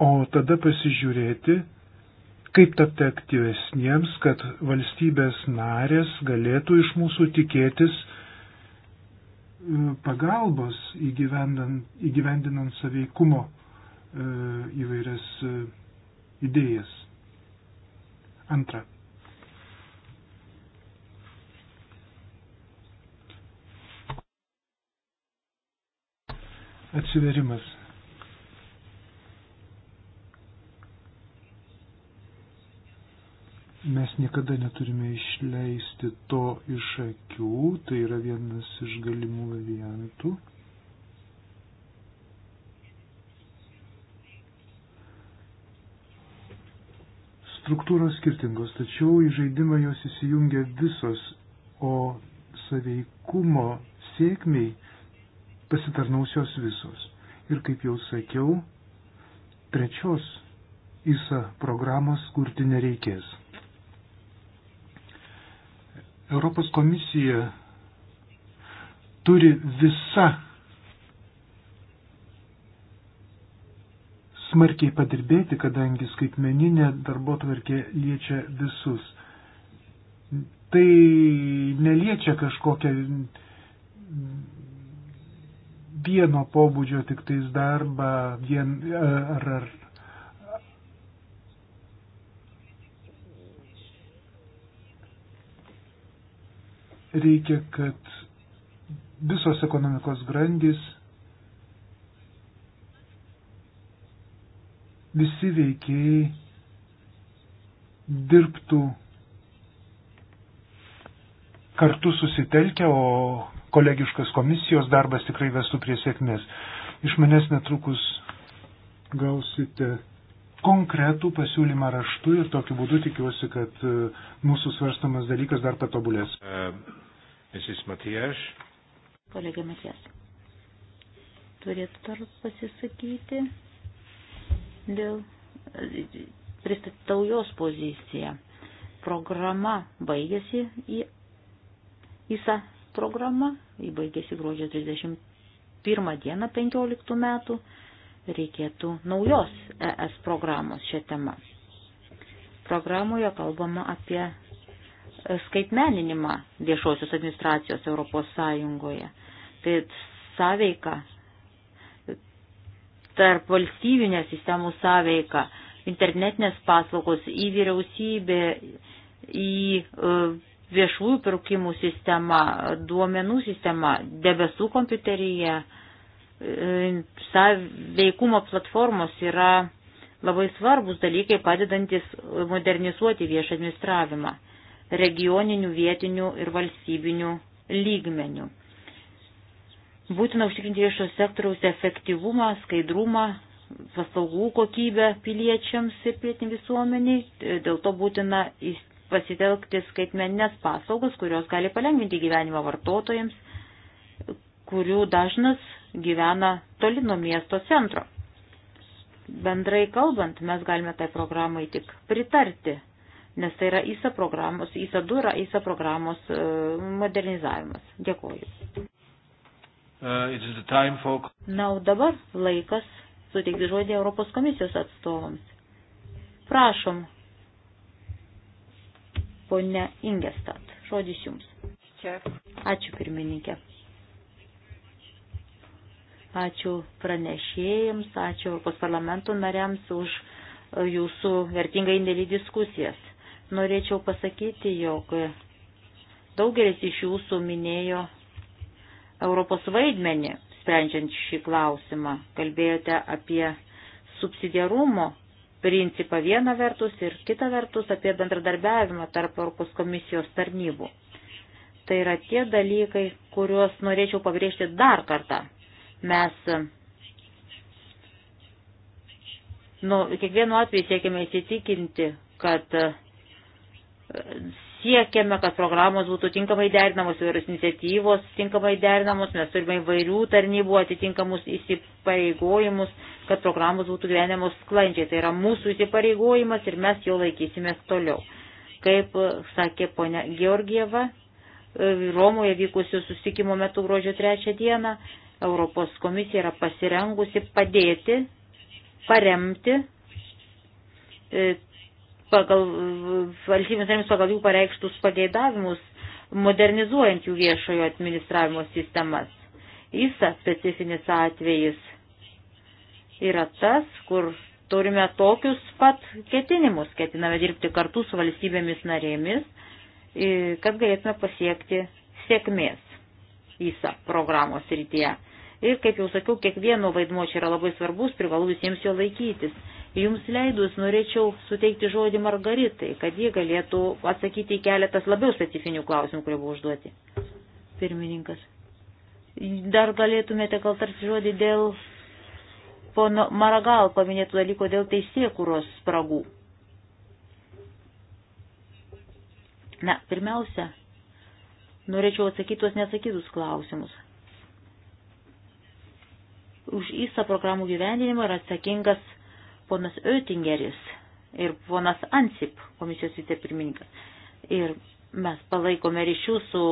O tada pasižiūrėti, kaip tapti aktyvesniems, kad valstybės narės galėtų iš mūsų tikėtis e, pagalbos įgyvendinant saveikumo e, įvairias e, idėjas. Antra. atsiverimas. Mes niekada neturime išleisti to iš akių, tai yra vienas iš galimų variantų. Struktūros skirtingos, tačiau į žaidimą jos įsijungia visos, o saveikumo sėkmiai pasitarnaus jos visos. Ir kaip jau sakiau, trečios ISA programos kurti nereikės. Europos komisija turi visą smarkiai padirbėti, kadangi skaitmeninė darbo tvarkė liečia visus. Tai neliečia kažkokią vieno pobūdžio tik tais darbą vien, e, ar, ar reikia, kad visos ekonomikos grandys, visi veikėjai dirbtų kartu susitelkę, o kolegiškas komisijos darbas tikrai vestų prie sėkmės. Iš manęs netrukus gausite konkretų pasiūlymą raštu ir tokiu būdu tikiuosi, kad e, mūsų svarstamas dalykas dar patobulės. Esis Matijas. Kolegė Matijas. Turėtų dar pasisakyti dėl pristatau jos poziciją. Programa baigėsi į ISA programa, jį baigėsi gruodžio 31 dieną 15 metų, reikėtų naujos ES programos šią temą. Programoje kalbama apie skaitmeninimą viešosios administracijos Europos Sąjungoje. Tai sąveika, tarp valstybinės sistemų sąveika, internetinės paslaugos į vyriausybę, į viešųjų pirkimų sistema, duomenų sistema, debesų kompiuterija, e, veikumo platformos yra labai svarbus dalykai padedantis modernizuoti viešą administravimą regioninių, vietinių ir valstybinių lygmenių. Būtina užtikrinti viešo sektoriaus efektyvumą, skaidrumą, paslaugų kokybę piliečiams ir pilietiniai visuomeniai, dėl to būtina pasitelkti skaitmeninės paslaugas, kurios gali palengvinti gyvenimą vartotojams, kurių dažnas gyvena toli nuo miesto centro. Bendrai kalbant, mes galime tai programai tik pritarti, nes tai yra ISA programos, ISA 2 yra ISA programos e, modernizavimas. Dėkuoju. Uh, for... Na, o dabar laikas suteikti žodį Europos komisijos atstovams. Prašom, ponia Ingestat. Žodis jums. Ačiū pirmininkė. Ačiū pranešėjams, ačiū Europos parlamento nariams už e, jūsų vertingą indėlį diskusijas. Norėčiau pasakyti, jog daugelis iš jūsų minėjo Europos vaidmenį, sprendžiant šį klausimą. Kalbėjote apie subsidiarumo principą vieną vertus ir kitą vertus apie bendradarbiavimą tarp Europos komisijos tarnybų. Tai yra tie dalykai, kuriuos norėčiau pabrėžti dar kartą. Mes nu, kiekvienu atveju siekime įsitikinti, kad siekiame, kad programos būtų tinkamai derinamos, įvairios iniciatyvos tinkamai derinamos, mes turime įvairių tarnybų atitinkamus įsipareigojimus, kad programos būtų gyvenamos sklandžiai. Tai yra mūsų įsipareigojimas ir mes jo laikysimės toliau. Kaip e, sakė ponia Georgieva, e, Romoje vykusio susitikimo metu gruodžio trečią dieną Europos komisija yra pasirengusi padėti, paremti e, pagal valstybės narėms pagal jų pareikštus pageidavimus, modernizuojant jų viešojo administravimo sistemas. ISA specifinis atvejis yra tas, kur turime tokius pat ketinimus, ketiname dirbti kartu su valstybėmis narėmis, kad galėtume pasiekti sėkmės ISA programos rytyje. Ir kaip jau sakiau, kiekvieno vaidmo čia yra labai svarbus, privalu visiems jo laikytis. Jums leidus norėčiau suteikti žodį Margaritai, kad ji galėtų atsakyti į keletas labiau specifinių klausimų, kurie buvo užduoti. Pirmininkas. Dar galėtumėte gal tarsi žodį dėl pono Maragal paminėtų dalykų dėl teisėkuros spragų. Na, pirmiausia, norėčiau atsakyti tuos neatsakytus klausimus. Už įsą programų gyvendinimą yra atsakingas ponas Oettingeris ir ponas Ansip, komisijos vicepirmininkas. Ir mes palaikome ryšių su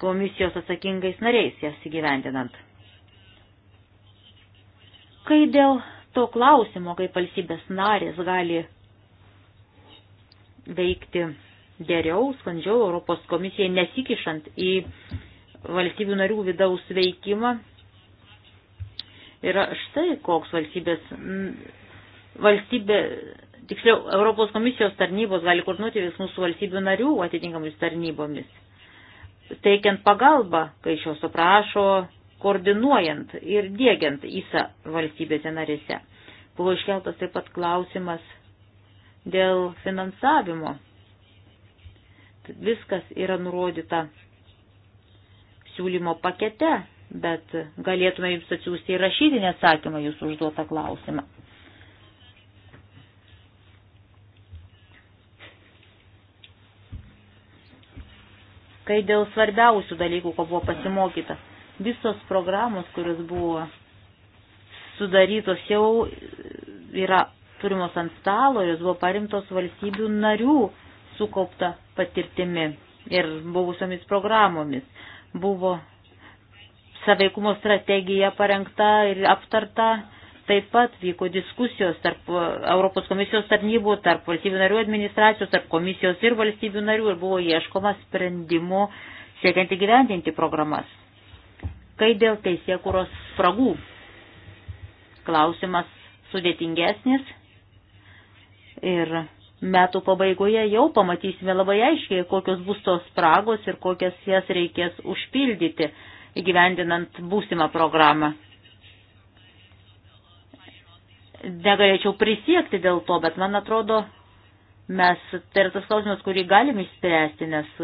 komisijos atsakingais nariais jas įgyvendinant. Kai dėl to klausimo, kaip valstybės narės gali veikti geriau, sklandžiau Europos komisijai, nesikišant į valstybių narių vidaus veikimą, yra štai koks valstybės, valstybė, tiksliau, Europos komisijos tarnybos gali koordinuoti veiksmus su valstybių narių atitinkamomis tarnybomis, teikiant pagalbą, kai šios aprašo, koordinuojant ir dėgiant įsą valstybėse narėse. Buvo iškeltas taip pat klausimas dėl finansavimo. Viskas yra nurodyta siūlymo pakete, bet galėtume jums atsiųsti ir rašytinį atsakymą jūsų užduotą klausimą. Kai dėl svarbiausių dalykų, ko buvo pasimokyta, visos programos, kurios buvo sudarytos, jau yra turimos ant stalo, jos buvo parimtos valstybių narių sukaupta patirtimi ir buvusiomis programomis. Buvo saveikumo strategija parengta ir aptarta. Taip pat vyko diskusijos tarp uh, Europos komisijos tarnybų, tarp valstybių narių administracijos, tarp komisijos ir valstybių narių ir buvo ieškoma sprendimų siekiant įgyvendinti programas. Kai dėl teisėkuros spragų klausimas sudėtingesnis ir metų pabaigoje jau pamatysime labai aiškiai, kokios bus tos spragos ir kokias jas reikės užpildyti įgyvendinant būsimą programą. Negalėčiau prisiekti dėl to, bet man atrodo, mes tai yra tas klausimas, kurį galim išspręsti, nes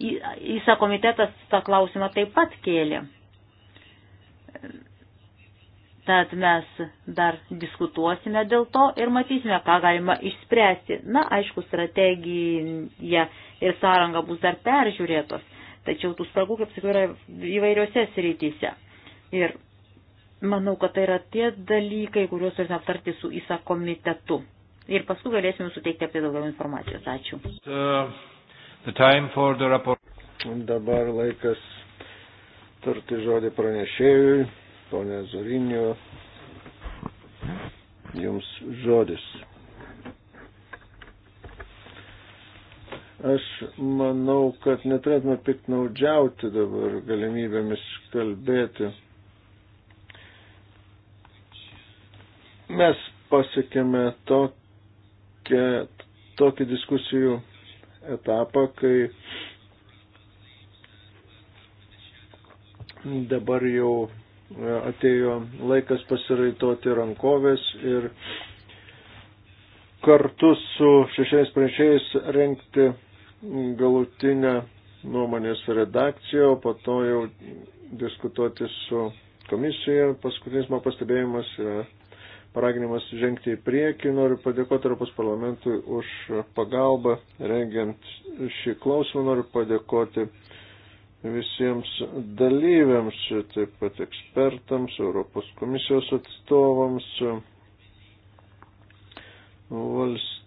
įsa komitetas tą klausimą taip pat kėlė. Tad mes dar diskutuosime dėl to ir matysime, ką galima išspręsti. Na, aišku, strategija ir sąranga bus dar peržiūrėtos, tačiau tų spragų, kaip sakiau, yra įvairiose srityse. Ir manau, kad tai yra tie dalykai, kuriuos turime aptarti su ISA komitetu. Ir paskui galėsime suteikti apie daugiau informacijos. Ačiū. Uh, the, the Dabar laikas tarti žodį pranešėjui. Pone Zorinio, jums žodis. Aš manau, kad neturėtume piknaudžiauti dabar galimybėmis kalbėti. Mes pasiekėme tokią, tokį diskusijų etapą, kai dabar jau E, atėjo laikas pasiraitoti rankovės ir kartu su šešiais pranešėjais renkti galutinę nuomonės redakciją, o po to jau diskutuoti su komisija. Paskutinis mano pastebėjimas yra paraginimas žengti į priekį. Noriu padėkoti Europos parlamentui už pagalbą rengiant šį klausimą. Noriu padėkoti visiems dalyviams, taip pat ekspertams, Europos komisijos atstovams, valst...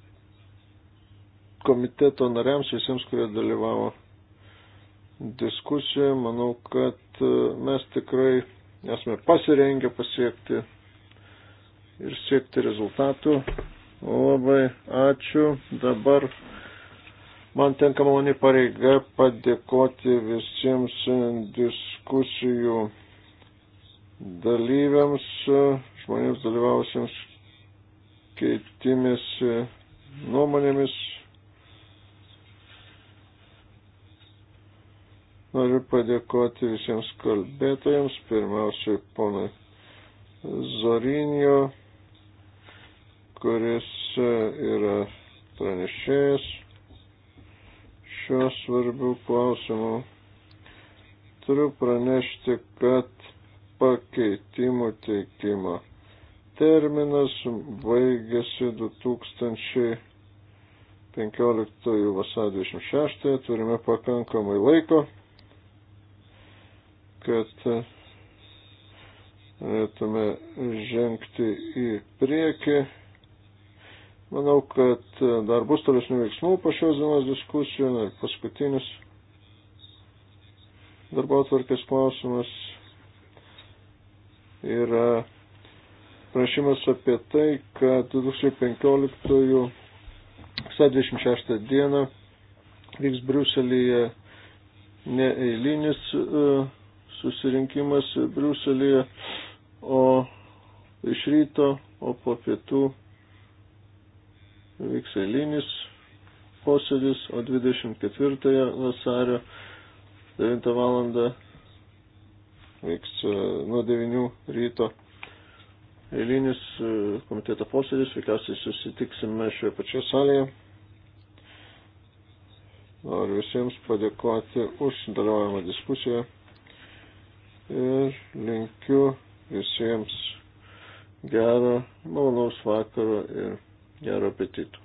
komiteto nariams, visiems, kurie dalyvavo diskusijoje. Manau, kad mes tikrai esame pasirengę pasiekti ir siekti rezultatų. Labai ačiū. Dabar Man tenka maloni pareiga padėkoti visiems diskusijų dalyviams, žmonėms dalyvausiems keitimis nuomonėmis. Noriu padėkoti visiems kalbėtojams, pirmiausiai ponai Zorinio, kuris yra pranešėjas šiuo svarbiu klausimu. Turiu pranešti, kad pakeitimų teikimo terminas baigėsi 2015 vasario 26. Turime pakankamai laiko, kad norėtume žengti į priekį Manau, kad e, dar bus tolesnių veiksmų po šios dienos diskusijų. Na, paskutinis darbo atvarkės klausimas yra prašymas apie tai, kad 2015 26 dieną vyks Briuselėje neeilinis e, susirinkimas Briuselėje, o iš ryto, o po pietų vyks eilinis posėdis, o 24 vasario 9 valandą vyks e, nuo 9 ryto eilinis e, komiteto posėdis, veikiausiai susitiksime šioje pačioje salėje. Noriu visiems padėkoti už dalyvavimą diskusiją ir linkiu visiems gero, malonaus vakaro ir Gero apetito.